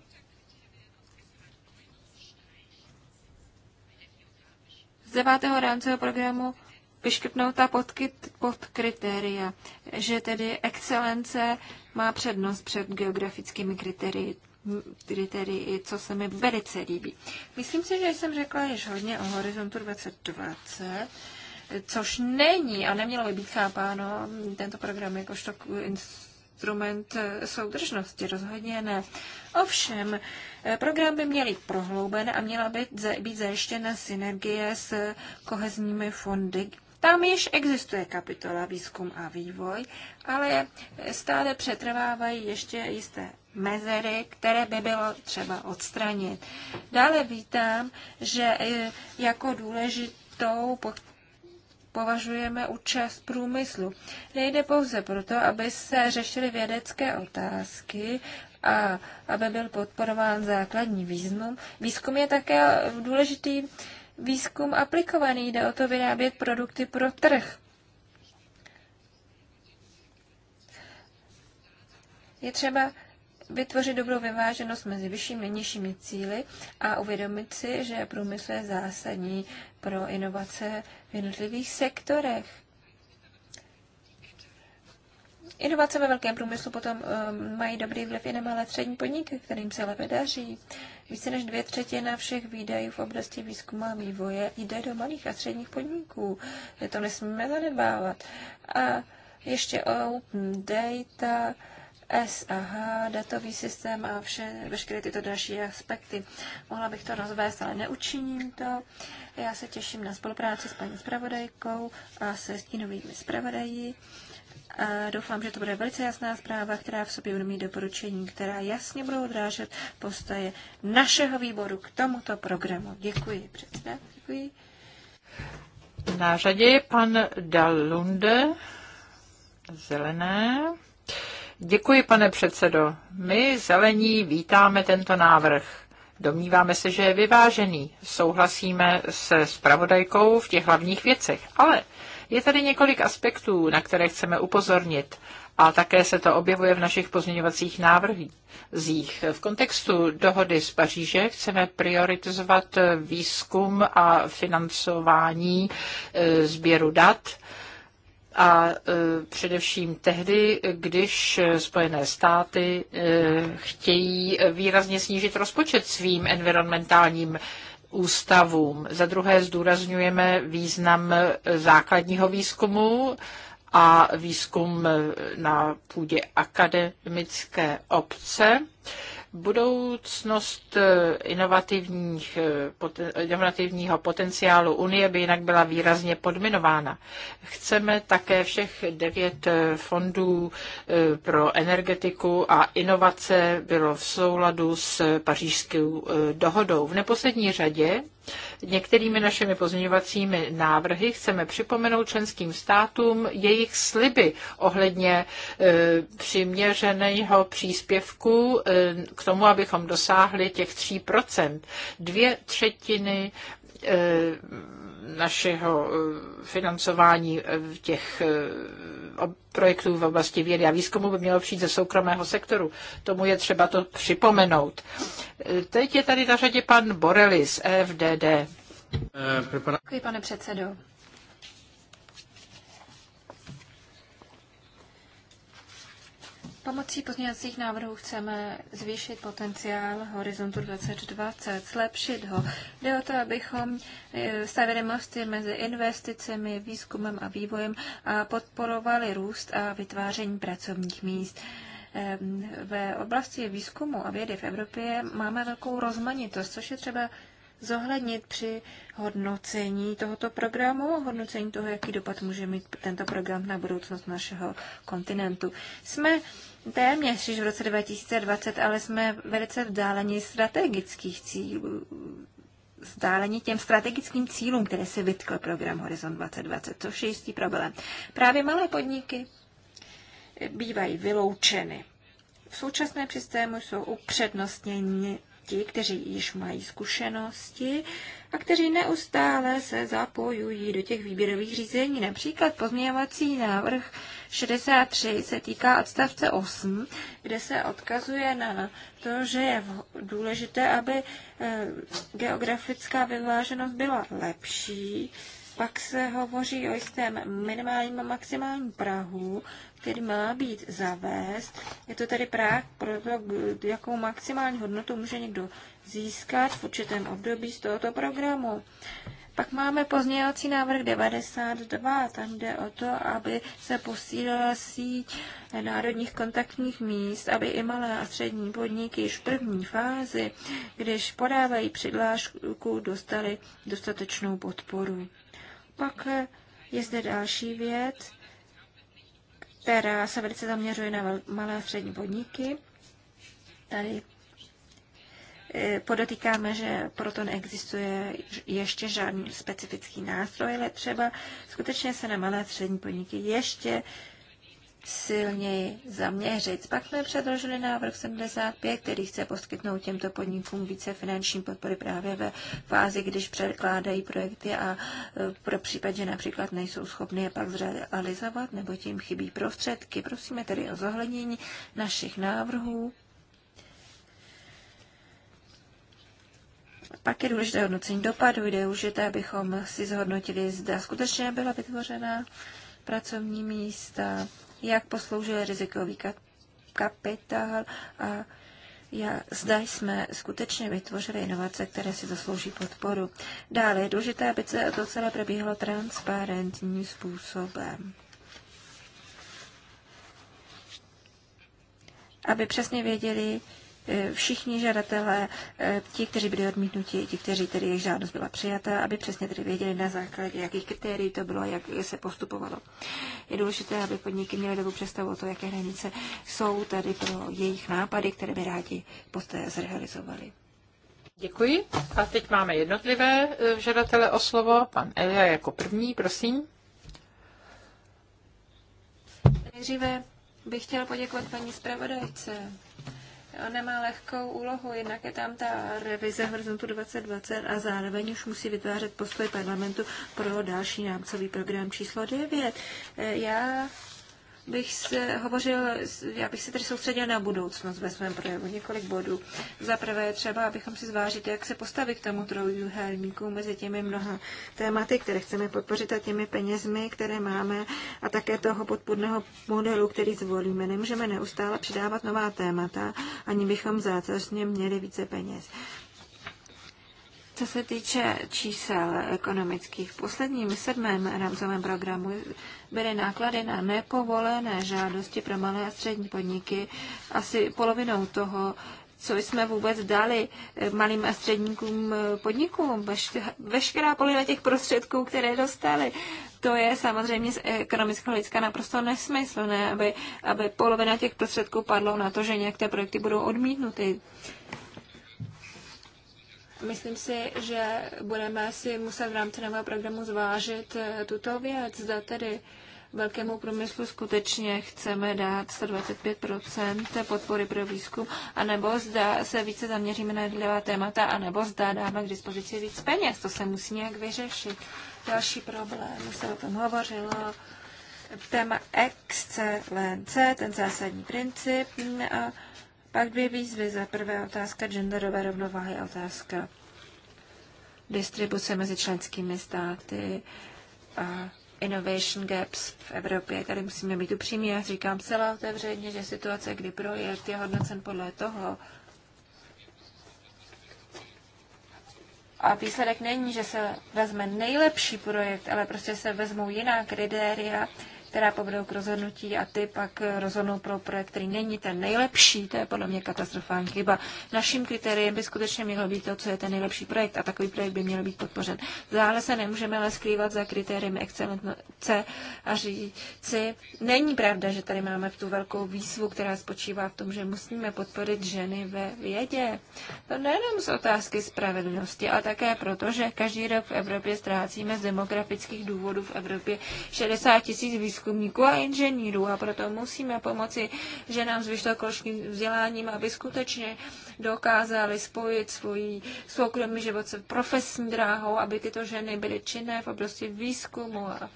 z devátého rámcového programu vyškrtnout ta podkyt, pod kritéria, že tedy excelence má přednost před geografickými kritérii tedy, tedy co se mi velice líbí. Myslím si, že jsem řekla již hodně o Horizontu 2020, což není a nemělo by být chápáno tento program jakožto instrument soudržnosti, rozhodně ne. Ovšem, program by měl být prohlouben a měla by být zajištěna synergie s kohezními fondy, tam již existuje kapitola výzkum a vývoj, ale stále přetrvávají ještě jisté mezery, které by bylo třeba odstranit. Dále vítám, že e, jako důležitou považujeme účast průmyslu. Nejde pouze proto, aby se řešily vědecké otázky a aby byl podporován základní význam. Výzkum je také důležitý výzkum aplikovaný, jde o to vyrábět produkty pro trh. Je třeba vytvořit dobrou vyváženost mezi vyššími a nižšími cíly a uvědomit si, že průmysl je zásadní pro inovace v jednotlivých sektorech. Inovace ve velkém průmyslu potom um, mají dobrý vliv i na malé střední podniky, kterým se lépe daří. Více než dvě třetina všech výdajů v oblasti výzkumu a vývoje jde do malých a středních podniků. To nesmíme zanedbávat. A ještě open data, SAH, datový systém a vše, veškeré tyto další aspekty. Mohla bych to rozvést, ale neučiním to. Já se těším na spolupráci s paní zpravodajkou a se stínovými zpravodají a doufám, že to bude velice jasná zpráva, která v sobě bude mít doporučení, která jasně budou odrážet postoje našeho výboru k tomuto programu. Děkuji, předseda. Děkuji. Na řadě je pan Dalunde, zelené. Děkuji, pane předsedo. My, zelení, vítáme tento návrh. Domníváme se, že je vyvážený. Souhlasíme se spravodajkou v těch hlavních věcech, ale je tady několik aspektů, na které chceme upozornit a také se to objevuje v našich pozměňovacích návrzích. V kontextu dohody z Paříže chceme prioritizovat výzkum a financování e, sběru dat a e, především tehdy, když Spojené státy e, chtějí výrazně snížit rozpočet svým environmentálním ústavům. Za druhé zdůrazňujeme význam základního výzkumu a výzkum na půdě akademické obce. Budoucnost eh, inovativních, eh, inovativního potenciálu Unie by jinak byla výrazně podminována. Chceme také všech devět eh, fondů pro energetiku a inovace bylo v souladu s pařížskou dohodou. V neposlední řadě Některými našimi pozměňovacími návrhy chceme připomenout členským státům jejich sliby ohledně přiměřeného příspěvku k tomu, abychom dosáhli těch 3%. Dvě třetiny eh, našeho eh, financování eh, těch projektů v oblasti vědy a výzkumu by mělo přijít ze soukromého sektoru. Tomu je třeba to připomenout. Teď je tady na řadě pan Borelis, EFDD. Děkuji, pane předsedo. Pomocí pozměňovacích návrhů chceme zvýšit potenciál horizontu 2020, zlepšit ho. Jde o to, abychom eh, stavili mosty mezi investicemi, výzkumem a vývojem a podporovali růst a vytváření pracovních míst. Ehm, Ve oblasti výzkumu a vědy v Evropě máme velkou rozmanitost, což je třeba zohlednit při hodnocení tohoto programu, hodnocení toho, jaký dopad může mít tento program na budoucnost našeho kontinentu. Jsme téměř již v roce 2020, ale jsme velice vzdáleni strategických cílů vzdáleni těm strategickým cílům, které si vytkl program Horizon 2020, což je jistý problém. Právě malé podniky bývají vyloučeny. V současném systému jsou upřednostněni ti, kteří již mají zkušenosti a kteří neustále se zapojují do těch výběrových řízení. Například pozměňovací návrh 63 se týká odstavce 8, kde se odkazuje na to, že je důležité, aby eh, geografická vyváženost byla lepší pak se hovoří o jistém minimálním a maximálním Prahu, který má být zavést. Je to tedy práh pro to, jakou maximální hodnotu může někdo získat v určitém období z tohoto programu. Pak máme pozměňovací návrh 92. Tam jde o to, aby se posílila síť národních kontaktních míst, aby i malé a střední podniky již v první fázi, když podávají přihlášku, dostali dostatečnou podporu. Pak eh, je zde další věc, která se velice zaměřuje na malé a střední podniky. Tady eh, podotýkáme, že proto neexistuje ještě žádný specifický nástroj, ale třeba skutečně se na malé a střední podniky ještě silněji zaměřit. Pak jsme předložili návrh 75, který chce poskytnout těmto podnikům více finanční podpory právě ve fázi, když překládají projekty a e, pro případ, že například nejsou schopny je pak zrealizovat nebo tím chybí prostředky. Prosíme tedy o zohlednění našich návrhů. Pak je důležité hodnocení dopadu, jde užité, abychom si zhodnotili, zda skutečně byla vytvořena pracovní místa, jak posloužil rizikový kapitál a já, zda jsme skutečně vytvořili inovace, které si zaslouží podporu. Dále je důležité, aby se to celé probíhalo transparentním způsobem. Aby přesně věděli, všichni žadatelé, eh, ti, kteří byli odmítnuti, ti, kteří tedy jejich žádost byla přijata, aby přesně tedy věděli na základě, jakých kritérií to bylo, jak se postupovalo. Je důležité, aby podniky měly dobu představu o to, jaké hranice jsou tady pro jejich nápady, které by rádi poté zrealizovali. Děkuji. A teď máme jednotlivé eh, žadatele o slovo. Pan Elia jako první, prosím. Nejdříve bych chtěla poděkovat paní zpravodajce nemá lehkou úlohu, jednak je tam ta revize Horizontu 2020 a zároveň už musí vytvářet postoj parlamentu pro další rámcový program číslo 9. Já bych se hovořil, já bych se tedy soustředil na budoucnost ve svém projevu, několik bodů. Za prvé třeba, abychom si zvážili, jak se postavit k tomu trojuhelníku mezi těmi mnoha tématy, které chceme podpořit a těmi penězmi, které máme a také toho podpůrného modelu, který zvolíme. Nemůžeme neustále přidávat nová témata, ani bychom zácasně měli více peněz. Co se týče čísel ekonomických, v posledním sedmém rámcovém programu byly náklady na nepovolené žádosti pro malé a střední podniky asi polovinou toho, co jsme vůbec dali eh, malým a středníkům eh, podnikům. Veškerá polina těch prostředků, které dostali, to je samozřejmě z ekonomického hlediska naprosto nesmyslné, aby, aby polovina těch prostředků padlo na to, že některé projekty budou odmítnuty. Myslím si, že budeme si muset v rámci nového programu zvážit eh, tuto věc, zda tedy velkému průmyslu skutečně chceme dát 125 podpory pro výzkum, anebo zda se více zaměříme na jednotlivá témata, anebo zda dáme k dispozici víc peněz. To se musí nějak vyřešit. Další problém, se o tom hovořilo, téma excelence, ten zásadní princip. A pak dvě výzvy. Za prvé otázka genderové rovnováhy, otázka distribuce mezi členskými státy a innovation gaps v Evropě. Tady musíme být upřímní. Já říkám celá otevřeně, že situace, kdy projekt je hodnocen podle toho, a výsledek není, že se vezme nejlepší projekt, ale prostě se vezmou jiná kritéria, která povedou k rozhodnutí a ty pak rozhodnou pro projekt, který není ten nejlepší. To je podle mě katastrofální chyba. Naším kritériem by skutečně mělo být to, co je ten nejlepší projekt a takový projekt by měl být podpořen. Zále se nemůžeme ale skrývat za kritériem excelence a říci, není pravda, že tady máme tu velkou výzvu, která spočívá v tom, že musíme podporit ženy ve vědě. To nejenom z otázky spravedlnosti, ale také proto, že každý rok v Evropě ztrácíme z demografických důvodů v Evropě 60 tisíc výzkumů výzkumníků a inženýrů a proto musíme pomoci ženám s vysokoškolským vzděláním, aby skutečně dokázali spojit svůj soukromý život s profesní dráhou, aby tyto ženy byly činné v oblasti výzkumu a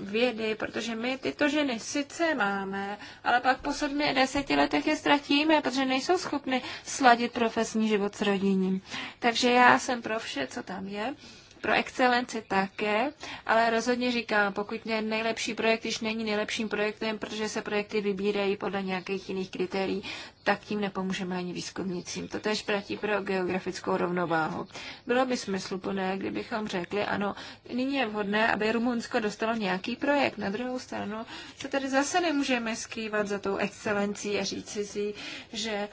vědy, protože my tyto ženy sice máme, ale pak po sedmi deseti letech je ztratíme, protože nejsou schopny sladit profesní život s rodiním. Takže já jsem pro vše, co tam je pro excelenci také, ale rozhodně říkám, pokud je nejlepší projekt když není nejlepším projektem, protože se projekty vybírají podle nějakých jiných kritérií, tak tím nepomůžeme ani výzkumnicím. To tež platí pro geografickou rovnováhu. Bylo by smysluplné, kdybychom řekli, ano, nyní je vhodné, aby Rumunsko dostalo nějaký projekt. Na druhou stranu se tady zase nemůžeme skrývat za tou excelencí a říci si, že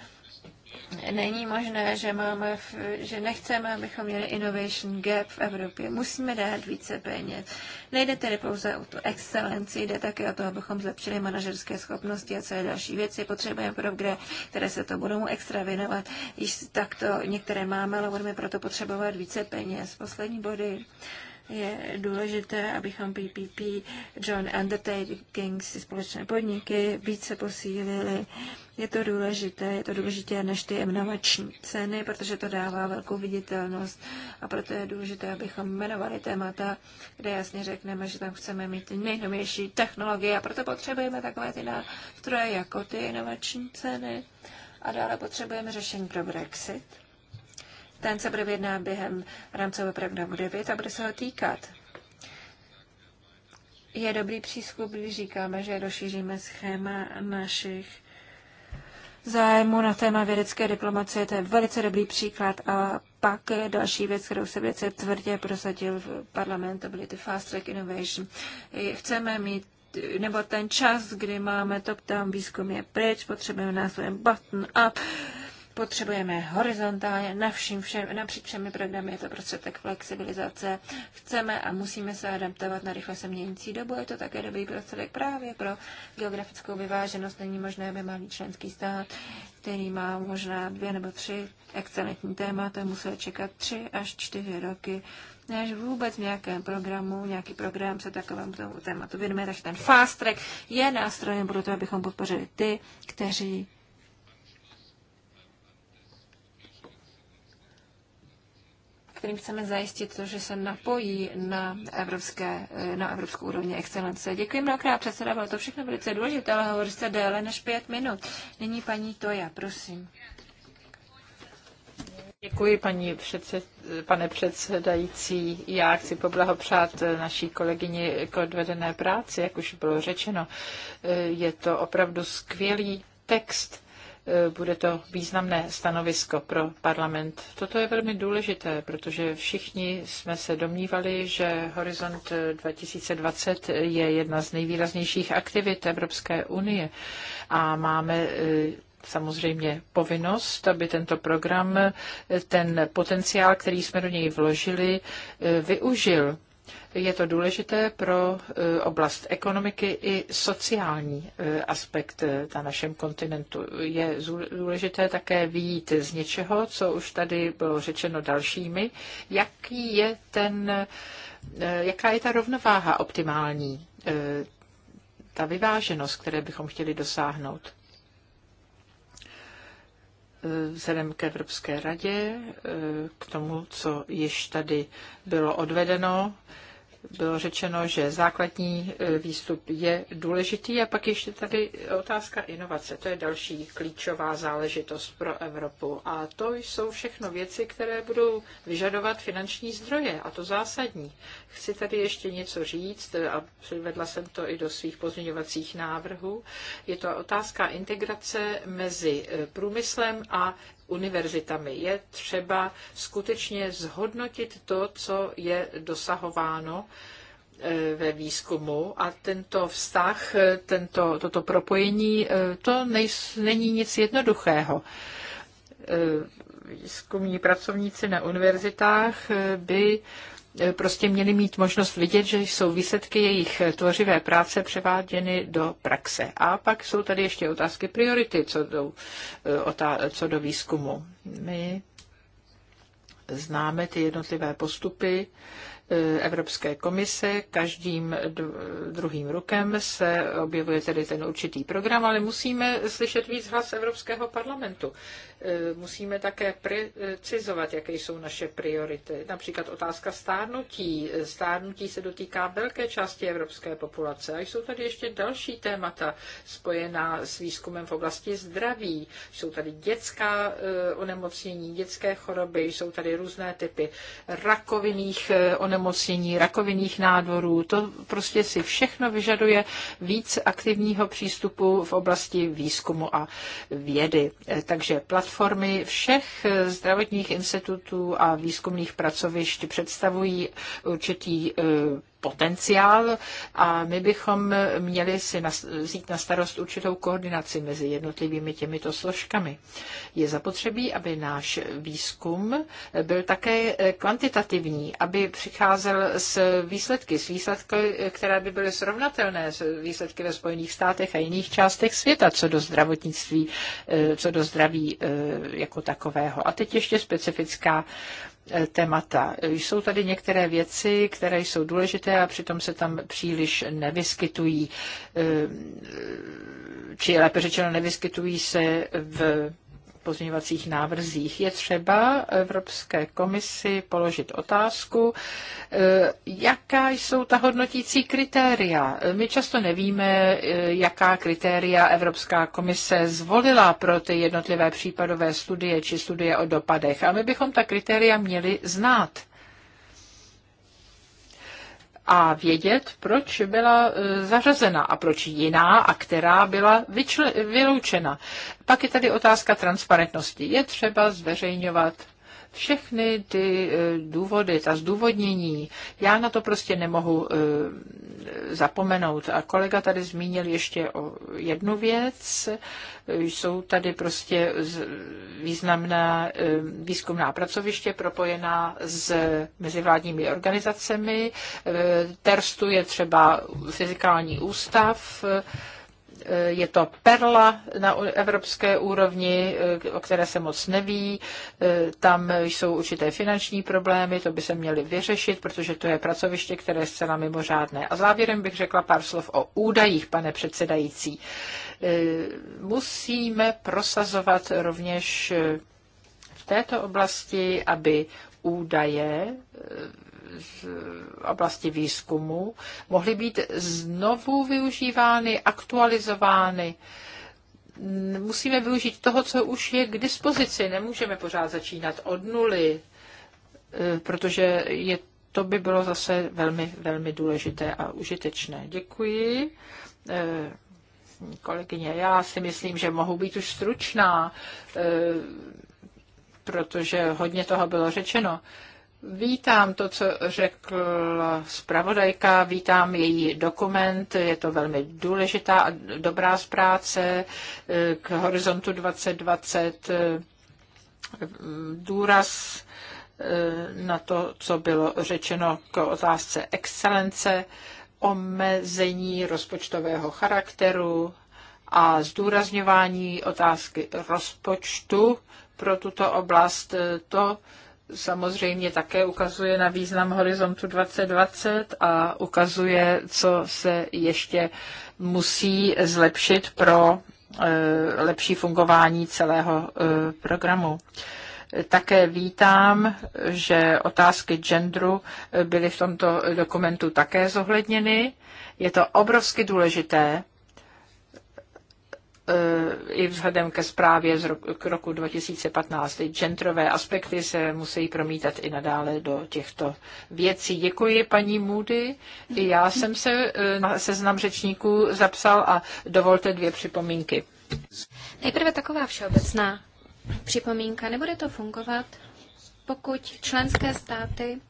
Není možné, že, máme, že nechceme, abychom měli innovation gap v Evropě. Musíme dát více peněz. Nejde tedy pouze o tu excelenci, jde také o to, abychom zlepšili manažerské schopnosti a celé další věci. Potřebujeme program, které se to budou extra věnovat. Již takto některé máme, ale budeme proto potřebovat více peněz. Poslední body je důležité, abychom PPP, John si společné podniky více posílili. Je to důležité, je to důležité než ty jmenovační ceny, protože to dává velkou viditelnost a proto je důležité, abychom jmenovali témata, kde jasně řekneme, že tam chceme mít nejnovější technologie a proto potřebujeme takové ty nástroje jako ty inovační ceny a dále potřebujeme řešení pro Brexit ten se bude vyjednán během rámcového programu 9 a bude se ho týkat. Je dobrý přístup, když říkáme, že rozšíříme schéma našich zájmu na téma vědecké diplomacie, to je velice dobrý příklad. A pak další věc, kterou se věce tvrdě prosadil v parlamentu, byly ty Fast Track Innovation. Chceme mít nebo ten čas, kdy máme top-down výzkum je pryč, potřebujeme nástrojem button-up, Potřebujeme horizontálně na vším všem, napříč všemi programy, je to prostředek flexibilizace. Chceme a musíme se adaptovat na rychle se měnící dobu. Je to také dobrý prostředek právě pro geografickou vyváženost. Není možné, aby malý členský stát, který má možná dvě nebo tři excelentní témata, musel čekat tři až čtyři roky, než vůbec v nějakém programu, nějaký program se takovému tomu tématu věnuje. Takže ten fast track je nástrojem pro to, abychom podpořili ty, kteří kterým chceme zajistit to, že se napojí na, evropské, na evropskou úrovni excelence. Děkuji mnohokrát, předseda, bylo to všechno velice důležité, ale hovoří se déle než pět minut. Nyní paní Toja, prosím. Děkuji, paní předsed, pane předsedající. Já chci poblahopřát naší kolegyni k odvedené práci, jak už bylo řečeno. Je to opravdu skvělý text bude to významné stanovisko pro parlament. Toto je velmi důležité, protože všichni jsme se domnívali, že Horizont 2020 je jedna z nejvýraznějších aktivit Evropské unie a máme e, samozřejmě povinnost, aby tento program e, ten potenciál, který jsme do něj vložili, e, využil. Je to důležité pro e, oblast ekonomiky i sociální e, aspekt e, na našem kontinentu. Je důležité také výjít z něčeho, co už tady bylo řečeno dalšími, jaký je ten, jaká je ta rovnováha optimální, ta vyváženost, které bychom chtěli dosáhnout vzhledem k Evropské radě, eh, k tomu, co již tady bylo odvedeno bylo řečeno, že základní e, výstup je důležitý. A pak ještě tady otázka inovace. To je další klíčová záležitost pro Evropu. A to jsou všechno věci, které budou vyžadovat finanční zdroje. A to zásadní. Chci tady ještě něco říct e, a přivedla jsem to i do svých pozměňovacích návrhů. Je to otázka integrace mezi e, průmyslem a univerzitami. Je třeba skutečně zhodnotit to, co je dosahováno eh, ve výzkumu a tento vztah, eh, tento, toto propojení, eh, to nej, není nic jednoduchého výzkumní pracovníci na univerzitách by E, prostě měli mít možnost vidět, že jsou výsledky jejich tvořivé práce převáděny do praxe. A pak jsou tady ještě otázky priority, co do, e, co do výzkumu. My známe ty jednotlivé postupy, Eh, evropské komise. Každým druhým rokem se objevuje tedy ten určitý program, ale musíme slyšet víc hlas Evropského parlamentu. Eh, musíme také precizovat, jaké jsou naše priority. Například otázka stárnutí. Stárnutí se dotýká velké části evropské populace. A jsou tady ještě další témata spojená s výzkumem v oblasti zdraví. Jsou tady dětská eh, onemocnění, dětské choroby, jsou tady různé typy rakoviných onemocnění onemocnění, rakoviných nádorů. To prostě si všechno vyžaduje víc aktivního přístupu v oblasti výzkumu a vědy. Takže platformy všech zdravotních institutů a výzkumných pracovišť představují určitý eh, potenciál a my bychom měli si vzít na starost určitou koordinaci mezi jednotlivými těmito složkami. Je zapotřebí, aby náš výzkum byl také kvantitativní, aby přicházel s výsledky, s výsledky, které by byly srovnatelné s výsledky ve Spojených státech a jiných částech světa, co do zdravotnictví, eh, co do zdraví eh, jako takového. A teď ještě specifická Eh, témata. Jsou tady některé věci, které jsou důležité a přitom se tam příliš nevyskytují, eh, či lépe řečeno nevyskytují se v pozměňovacích návrzích. Je třeba Evropské komisi položit otázku, eh, jaká jsou ta hodnotící kritéria. My často nevíme, eh, jaká kritéria Evropská komise zvolila pro ty jednotlivé případové studie či studie o dopadech. A my bychom ta kritéria měli znát a vědět, proč byla e, zařazena a proč jiná a která byla vyčle, vyloučena. Pak je tady otázka transparentnosti. Je třeba zveřejňovat všechny ty eh, důvody, ta zdůvodnění, já na to prostě nemohu eh, zapomenout. A kolega tady zmínil ještě o jednu věc. Jsou tady prostě významná eh, výzkumná pracoviště propojená s mezivládními organizacemi. Terstu je třeba fyzikální ústav, je to perla na evropské úrovni, eh, o které se moc neví. Eh, tam jsou určité finanční problémy, to by se měly vyřešit, protože to je pracoviště, které je zcela mimořádné. A závěrem bych řekla pár slov o údajích, pane předsedající. Eh, musíme prosazovat rovněž v této oblasti, aby údaje z oblasti výzkumu mohly být znovu využívány, aktualizovány. Musíme využít toho, co už je k dispozici. Nemůžeme pořád začínat od nuly, eh, protože je, to by bylo zase velmi, velmi důležité a užitečné. Děkuji eh, kolegyně, já si myslím, že mohu být už stručná, eh, protože hodně toho bylo řečeno. Vítám to, co řekla zpravodajka, vítám její dokument, je to velmi důležitá a dobrá zpráce eh, k Horizontu 2020. Eh, důraz eh, na to, co bylo řečeno k otázce excelence, omezení rozpočtového charakteru a zdůrazňování otázky rozpočtu pro tuto oblast, to samozřejmě také ukazuje na význam horizontu 2020 a ukazuje, co se ještě musí zlepšit pro eh, lepší fungování celého eh, programu. Také vítám, že otázky genderu eh, byly v tomto dokumentu také zohledněny. Je to obrovsky důležité, Eh, i vzhledem ke zprávě z roku, k roku 2015. Gentrové aspekty se musí promítat i nadále do těchto věcí. Děkuji paní Moody. I já jsem se eh, na seznam řečníků zapsal a dovolte dvě připomínky. Nejprve taková všeobecná připomínka. Nebude to fungovat, pokud členské státy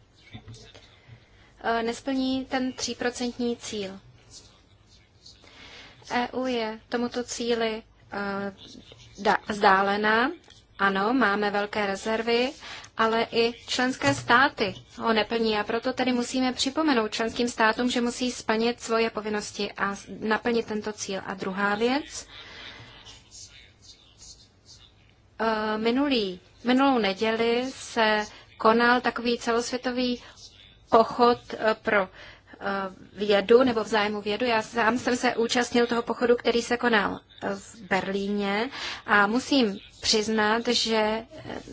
eh, nesplní ten tříprocentní cíl. EU je tomuto cíli e, vzdálená. Ano, máme velké rezervy, ale i členské státy ho neplní a proto tedy musíme připomenout členským státům, že musí splnit svoje povinnosti a naplnit tento cíl. A druhá věc, e, minulý, minulou neděli se konal takový celosvětový pochod e, pro Eh, vědu nebo v zájmu vědu. Já sám jsem se účastnil toho pochodu, který se konal v Berlíně a musím přiznat, že,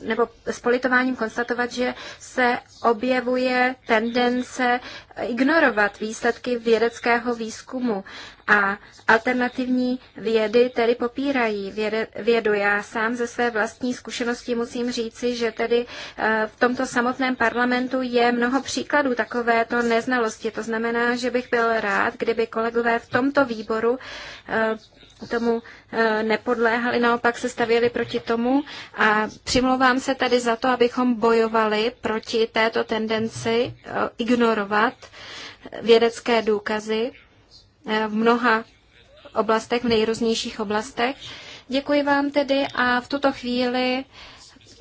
nebo s politováním konstatovat, že se objevuje tendence ignorovat výsledky vědeckého výzkumu a alternativní vědy tedy popírají věde, vědu. Já sám ze své vlastní zkušenosti musím říci, že tedy eh, v tomto samotném parlamentu je mnoho příkladů takovéto neznalosti. To znamená, že bych byl rád, kdyby kolegové v tomto výboru eh, tomu eh, nepodléhali, naopak se stavěli proti tomu a přimlouvám se tady za to, abychom bojovali proti této tendenci eh, ignorovat vědecké důkazy eh, v mnoha oblastech, v nejrůznějších oblastech. Děkuji vám tedy a v tuto chvíli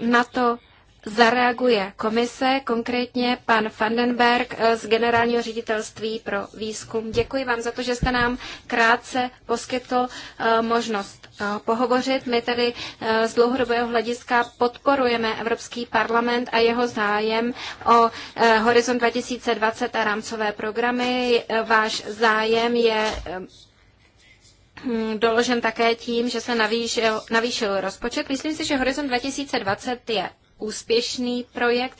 na to zareaguje komise, konkrétně pan Vandenberg eh, z Generálního ředitelství pro výzkum. Děkuji vám za to, že jste nám krátce poskytl eh, možnost eh, pohovořit. My tedy z dlouhodobého hlediska podporujeme Evropský parlament a jeho zájem o Horizon 2020 a rámcové programy. Váš zájem je hm, doložen také tím, že se navýšil, navýšil rozpočet. Myslím si, že Horizon 2020 je úspěšný projekt.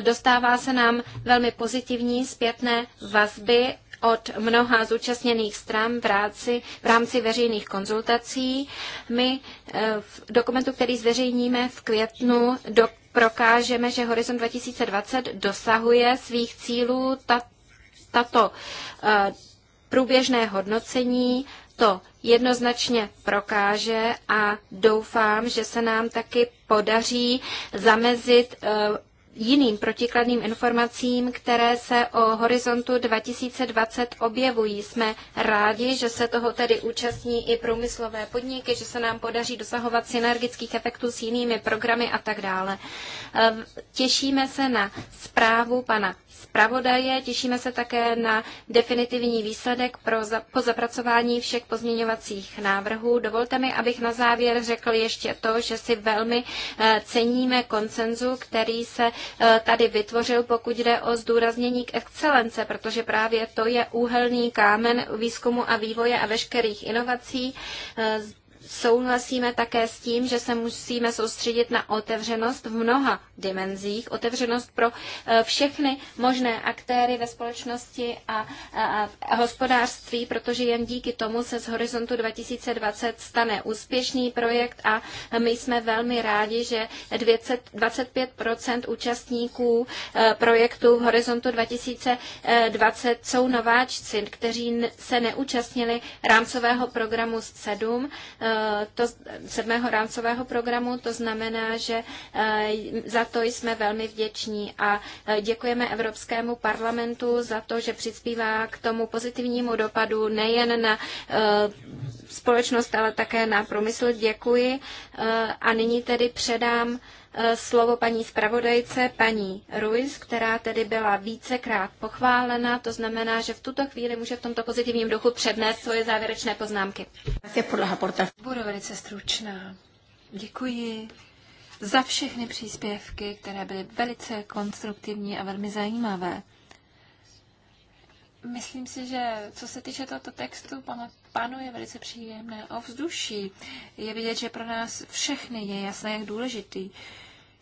Dostává se nám velmi pozitivní zpětné vazby od mnoha zúčastněných stran v rámci, v rámci veřejných konzultací. My eh, v dokumentu, který zveřejníme v květnu, do, prokážeme, že Horizon 2020 dosahuje svých cílů. Ta, tato eh, průběžné hodnocení to jednoznačně prokáže a doufám, že se nám taky podaří zamezit eh, jiným protikladným informacím, které se o horizontu 2020 objevují. Jsme rádi, že se toho tedy účastní i průmyslové podniky, že se nám podaří dosahovat synergických efektů s jinými programy a tak dále. Ehm, těšíme se na zprávu pana zpravodaje. Těšíme se také na definitivní výsledek pro za, po zapracování všech pozměňovacích návrhů. Dovolte mi, abych na závěr řekl ještě to, že si velmi eh, ceníme koncenzu, který se eh, tady vytvořil, pokud jde o zdůraznění k excelence, protože právě to je úhelný kámen výzkumu a vývoje a veškerých inovací. Eh, Souhlasíme také s tím, že se musíme soustředit na otevřenost v mnoha dimenzích, otevřenost pro eh, všechny možné aktéry ve společnosti a, hospodářství, protože jen díky tomu se z Horizontu 2020 stane úspěšný projekt a my jsme velmi rádi, že 25 účastníků eh, projektu v Horizontu 2020 jsou nováčci, kteří se neúčastnili rámcového programu 7 to sedmého rámcového programu. To znamená, že eh, za to jsme velmi vděční a eh, děkujeme Evropskému parlamentu za to, že přispívá k tomu pozitivnímu dopadu nejen na eh, společnost, ale také na průmysl. Děkuji a nyní tedy předám Eh, slovo paní zpravodajce, paní Ruiz, která tedy byla vícekrát pochválena. To znamená, že v tuto chvíli může v tomto pozitivním duchu přednést svoje závěrečné poznámky. Budu velice stručná. Děkuji za všechny příspěvky, které byly velice konstruktivní a velmi zajímavé. Myslím si, že co se týče tohoto textu, pana panuje velice příjemné ovzduší. Je vidět, že pro nás všechny je jasné, jak důležitý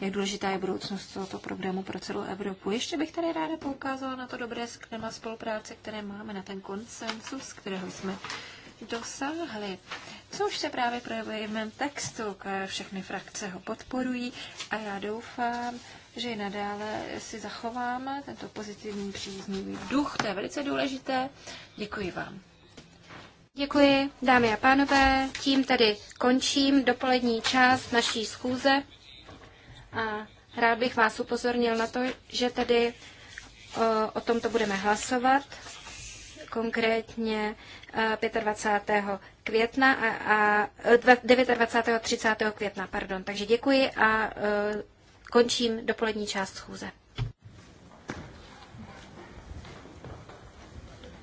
jak důležitá je budoucnost tohoto programu pro celou Evropu. Ještě bych tady ráda poukázala na to dobré klima spolupráce, které máme, na ten konsensus, kterého jsme dosáhli, což se právě projevuje v mém textu, všechny frakce ho podporují a já doufám, že i nadále si zachováme tento pozitivní příznivý duch, to je velice důležité. Děkuji vám. Děkuji, dámy a pánové. Tím tedy končím dopolední část naší schůze a rád bych vás upozornil na to, že tedy o, e, o tomto budeme hlasovat, konkrétně 25. E, května a, a 29. 30. května, pardon. Takže děkuji a e, končím dopolední část schůze.